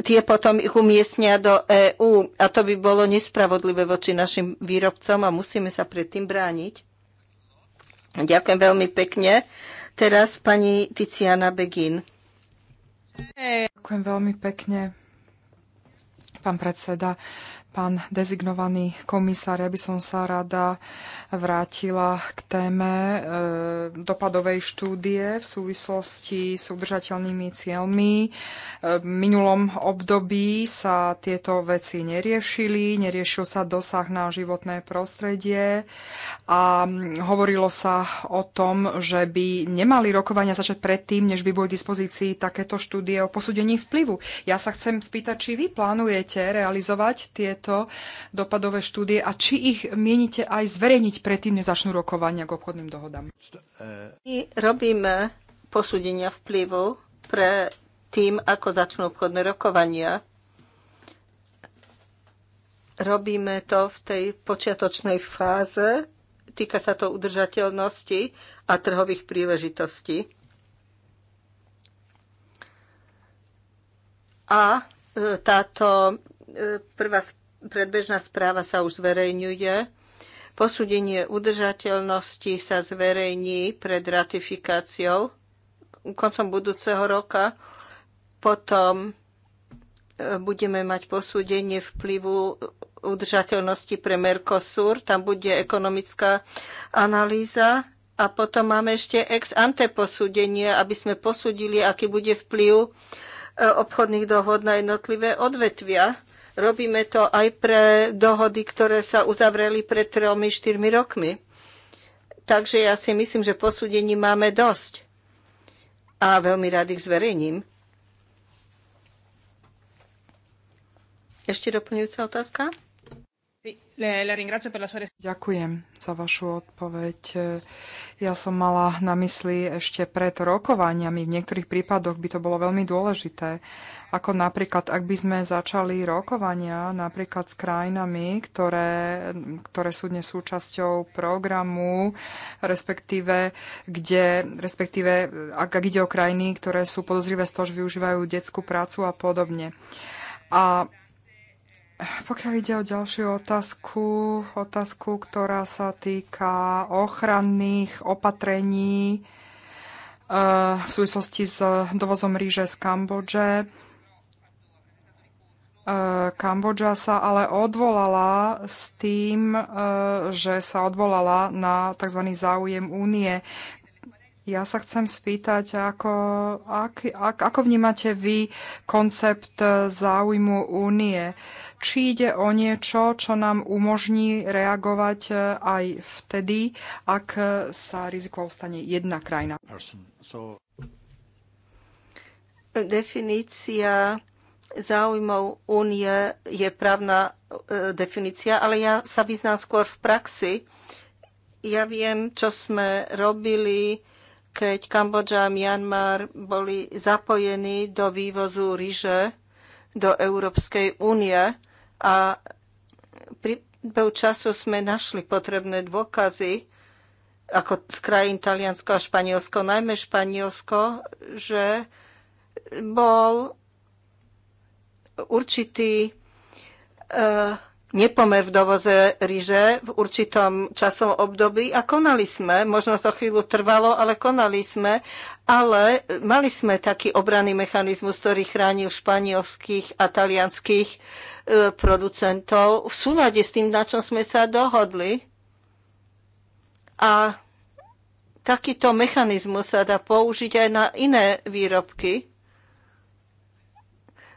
tie potom ich umiestnia do EÚ. A to by bolo nespravodlivé voči našim výrobcom a musíme sa pred tým brániť. Ďakujem veľmi pekne. Teraz pani Tiziana Begin. Ďakujem veľmi pekne, pán predseda pán dezignovaný komisár, ja by som sa rada vrátila k téme e, dopadovej štúdie v súvislosti s udržateľnými cieľmi. E, v minulom období sa tieto veci neriešili, neriešil sa dosah na životné prostredie a hovorilo sa o tom, že by nemali rokovania začať predtým, než by boli v dispozícii takéto štúdie o posúdení vplyvu. Ja sa chcem spýtať, či vy plánujete realizovať tieto tieto dopadové štúdie a či ich mienite aj zverejniť predtým, než začnú rokovania k obchodným dohodám? My robíme posúdenia vplyvu pre tým, ako začnú obchodné rokovania. Robíme to v tej počiatočnej fáze. Týka sa to udržateľnosti a trhových príležitostí. A e, táto e, prvá predbežná správa sa už zverejňuje. Posúdenie udržateľnosti sa zverejní pred ratifikáciou koncom budúceho roka. Potom e, budeme mať posúdenie vplyvu udržateľnosti pre Mercosur. Tam bude ekonomická analýza a potom máme ešte ex ante posúdenie, aby sme posúdili, aký bude vplyv e, obchodných dohod na jednotlivé odvetvia. Robíme to aj pre dohody, ktoré sa uzavreli pred 3-4 rokmi. Takže ja si myslím, že posúdení máme dosť. A veľmi rád ich zverejním. Ešte doplňujúca otázka? Ďakujem za vašu odpoveď. Ja som mala na mysli ešte pred rokovaniami. V niektorých prípadoch by to bolo veľmi dôležité. Ako napríklad, ak by sme začali rokovania napríklad s krajinami, ktoré, ktoré sú dnes súčasťou programu, respektíve, kde, respektíve ak, ak ide o krajiny, ktoré sú podozrivé z toho, že využívajú detskú prácu a podobne. A pokiaľ ide o ďalšiu otázku, otázku, ktorá sa týka ochranných opatrení eh, v súvislosti s dovozom ríže z Kambodže, eh, Kambodža sa ale odvolala s tým, eh, že sa odvolala na tzv. záujem únie. Ja sa chcem spýtať, ako, ak, ak, ako vnímate vy koncept záujmu únie? či ide o niečo, čo nám umožní reagovať e, aj vtedy, ak e, sa riziko stane jedna krajina. Definícia záujmov únie je právna e, definícia, ale ja sa vyznám skôr v praxi. Ja viem, čo sme robili, keď Kambodža a Myanmar boli zapojení do vývozu ryže do Európskej únie a pri bol času sme našli potrebné dôkazy, ako z krajín Taliansko a Španielsko, najmä Španielsko, že bol určitý eh, nepomer v dovoze ryže v určitom časovom období a konali sme. Možno to chvíľu trvalo, ale konali sme. Ale mali sme taký obranný mechanizmus, ktorý chránil španielských a talianských e, producentov v súlade s tým, na čom sme sa dohodli. A takýto mechanizmus sa dá použiť aj na iné výrobky.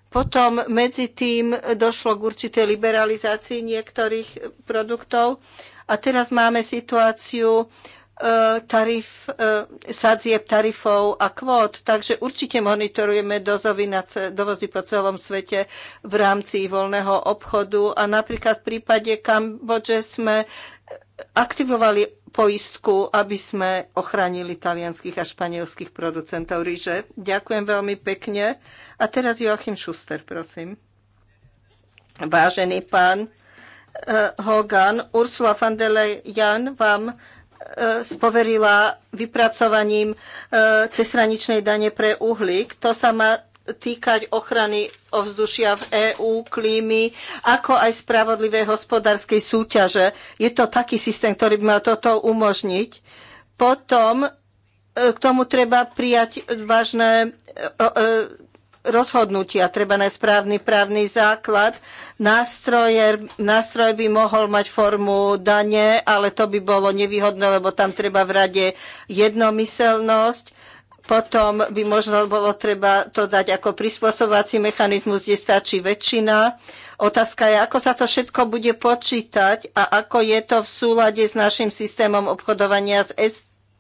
Potom medzi tým došlo k určitej liberalizácii niektorých produktov a teraz máme situáciu e, tarif, e, sadzieb tarifov a kvót, takže určite monitorujeme dozovy na dovozy po celom svete v rámci voľného obchodu a napríklad v prípade Kambodže sme aktivovali poistku, aby sme ochránili talianských a španielských producentov ríže. Ďakujem veľmi pekne. A teraz Joachim Schuster, prosím. Vážený pán eh, Hogan, Ursula van der Leyen vám eh, spoverila vypracovaním eh, cestraničnej dane pre uhlík. To sa má týkať ochrany ovzdušia v EÚ, klímy, ako aj spravodlivej hospodárskej súťaže. Je to taký systém, ktorý by mal toto umožniť. Potom e, k tomu treba prijať vážne e, e, rozhodnutia, treba nájsť správny právny základ. Nástroje, nástroj by mohol mať formu dane, ale to by bolo nevýhodné, lebo tam treba v rade jednomyselnosť potom by možno bolo treba to dať ako prispôsobovací mechanizmus, kde stačí väčšina. Otázka je, ako sa to všetko bude počítať a ako je to v súlade s našim systémom obchodovania s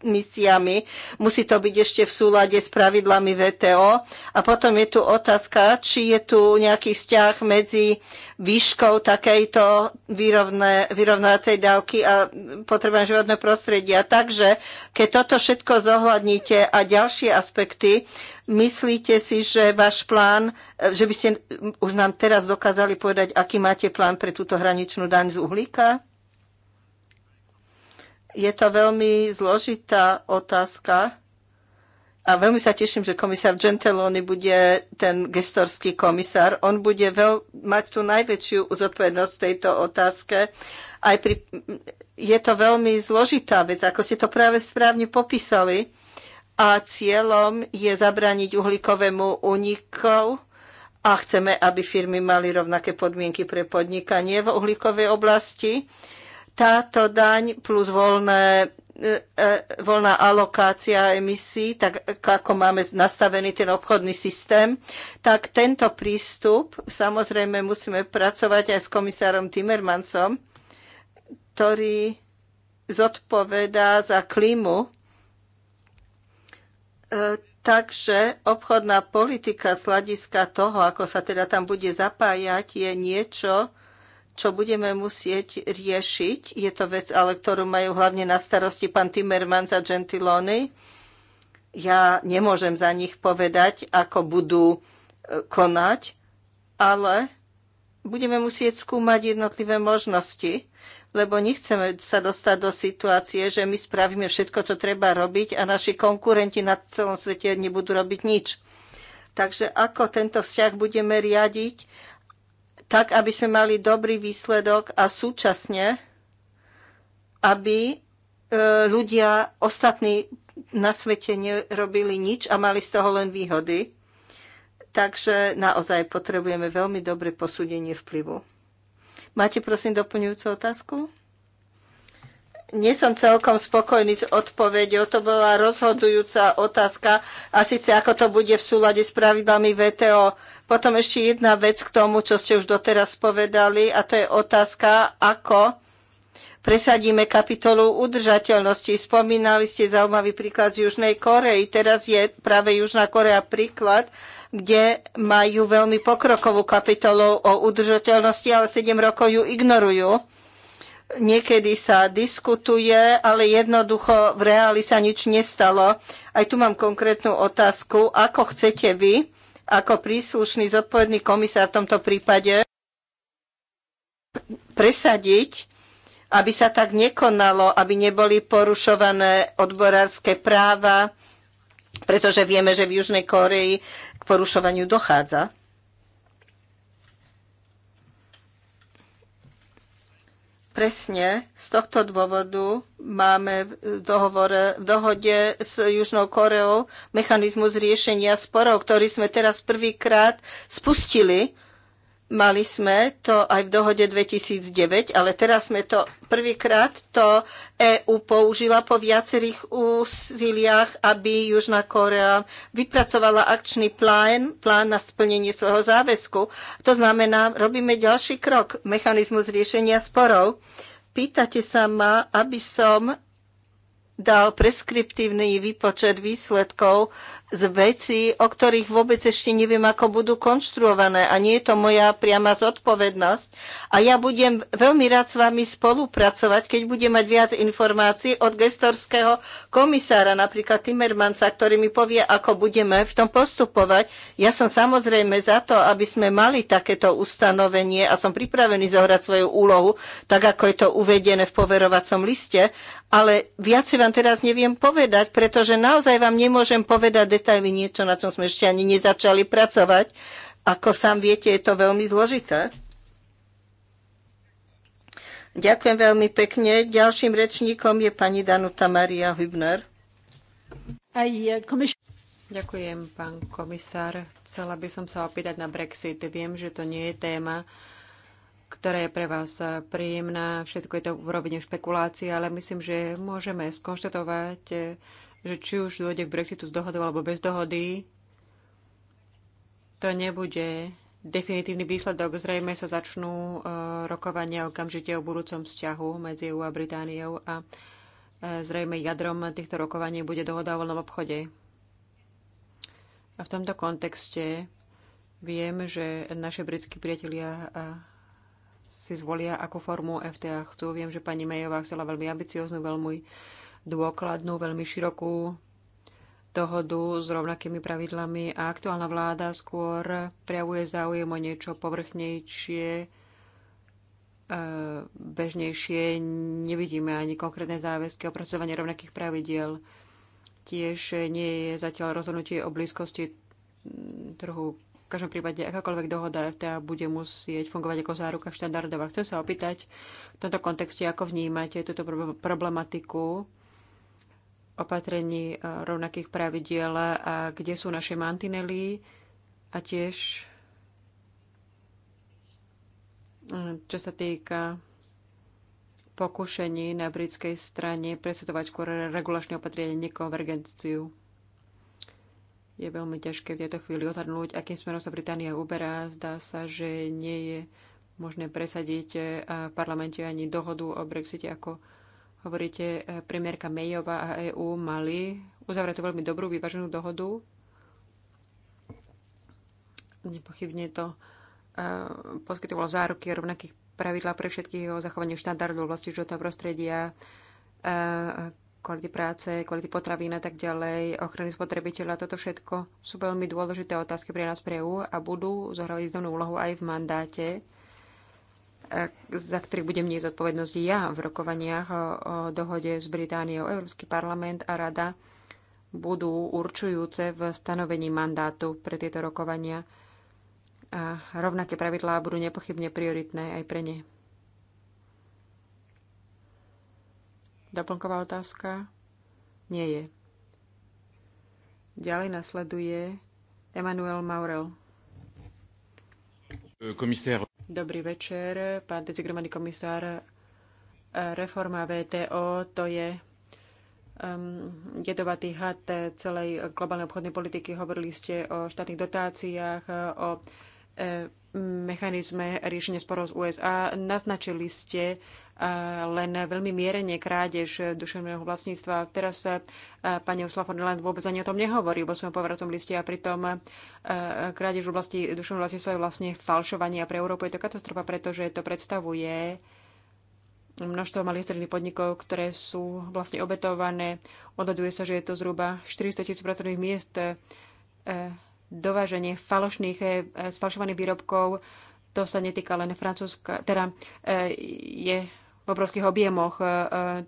misiami. Musí to byť ešte v súlade s pravidlami VTO. A potom je tu otázka, či je tu nejaký vzťah medzi výškou takejto vyrovné, vyrovnácej dávky a potrebujem životné prostredia. Takže keď toto všetko zohľadníte a ďalšie aspekty, myslíte si, že váš plán, že by ste už nám teraz dokázali povedať, aký máte plán pre túto hraničnú daň z uhlíka? Je to veľmi zložitá otázka a veľmi sa teším, že komisár Gentiloni bude ten gestorský komisár. On bude veľ, mať tú najväčšiu zodpovednosť v tejto otázke. Aj pri, je to veľmi zložitá vec, ako ste to práve správne popísali. A cieľom je zabrániť uhlíkovému únikov a chceme, aby firmy mali rovnaké podmienky pre podnikanie v uhlíkovej oblasti táto daň plus voľné e, e, voľná alokácia emisí, tak ako máme nastavený ten obchodný systém, tak tento prístup, samozrejme musíme pracovať aj s komisárom Timmermansom, ktorý zodpovedá za klímu. E, takže obchodná politika z hľadiska toho, ako sa teda tam bude zapájať, je niečo, čo budeme musieť riešiť. Je to vec, ale ktorú majú hlavne na starosti pán Timmermans a Gentiloni. Ja nemôžem za nich povedať, ako budú e, konať, ale budeme musieť skúmať jednotlivé možnosti, lebo nechceme sa dostať do situácie, že my spravíme všetko, čo treba robiť a naši konkurenti na celom svete nebudú robiť nič. Takže ako tento vzťah budeme riadiť, tak aby sme mali dobrý výsledok a súčasne, aby e, ľudia ostatní na svete nerobili nič a mali z toho len výhody. Takže naozaj potrebujeme veľmi dobre posúdenie vplyvu. Máte prosím doplňujúcu otázku? Nie som celkom spokojný s odpoveďou. To bola rozhodujúca otázka a síce ako to bude v súlade s pravidlami VTO. Potom ešte jedna vec k tomu, čo ste už doteraz povedali, a to je otázka, ako presadíme kapitolu udržateľnosti. Spomínali ste zaujímavý príklad z Južnej Korei. Teraz je práve Južná Korea príklad, kde majú veľmi pokrokovú kapitolu o udržateľnosti, ale 7 rokov ju ignorujú. Niekedy sa diskutuje, ale jednoducho v reáli sa nič nestalo. Aj tu mám konkrétnu otázku. Ako chcete vy ako príslušný zodpovedný komisár v tomto prípade presadiť, aby sa tak nekonalo, aby neboli porušované odborárske práva, pretože vieme, že v Južnej Koreji k porušovaniu dochádza. Presne z tohto dôvodu máme v, dohovore, v dohode s Južnou Koreou mechanizmus riešenia sporov, ktorý sme teraz prvýkrát spustili Mali sme to aj v dohode 2009, ale teraz sme to prvýkrát to EU použila po viacerých úsiliach, aby Južná Korea vypracovala akčný plán, plán na splnenie svojho záväzku. To znamená, robíme ďalší krok, mechanizmus riešenia sporov. Pýtate sa ma, aby som dal preskriptívny výpočet výsledkov z vecí, o ktorých vôbec ešte neviem, ako budú konštruované a nie je to moja priama zodpovednosť. A ja budem veľmi rád s vami spolupracovať, keď budem mať viac informácií od gestorského komisára, napríklad Timmermansa, ktorý mi povie, ako budeme v tom postupovať. Ja som samozrejme za to, aby sme mali takéto ustanovenie a som pripravený zohrať svoju úlohu, tak ako je to uvedené v poverovacom liste, ale viac vám teraz neviem povedať, pretože naozaj vám nemôžem povedať detaily niečo, na čom sme ešte ani nezačali pracovať. Ako sám viete, je to veľmi zložité. Ďakujem veľmi pekne. Ďalším rečníkom je pani Danuta Maria Hübner. E, Ďakujem, pán komisár. Chcela by som sa opýtať na Brexit. Viem, že to nie je téma, ktorá je pre vás e, príjemná. Všetko je to v rovine špekulácií, ale myslím, že môžeme skonštatovať, e, že či už dôjde k Brexitu z dohodou alebo bez dohody, to nebude definitívny výsledok. Zrejme sa začnú e, rokovania okamžite o budúcom vzťahu medzi EU a Britániou a e, zrejme jadrom týchto rokovaní bude dohoda o voľnom obchode. A v tomto kontexte viem, že naše britskí priatelia e, si zvolia, akú formu FTA chcú. Viem, že pani Mejová chcela veľmi ambicióznu, veľmi dôkladnú, veľmi širokú dohodu s rovnakými pravidlami a aktuálna vláda skôr prejavuje záujem o niečo povrchnejšie, e, bežnejšie. Nevidíme ani konkrétne záväzky o pracovanie rovnakých pravidiel. Tiež nie je zatiaľ rozhodnutie o blízkosti trhu. V každom prípade akákoľvek dohoda FTA bude musieť fungovať ako záruka štandardová. Chcem sa opýtať v tomto kontexte, ako vnímate túto problematiku opatrení e, rovnakých pravidiel a kde sú naše mantinely a tiež e, čo sa týka pokušení na britskej strane presetovať skôr regulačné opatrenie nekonvergenciu. Je veľmi ťažké v tejto chvíli odhadnúť, akým smerom sa Británia uberá. Zdá sa, že nie je možné presadiť e, v parlamente ani dohodu o Brexite ako Hovoríte, e, premiérka Mejová a EÚ mali tú veľmi dobrú vyváženú dohodu. Nepochybne to e, poskytovalo záruky a rovnakých pravidlá pre všetkých o zachovanie štandardov vlastne životného prostredia, e, kvality práce, kvality potravín a tak ďalej, ochrany spotrebiteľa. Toto všetko sú veľmi dôležité otázky pre nás pre EU a budú zohrávať významnú úlohu aj v mandáte E, za ktorých budem nieť zodpovednosť ja v rokovaniach o, dohode s Britániou. Európsky parlament a rada budú určujúce v stanovení mandátu pre tieto rokovania a rovnaké pravidlá budú nepochybne prioritné aj pre ne. Doplnková otázka? Nie je. Ďalej nasleduje Emanuel Maurel. Komisér. Dobrý večer, pán dezigrovaný komisár. Reforma VTO to je um, jedovatý had celej globálnej obchodnej politiky. Hovorili ste o štátnych dotáciách, o e, mechanizme riešenia sporov z USA. Naznačili ste eh, len veľmi mierenie krádež duševného vlastníctva. Teraz eh, pani Ursula von der Leyen vôbec ani o tom nehovorí vo svojom povracom liste a pritom eh, krádež v oblasti duševného vlastníctva je vlastne falšovanie a pre Európu je to katastrofa, pretože to predstavuje množstvo malých stredných podnikov, ktoré sú vlastne obetované. Odhaduje sa, že je to zhruba 400 tisíc pracovných miest dováženie falošných, eh, eh, sfalšovaných výrobkov. To sa netýka len Francúzska, teda eh, je v obrovských objemoch.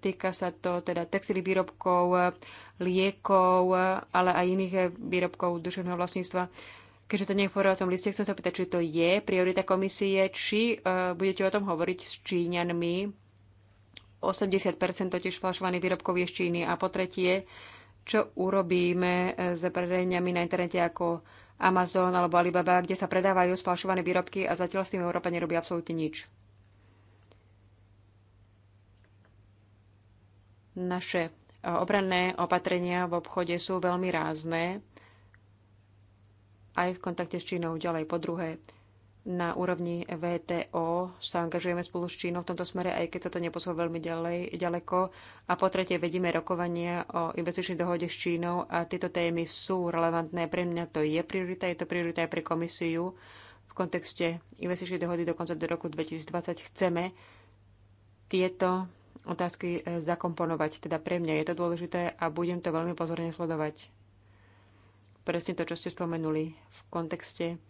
Týka sa to teda textilých výrobkov, liekov, ale aj iných výrobkov duševného vlastníctva. Keďže to nie je v porovacom liste, chcem sa pýtať, či to je priorita komisie, či budete o tom hovoriť s Číňanmi. 80% totiž falšovaných výrobkov je z Číny. A po tretie, čo urobíme e, s predajňami na internete ako Amazon alebo Alibaba, kde sa predávajú sfalšované výrobky a zatiaľ s tým Európa nerobí absolútne nič. Naše e, obranné opatrenia v obchode sú veľmi rázne aj v kontakte s Čínou ďalej. Po druhé, na úrovni VTO sa angažujeme spolu s Čínou v tomto smere, aj keď sa to neposlo veľmi ďalej, ďaleko. A po tretie, vedíme rokovania o investičnej dohode s Čínou a tieto témy sú relevantné. Pre mňa to je priorita, je to priorita aj pre komisiu. V kontexte investičnej dohody do konca do roku 2020 chceme tieto otázky e, zakomponovať. Teda pre mňa je to dôležité a budem to veľmi pozorne sledovať. Presne to, čo ste spomenuli v kontexte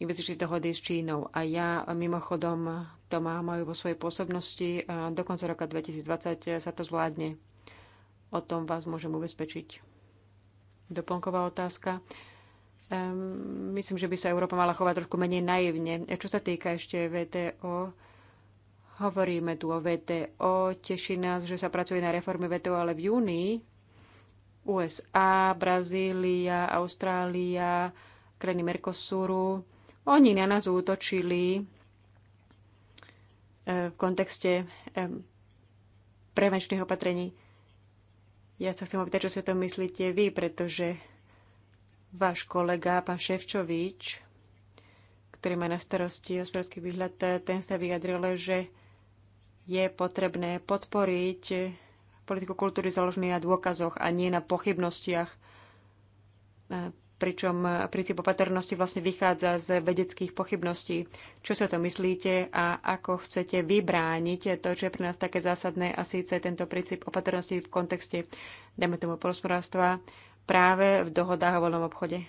investičnej dohody s Čínou. A ja mimochodom to má majú vo svojej pôsobnosti. A do konca roka 2020 sa to zvládne. O tom vás môžem ubezpečiť. Doplnková otázka. Um, myslím, že by sa Európa mala chovať trošku menej naivne. Čo sa týka ešte VTO, hovoríme tu o VTO. Teší nás, že sa pracuje na reforme VTO, ale v júni USA, Brazília, Austrália, krajiny Mercosuru oni na nás útočili e, v kontexte e, prevenčných opatrení. Ja sa chcem opýtať, čo si o tom myslíte vy, pretože váš kolega, pán Ševčovič, ktorý má na starosti hospodársky výhľad, ten sa vyjadril, že je potrebné podporiť politiku kultúry založený na dôkazoch a nie na pochybnostiach. E, pričom princíp opatrnosti vlastne vychádza z vedeckých pochybností. Čo si o to myslíte a ako chcete vybrániť to, čo je pre nás také zásadné a síce tento princíp opatrnosti v kontexte, dajme tomu, polospodárstva práve v dohodách o voľnom obchode?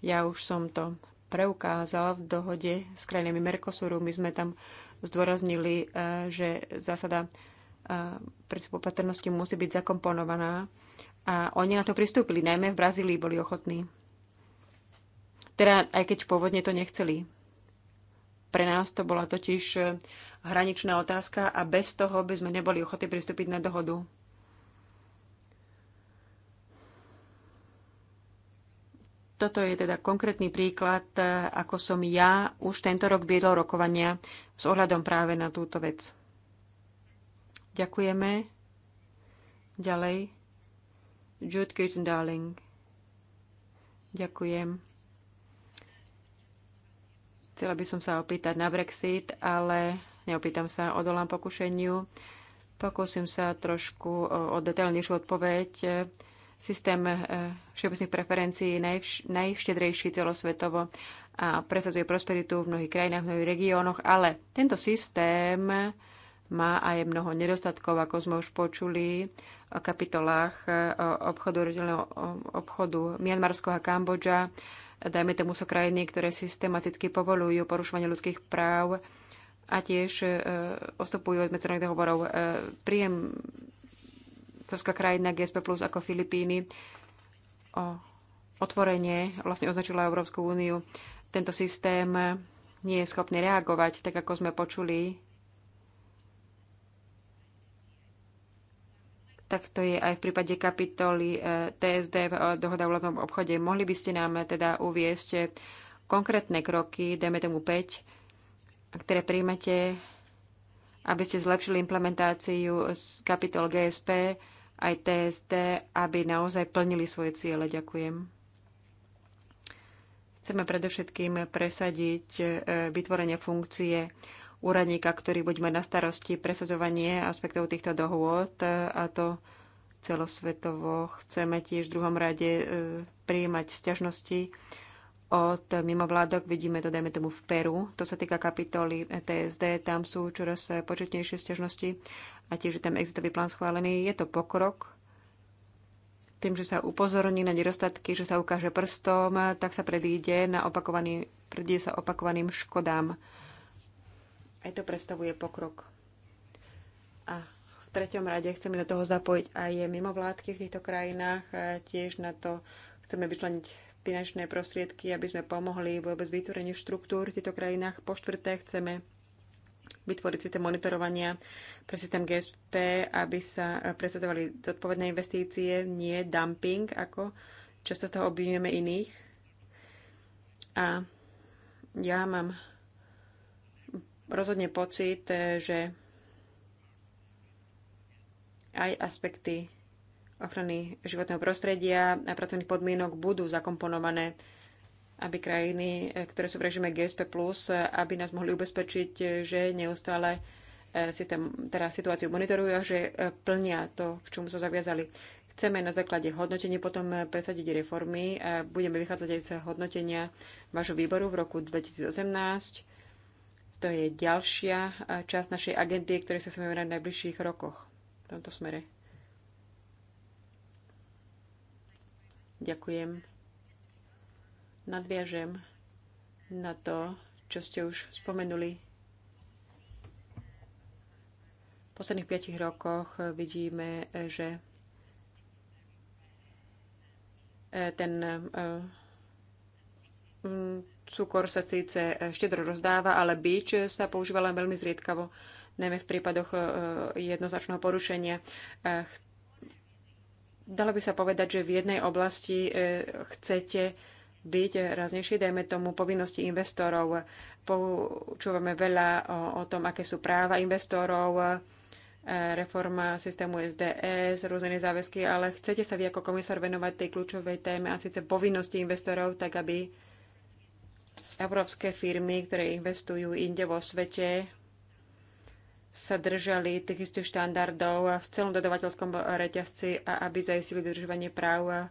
Ja už som to preukázala v dohode s krajinami Mercosuru. My sme tam zdôraznili, eh, že zásada eh, princípu opatrnosti musí byť zakomponovaná a oni na to pristúpili, najmä v Brazílii boli ochotní. Teda aj keď pôvodne to nechceli. Pre nás to bola totiž e, hraničná otázka a bez toho by sme neboli ochotní pristúpiť na dohodu. Toto je teda konkrétny príklad, e, ako som ja už tento rok viedol rokovania s ohľadom práve na túto vec. Ďakujeme. Ďalej. Jude Curtin Darling. Ďakujem. Chcela by som sa opýtať na Brexit, ale neopýtam sa, odolám pokušeniu. Pokúsim sa trošku o detailnejšiu odpoveď. Systém e, všeobecných preferencií najvš- najštedrejší celosvetovo a presadzuje prosperitu v mnohých krajinách, v mnohých regiónoch, ale tento systém má aj mnoho nedostatkov, ako sme už počuli kapitolách e, obchodu, obchodu Mianmarsko a Kambodža. Dajme tomu sú so krajiny, ktoré systematicky povolujú porušovanie ľudských práv a tiež e, ostupujú od medzinárodných dohovorov. E, Príjem Tovská krajina GSP plus ako Filipíny o otvorenie vlastne označila Európsku úniu. Tento systém nie je schopný reagovať, tak ako sme počuli tak to je aj v prípade kapitoly e, TSD v e, dohoda o hlavnom obchode. Mohli by ste nám e, teda uviesť konkrétne kroky, dajme tomu 5, ktoré príjmete, aby ste zlepšili implementáciu z kapitol GSP aj TSD, aby naozaj plnili svoje ciele. Ďakujem. Chceme predovšetkým presadiť vytvorenie funkcie úradníka, ktorý bude mať na starosti presadzovanie aspektov týchto dohôd e, a to celosvetovo. Chceme tiež v druhom rade e, prijímať sťažnosti od mimovládok, vidíme to, dajme tomu, v Peru. To sa týka kapitoly e TSD, tam sú čoraz početnejšie sťažnosti a tiež je tam exitový plán schválený. Je to pokrok, tým, že sa upozorní na nedostatky, že sa ukáže prstom, tak sa predíde na opakovaný, predíde sa opakovaným škodám. Aj to predstavuje pokrok. A v treťom rade chceme do toho zapojiť aj mimovládky v týchto krajinách. Tiež na to chceme vyčleniť finančné prostriedky, aby sme pomohli vôbec vytvoreniu štruktúr v týchto krajinách. Po štvrté chceme vytvoriť systém monitorovania pre systém GSP, aby sa predstavovali zodpovedné investície, nie dumping, ako často z toho obvinujeme iných. A ja mám rozhodne pocit, e, že aj aspekty ochrany životného prostredia a pracovných podmienok budú zakomponované, aby krajiny, e, ktoré sú v režime GSP+, e, aby nás mohli ubezpečiť, že neustále systém, teda situáciu monitorujú a že plnia to, k čomu sa zaviazali. Chceme na základe hodnotení potom presadiť reformy. Budeme vychádzať aj z hodnotenia vášho výboru v roku 2018 to je ďalšia časť našej agendy, ktorej sa chceme venovať v najbližších rokoch v tomto smere. Ďakujem. Nadviažem na to, čo ste už spomenuli. V posledných 5 rokoch vidíme, že e, ten e, cukor sa síce e, štedro rozdáva, ale bič sa používa len veľmi zriedkavo, najmä v prípadoch e, jednoznačného porušenia. E, dalo by sa povedať, že v jednej oblasti chcete byť raznejšie, dajme tomu povinnosti investorov. Poučúvame veľa o, o tom, aké sú práva investorov, reforma systému SDS, rôzne záväzky, ale chcete sa vy ako komisár venovať tej kľúčovej téme a síce povinnosti investorov, tak aby európske firmy, ktoré investujú inde vo svete, sa držali tých istých štandardov v celom dodavateľskom reťazci a aby zajistili dodržovanie práv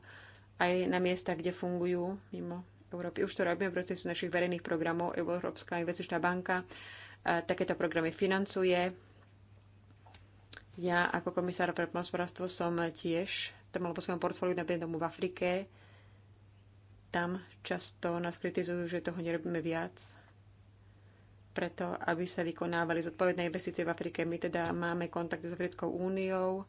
aj na miesta, kde fungujú mimo Európy. Už to robíme v procesu našich verejných programov. Európska investičná banka takéto programy financuje. Ja ako komisár pre pomospodárstvo som tiež, to mal po svojom portfóliu na tomu v Afrike, tam často nás kritizujú, že toho nerobíme viac preto, aby sa vykonávali zodpovedné investície v Afrike. My teda máme kontakt s Africkou úniou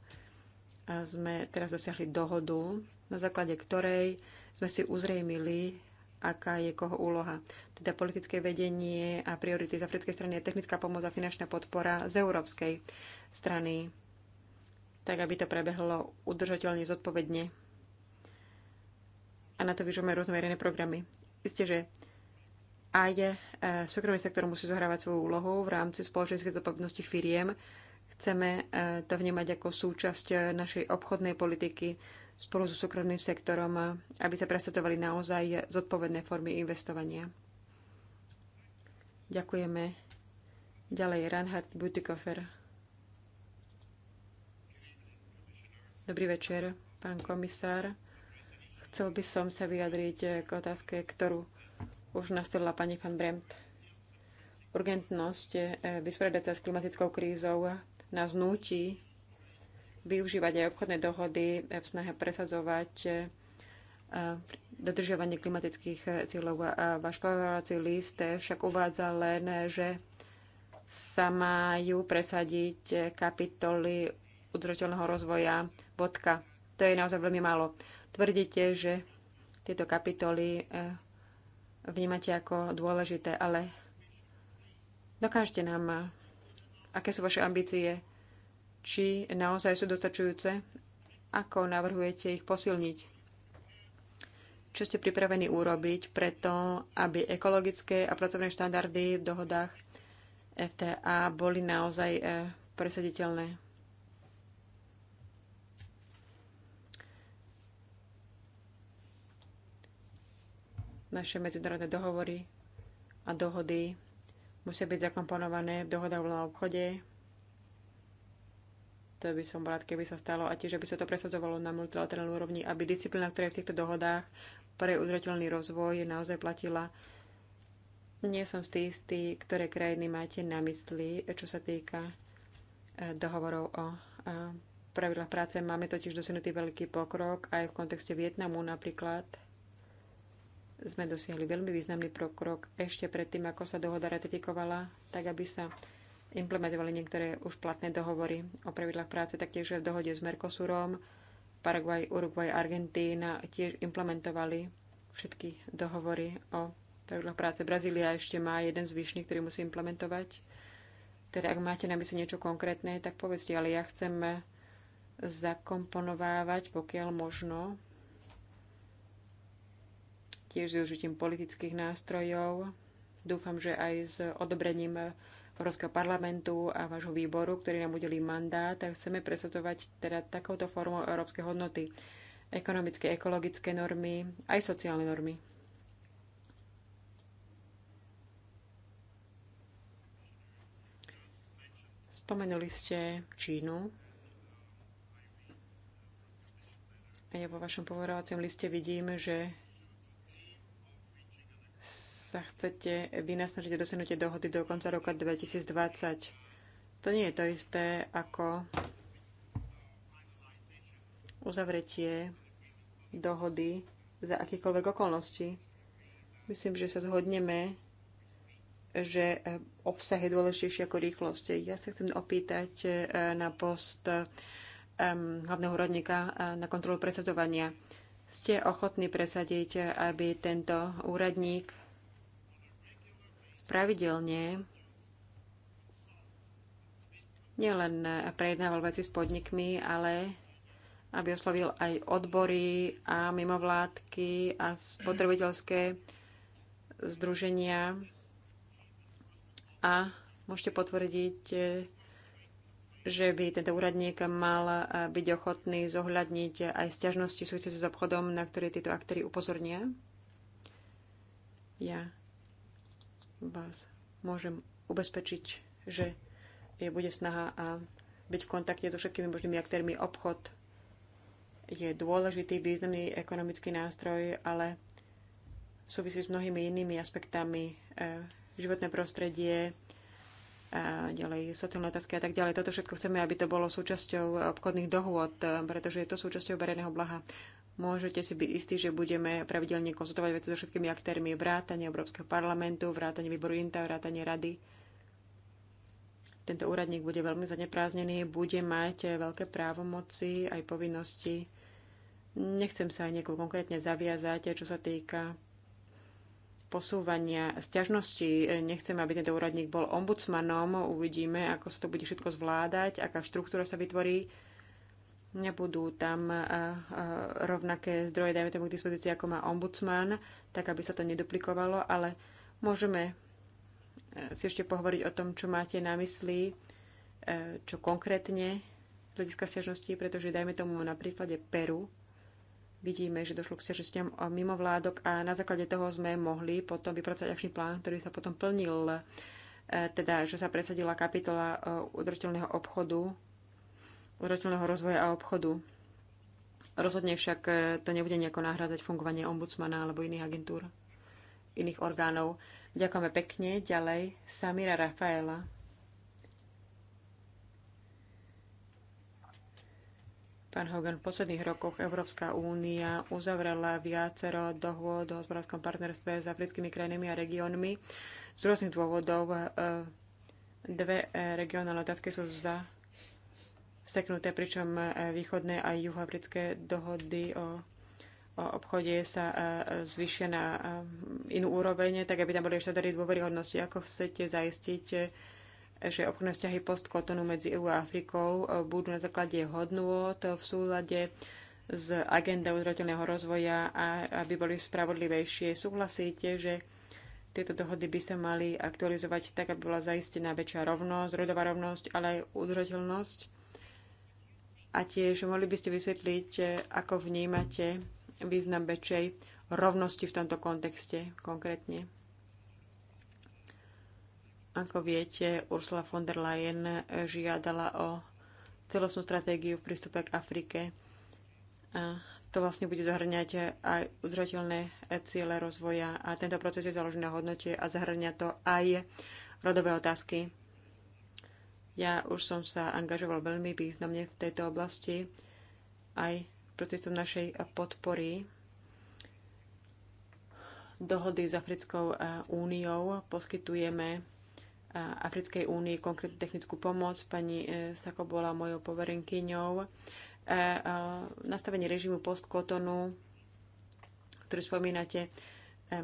a sme teraz dosiahli dohodu, na základe ktorej sme si uzrejmili, aká je koho úloha. Teda politické vedenie a priority z africkej strany je technická pomoc a finančná podpora z európskej strany, tak aby to prebehlo udržateľne zodpovedne a na to vyžujeme rôzne verejné programy. Isté, že aj e, súkromný sektor musí zohrávať svoju úlohu v rámci spoločenskej zodpovednosti firiem. Chceme e, to vnímať ako súčasť e, našej obchodnej politiky spolu so súkromným sektorom, aby sa presetovali naozaj zodpovedné formy investovania. Ďakujeme. Ďalej Reinhard Butikofer. Dobrý večer, pán komisár. Chcel by som sa vyjadriť eh, k otázke, ktorú už nastavila pani van Bremt. Urgentnosť eh, vysporiadať sa s klimatickou krízou nás núti využívať aj obchodné dohody eh, v snahe presadzovať dodržiavanie klimatických cieľov. A váš povarovací list však uvádza len, že sa majú presadiť kapitoly udržateľného rozvoja vodka. To je naozaj veľmi málo. Tvrdíte, že tieto kapitoly e, vnímate ako dôležité, ale dokážte nám, e, aké sú vaše ambície, či naozaj sú dostačujúce, ako navrhujete ich posilniť čo ste pripravení urobiť preto, aby ekologické a pracovné štandardy v dohodách FTA boli naozaj e, presaditeľné? Naše medzinárodné dohovory a dohody musia byť zakomponované v dohodách o obchode. To by som rád, keby sa stalo a tiež, aby sa to presadzovalo na multilaterálnej úrovni, aby disciplína, ktorá je v týchto dohodách pre udržateľný rozvoj naozaj platila. Nie som z tých, ktoré krajiny máte na mysli, čo sa týka e, dohovorov o e, pravidlách práce. Máme totiž dosiahnutý veľký pokrok aj v kontexte Vietnamu napríklad sme dosiahli veľmi významný pokrok ešte predtým, ako sa dohoda ratifikovala, tak aby sa implementovali niektoré už platné dohovory o pravidlách práce, taktiež v dohode s Mercosurom, Paraguay, Uruguay, Argentína tiež implementovali všetky dohovory o pravidlách práce. Brazília ešte má jeden zvyšný, ktorý musí implementovať. Teda ak máte na mysli niečo konkrétne, tak povedzte, ale ja chcem zakomponovávať, pokiaľ možno, tiež s využitím politických nástrojov. Dúfam, že aj s odobrením Európskeho parlamentu a vášho výboru, ktorý nám udelí mandát tak chceme presadzovať teda takouto formou európske hodnoty, ekonomické, ekologické normy, aj sociálne normy. Spomenuli ste Čínu. A ja vo vašom povorovacom liste vidím, že sa chcete vynasnažiť dosiahnutie dohody do konca roka 2020. To nie je to isté ako uzavretie dohody za akýkoľvek okolností. Myslím, že sa zhodneme, že e, obsah je dôležitejší ako rýchlosť. Ja sa chcem opýtať e, na post e, hlavného úradníka na kontrolu presadzovania. Ste ochotní presadiť, aby tento úradník pravidelne nielen prejednával veci s podnikmi, ale aby oslovil aj odbory a mimovládky a spotrebiteľské združenia. A môžete potvrdiť, že by tento úradník mal eh, byť ochotný zohľadniť aj stiažnosti súvisiace s obchodom, na ktoré títo aktéry upozornia. Ja vás môžem ubezpečiť, že je, bude snaha a byť v kontakte so všetkými možnými aktérmi. Obchod je dôležitý, významný ekonomický nástroj, ale súvisí s mnohými inými aspektami. E, životné prostredie, a e, ďalej sociálne otázky a tak ďalej. Toto všetko chceme, aby to bolo súčasťou obchodných dohôd, e, pretože je to súčasťou verejného blaha. Môžete si byť istí, že budeme pravidelne konzultovať veci so všetkými aktérmi vrátane Európskeho parlamentu, vrátane výboru INTA, vrátane rady. Tento úradník bude veľmi zanepráznený, bude mať veľké právomoci aj povinnosti. Nechcem sa aj niekoho konkrétne zaviazať, čo sa týka posúvania sťažnosti. Nechcem, aby tento úradník bol ombudsmanom. Uvidíme, ako sa to bude všetko zvládať, aká štruktúra sa vytvorí nebudú tam eh, eh, rovnaké zdroje, dajme tomu k dispozícii, ako má ombudsman, tak aby sa to neduplikovalo, ale môžeme eh, si ešte pohovoriť o tom, čo máte na mysli, čo konkrétne z hľadiska stiažností, pretože dajme tomu na príklade Peru, vidíme, že došlo k stiažnostiam mimo vládok a na základe toho sme mohli potom vypracovať akčný plán, ktorý sa potom plnil, teda, že sa presadila kapitola udržateľného obchodu udržateľného rozvoja a obchodu. Rozhodne však e, to nebude nejako nahrádzať fungovanie ombudsmana alebo iných agentúr, iných orgánov. Ďakujeme pekne. Ďalej Samira Rafaela. Pán Hogan, v posledných rokoch Európska únia uzavrela viacero dohôd o hospodárskom partnerstve s africkými krajinami a regiónmi. Z rôznych dôvodov e, dve e, regionálne otázky sú za steknuté, pričom e, východné a juhoafrické dohody o, o obchode sa e, zvyšia na e, inú úroveň, tak aby tam boli ešte štandardy dôveryhodnosti. Ako chcete zaistiť, že obchodné vzťahy postkotonu medzi EU a Afrikou budú na základe hodnôt v súlade s agendou udržateľného rozvoja a aby boli spravodlivejšie. Súhlasíte, že tieto dohody by sa mali aktualizovať tak, aby bola zaistená väčšia rovnosť, rodová rovnosť, ale aj udržateľnosť a tiež mohli by ste vysvetliť, e, ako vnímate význam väčšej rovnosti v tomto kontexte konkrétne. Ako viete, Ursula von der Leyen e, žiadala o celostnú stratégiu v prístupe k Afrike. A to vlastne bude zahrňať aj uzrateľné ciele rozvoja. A tento proces je založený na hodnote a zahrňa to aj rodové otázky. Ja už som sa angažoval veľmi významne v tejto oblasti aj procesom našej podpory dohody s Africkou eh, úniou. Poskytujeme eh, Africkej únii konkrétnu technickú pomoc. Pani eh, Sako bola mojou poverenkyňou. Nastavenie režimu postkotonu, ktorý spomínate,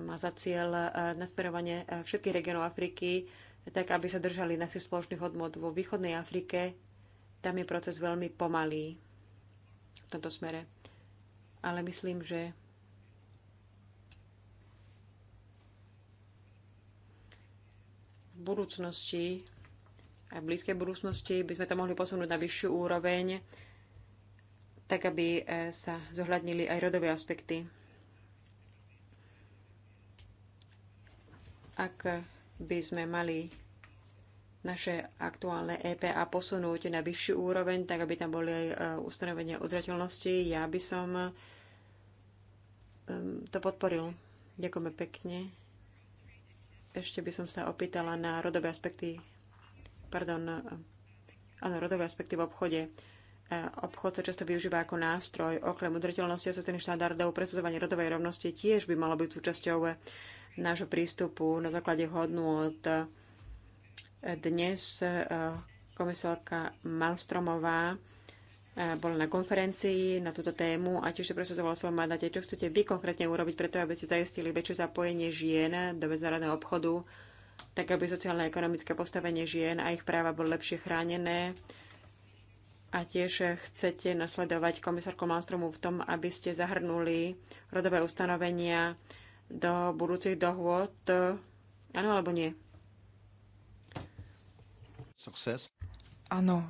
má za cieľ nasmerovanie všetkých regionov Afriky tak aby sa držali našich spoločných odmod. Vo východnej Afrike tam je proces veľmi pomalý v tomto smere. Ale myslím, že v budúcnosti, aj v blízkej budúcnosti, by sme to mohli posunúť na vyššiu úroveň, tak aby e, sa zohľadnili aj rodové aspekty. Ak by sme mali naše aktuálne EPA posunúť na vyššiu úroveň, tak aby tam boli aj e, ustanovenia odzrateľnosti. Ja by som e, to podporil. Ďakujeme pekne. Ešte by som sa opýtala na rodové aspekty, pardon, áno, rodové aspekty v obchode. E, obchod sa často využíva ako nástroj. Okrem udržateľnosti a sociálnych štandardov presadzovanie rodovej rovnosti tiež by malo byť súčasťou nášho prístupu na základe hodnú od Dnes eh, komisárka Malstromová eh, bola na konferencii na túto tému a tiež sa presadzovala svojom mandáte. Čo chcete vy konkrétne urobiť preto, aby ste zajistili väčšie zapojenie žien do medzinárodného obchodu, tak aby sociálne a ekonomické postavenie žien a ich práva boli lepšie chránené? A tiež chcete nasledovať komisárku Malstromu v tom, aby ste zahrnuli rodové ustanovenia do budúcich dohôd? E, áno alebo nie? Success. Áno,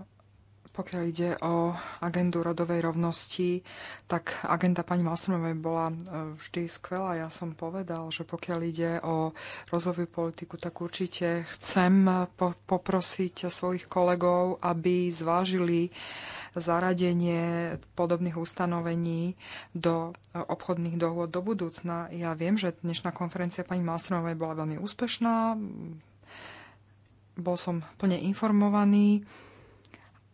pokiaľ ide o agendu rodovej rovnosti, tak agenda pani Malsonovej bola e, vždy skvelá. Ja som povedal, že pokiaľ ide o rozvojovú politiku, tak určite chcem po- poprosiť svojich kolegov, aby zvážili uh, zaradenie podobných ustanovení do obchodných dohôd do budúcna. Ja viem, že dnešná konferencia pani Malstromovej bola veľmi úspešná, bol som plne informovaný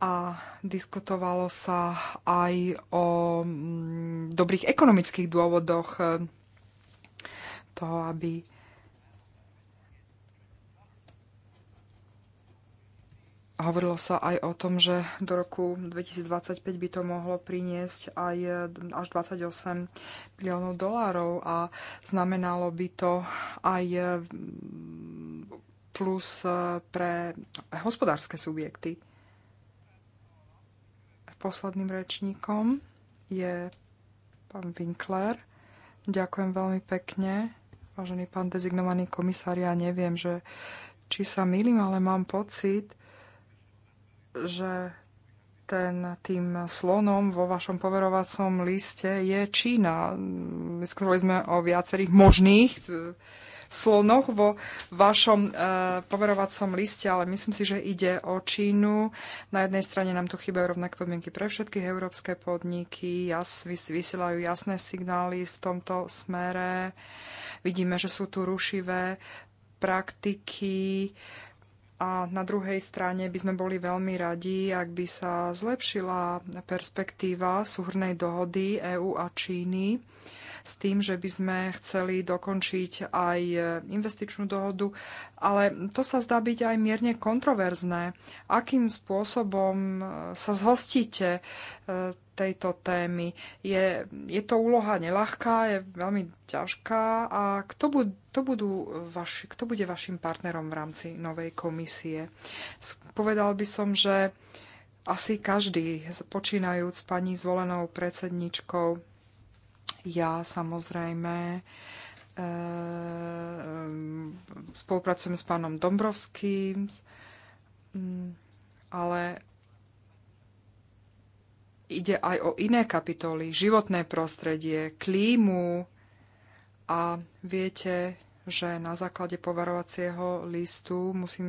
a diskutovalo sa aj o mm, dobrých ekonomických dôvodoch toho, aby Hovorilo sa aj o tom, že do roku 2025 by to mohlo priniesť aj e, až 28 miliónov dolárov a znamenalo by to aj e, plus e, pre hospodárske subjekty. Posledným rečníkom je pán Winkler. Ďakujem veľmi pekne. Vážený pán dezignovaný komisár, ja neviem, že, či sa milím, ale mám pocit, že ten tým slonom vo vašom poverovacom liste je Čína. Diskutovali sme o viacerých možných e, slonoch vo vašom e, poverovacom liste, ale myslím si, že ide o Čínu. Na jednej strane nám tu chýbajú rovnaké podmienky pre všetky európske podniky, jas, vysielajú jasné signály v tomto smere. Vidíme, že sú tu rušivé praktiky. E, a na druhej strane by sme boli veľmi radi, ak by sa zlepšila perspektíva súhrnej dohody EÚ a Číny s tým, že by sme chceli dokončiť aj investičnú dohodu. Ale to sa zdá byť aj mierne kontroverzné. Akým spôsobom sa zhostíte e, tejto témy. Je, je to úloha nelahká, je veľmi ťažká a kto, bu, kto, budú vaši, kto bude vašim partnerom v rámci novej komisie? Povedal by som, že asi každý, počínajúc pani zvolenou predsedničkou, ja samozrejme, e, e, spolupracujem s pánom Dombrovským, ale ide aj o iné kapitoly, životné prostredie, klímu a viete, že na základe povarovacieho listu musím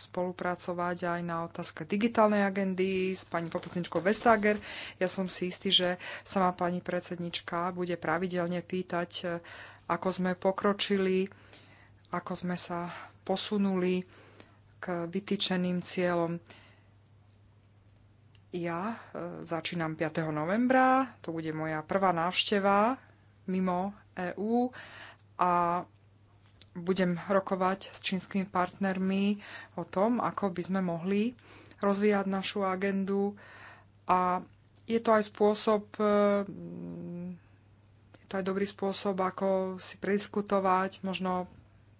spolupracovať aj na otázke digitálnej agendy s pani podpredsedničkou Vestager. Ja som si istý, že sama pani predsednička bude pravidelne pýtať, e, ako sme pokročili, ako sme sa posunuli k vytýčeným cieľom. Ja e, začínam 5. novembra, to bude moja prvá návšteva mimo EÚ a budem rokovať s čínskymi partnermi o tom, ako by sme mohli rozvíjať našu agendu a je to aj spôsob, e, je to aj dobrý spôsob, ako si prediskutovať možno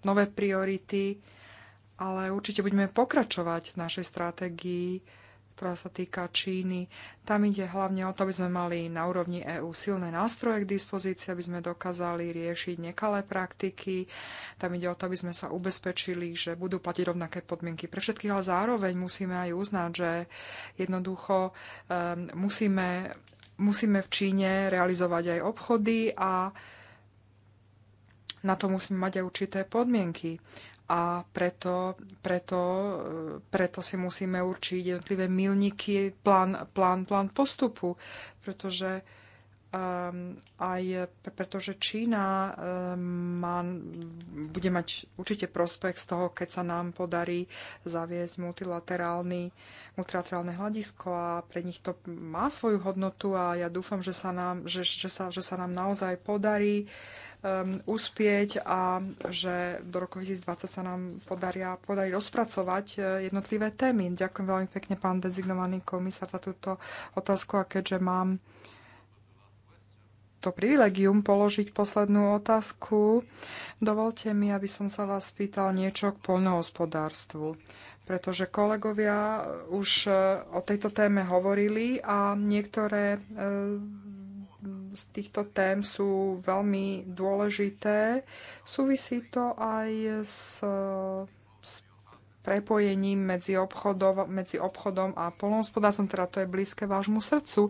nové priority, ale určite budeme pokračovať v našej stratégii ktorá sa týka Číny. Tam ide hlavne o to, aby sme mali na úrovni EÚ silné nástroje k dispozícii, aby sme dokázali riešiť nekalé praktiky. Tam ide o to, aby sme sa ubezpečili, že budú platiť rovnaké podmienky pre všetkých, ale zároveň musíme aj uznať, že jednoducho um, musíme, musíme v Číne realizovať aj obchody a na to musíme mať aj určité podmienky a preto, preto, e, preto si musíme určiť jednotlivé milníky, plán, plán, plán postupu, pretože um, aj pretože Čína um, má, bude mať určite prospekt z toho, keď sa nám podarí zaviesť multilaterálny, multilaterálne hľadisko a pre nich to má svoju hodnotu a ja dúfam, že sa nám, že, že sa, že sa nám naozaj podarí uh, um, uspieť a že do roku 2020 sa nám podaria, podarí rozpracovať e, jednotlivé témy. Ďakujem veľmi pekne, pán dezignovaný komisár, za túto otázku a keďže mám to privilegium položiť poslednú otázku, dovolte mi, aby som sa vás spýtal niečo k poľnohospodárstvu pretože kolegovia už e, o tejto téme hovorili a niektoré e, z týchto tém sú veľmi dôležité. Súvisí to aj s, s prepojením medzi, obchodov, medzi obchodom a polnohospodárstvom, teda to je blízke vášmu srdcu.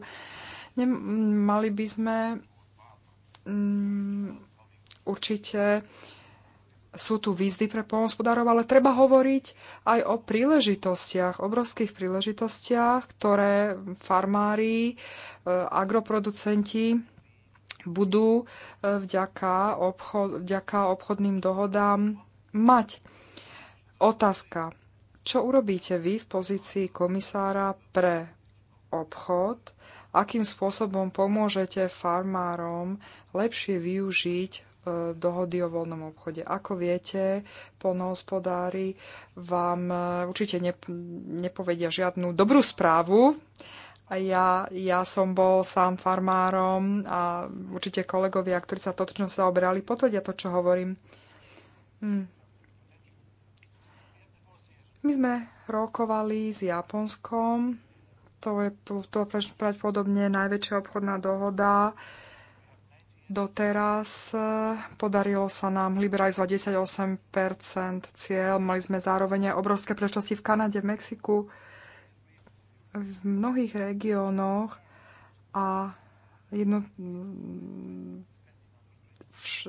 Mali by sme um, určite uh, sú tu výzvy pre polnospodárov, ale treba hovoriť aj o príležitostiach, obrovských príležitostiach, ktoré farmári, e, agroproducenti budú e, vďaka, obchod, vďaka obchodným dohodám mať. Otázka. Čo urobíte vy v pozícii komisára pre obchod? Akým spôsobom pomôžete farmárom lepšie využiť E, dohody o voľnom obchode. Ako viete, polnohospodári vám e, určite nepovedia žiadnu dobrú správu. ja, ja som bol sám farmárom a určite kolegovia, ktorí sa totočne zaoberali, potvrdia to, čo hovorím. Hm. My sme rokovali s Japonskom, to je to pravdepodobne najväčšia obchodná dohoda, Doteraz e, podarilo sa nám liberalizovať 18% cieľ. Mali sme zároveň aj obrovské prečnosti v Kanade, v Mexiku, v mnohých regiónoch a jedno,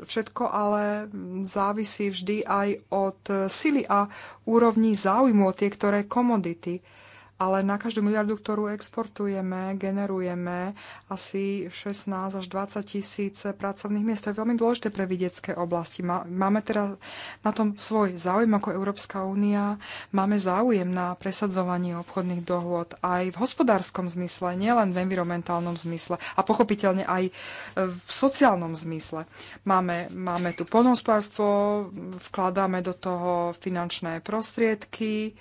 všetko ale závisí vždy aj od sily a úrovní záujmu o tie ktoré komodity ale na každú miliardu, ktorú exportujeme, generujeme asi 16 až 20 tisíc pracovných miest. To je veľmi dôležité pre vidiecké oblasti. Máme teda na tom svoj záujem ako Európska únia, máme záujem na presadzovanie obchodných dohôd aj v hospodárskom zmysle, nielen v environmentálnom zmysle a pochopiteľne aj e, v sociálnom zmysle. Máme, máme tu poľnohospodárstvo, vkladáme do toho finančné prostriedky,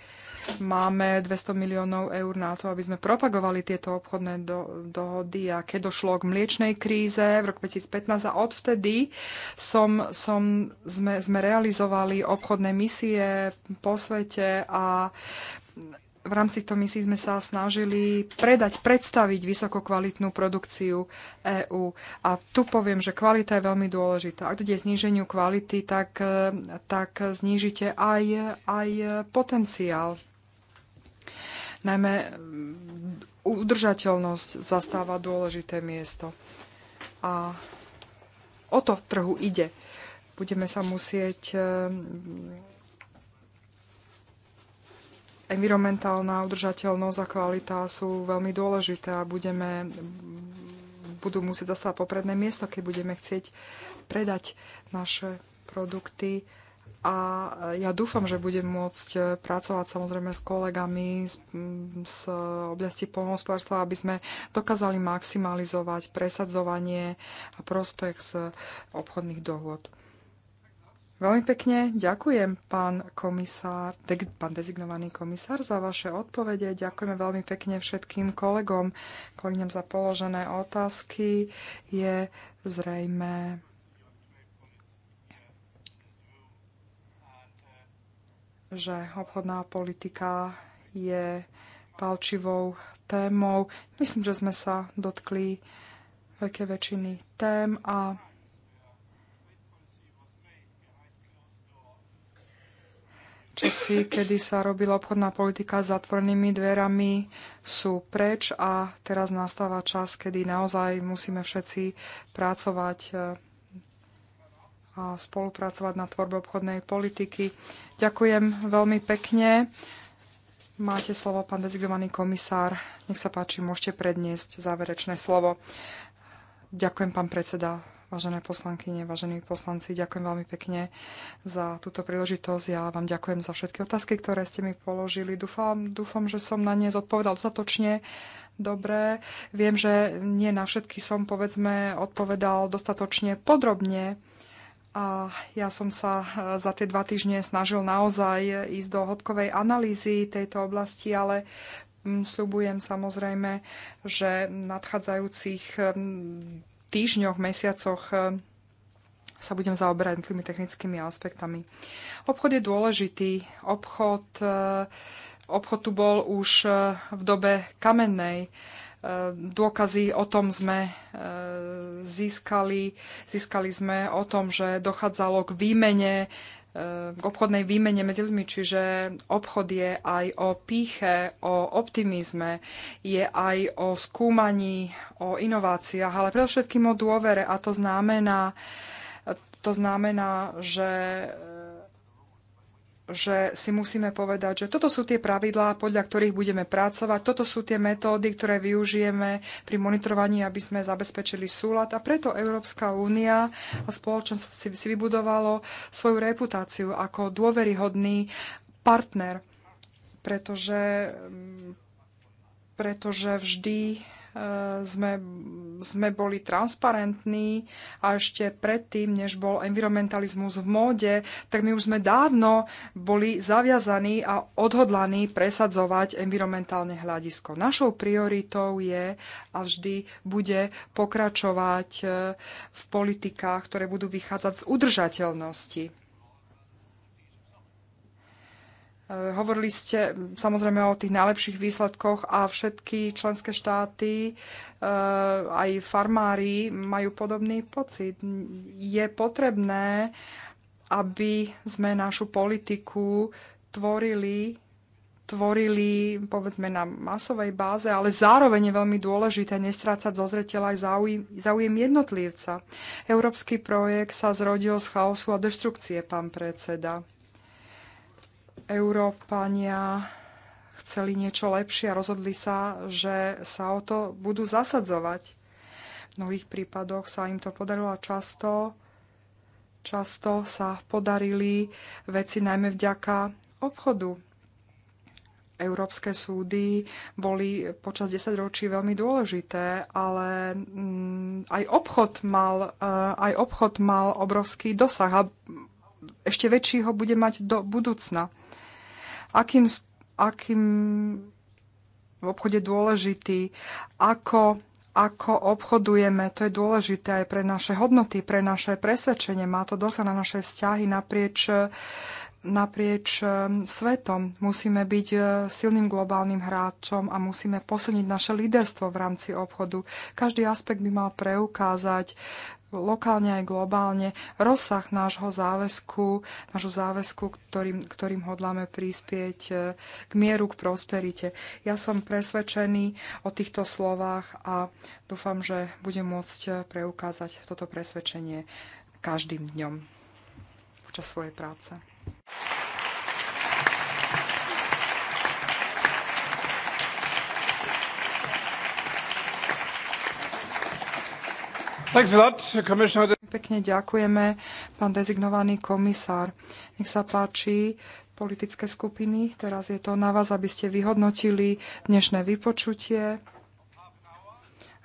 máme 200 miliónov eur na to, aby sme propagovali tieto obchodné do, dohody a keď došlo k mliečnej kríze v roku 2015 a odvtedy som, som, sme, sme realizovali obchodné misie po svete a v rámci toho misií sme sa snažili predať, predstaviť vysokokvalitnú produkciu EÚ. A tu poviem, že kvalita je veľmi dôležitá. Ak dojde zníženiu kvality, tak, tak znížite aj, aj potenciál Najmä mm, udržateľnosť zastáva dôležité miesto. A o to v trhu ide. Budeme sa musieť e, mm, environmentálna udržateľnosť a kvalita sú veľmi dôležité a budeme, mm, budú musieť zastávať popredné miesto, keď budeme chcieť predať naše produkty a ja dúfam, že budem môcť e, pracovať samozrejme s kolegami z, z oblasti polnohospodárstva, aby sme dokázali maximalizovať presadzovanie a prospech z obchodných dohôd. Veľmi pekne ďakujem, pán komisár, pán dezignovaný komisár, za vaše odpovede. Ďakujeme veľmi pekne všetkým kolegom, kolegňam za položené otázky. Je zrejme že obchodná politika je palčivou témou. Myslím, že sme sa dotkli veľké väčšiny tém a časy, kedy sa robila obchodná politika s zatvorenými dverami, sú preč a teraz nastáva čas, kedy naozaj musíme všetci pracovať eh, spolupracovať na tvorbe obchodnej politiky. Ďakujem veľmi pekne. Máte slovo, pán dezignovaný komisár. Nech sa páči, môžete predniesť záverečné slovo. Ďakujem, pán predseda, vážené poslankyne, vážení poslanci. Ďakujem veľmi pekne za túto príležitosť. Ja vám ďakujem za všetky otázky, ktoré ste mi položili. Dúfam, dúfam že som na ne zodpovedal dostatočne dobre. Viem, že nie na všetky som, povedzme, odpovedal dostatočne podrobne. A ja som sa e, za tie dva týždne snažil naozaj ísť do hĺbkovej analýzy tejto oblasti, ale mm, sľubujem samozrejme, že v nadchádzajúcich e, týždňoch, mesiacoch e, sa budem zaoberať tými technickými aspektami. Obchod je dôležitý. Obchod, obchod tu bol už v dobe kamennej Dôkazy o tom sme e, získali. Získali sme o tom, že dochádzalo k výmene e, k obchodnej výmene medzi ľuďmi, čiže obchod je aj o píche, o optimizme, je aj o skúmaní, o inováciách, ale predovšetkým o dôvere a to znamená, to znamená, že že si musíme povedať, že toto sú tie pravidlá, podľa ktorých budeme pracovať, toto sú tie metódy, ktoré využijeme pri monitorovaní, aby sme zabezpečili súlad. A preto Európska únia a spoločnosť si vybudovalo svoju reputáciu ako dôveryhodný partner, pretože, pretože vždy sme, sme boli transparentní a ešte predtým, než bol environmentalizmus v móde, tak my už sme dávno boli zaviazaní a odhodlaní presadzovať environmentálne hľadisko. Našou prioritou je a vždy bude pokračovať eh, v politikách, ktoré budú vychádzať z udržateľnosti Eh, hovorili ste mm, samozrejme o tých najlepších výsledkoch a všetky členské štáty, eh, aj farmári majú podobný pocit. Je potrebné, aby sme našu politiku tvorili tvorili, povedzme, na masovej báze, ale zároveň je veľmi dôležité nestrácať zo zreteľa aj záujem, záujem jednotlivca. Európsky projekt sa zrodil z chaosu a deštrukcie, pán predseda. Európania chceli niečo lepšie a rozhodli sa, že sa o to budú zasadzovať. V mnohých prípadoch sa im to podarilo a často, často sa podarili veci najmä vďaka obchodu. Európske súdy boli počas 10 ročí veľmi dôležité, ale mm, aj obchod mal, eh, aj obchod mal obrovský dosah a ešte väčší ho bude mať do budúcna akým, akým v obchode dôležitý, ako, ako obchodujeme. To je dôležité aj pre naše hodnoty, pre naše presvedčenie. Má to dosť na naše vzťahy naprieč naprieč e, svetom. Musíme byť e, silným globálnym hráčom a musíme posilniť naše líderstvo v rámci obchodu. Každý aspekt by mal preukázať lokálne aj globálne rozsah nášho záväzku, nášho záväzku, ktorým, ktorým hodláme prispieť e, k mieru, k prosperite. Ja som presvedčený o týchto slovách a dúfam, že budem môcť e, preukázať toto presvedčenie každým dňom počas svojej práce. Pekne ďakujeme, pán dezignovaný komisár. Nech sa páči, politické skupiny. Teraz je to na vás, aby ste vyhodnotili dnešné vypočutie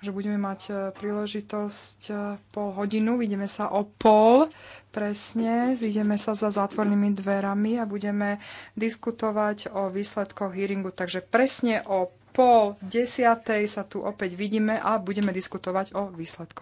že budeme mať e, príležitosť e, pol hodinu. Vidíme sa o pol presne. Zídeme sa za zátvornými dverami a budeme diskutovať o výsledkoch hearingu. Takže presne o pol desiatej sa tu opäť vidíme a budeme diskutovať o výsledkoch.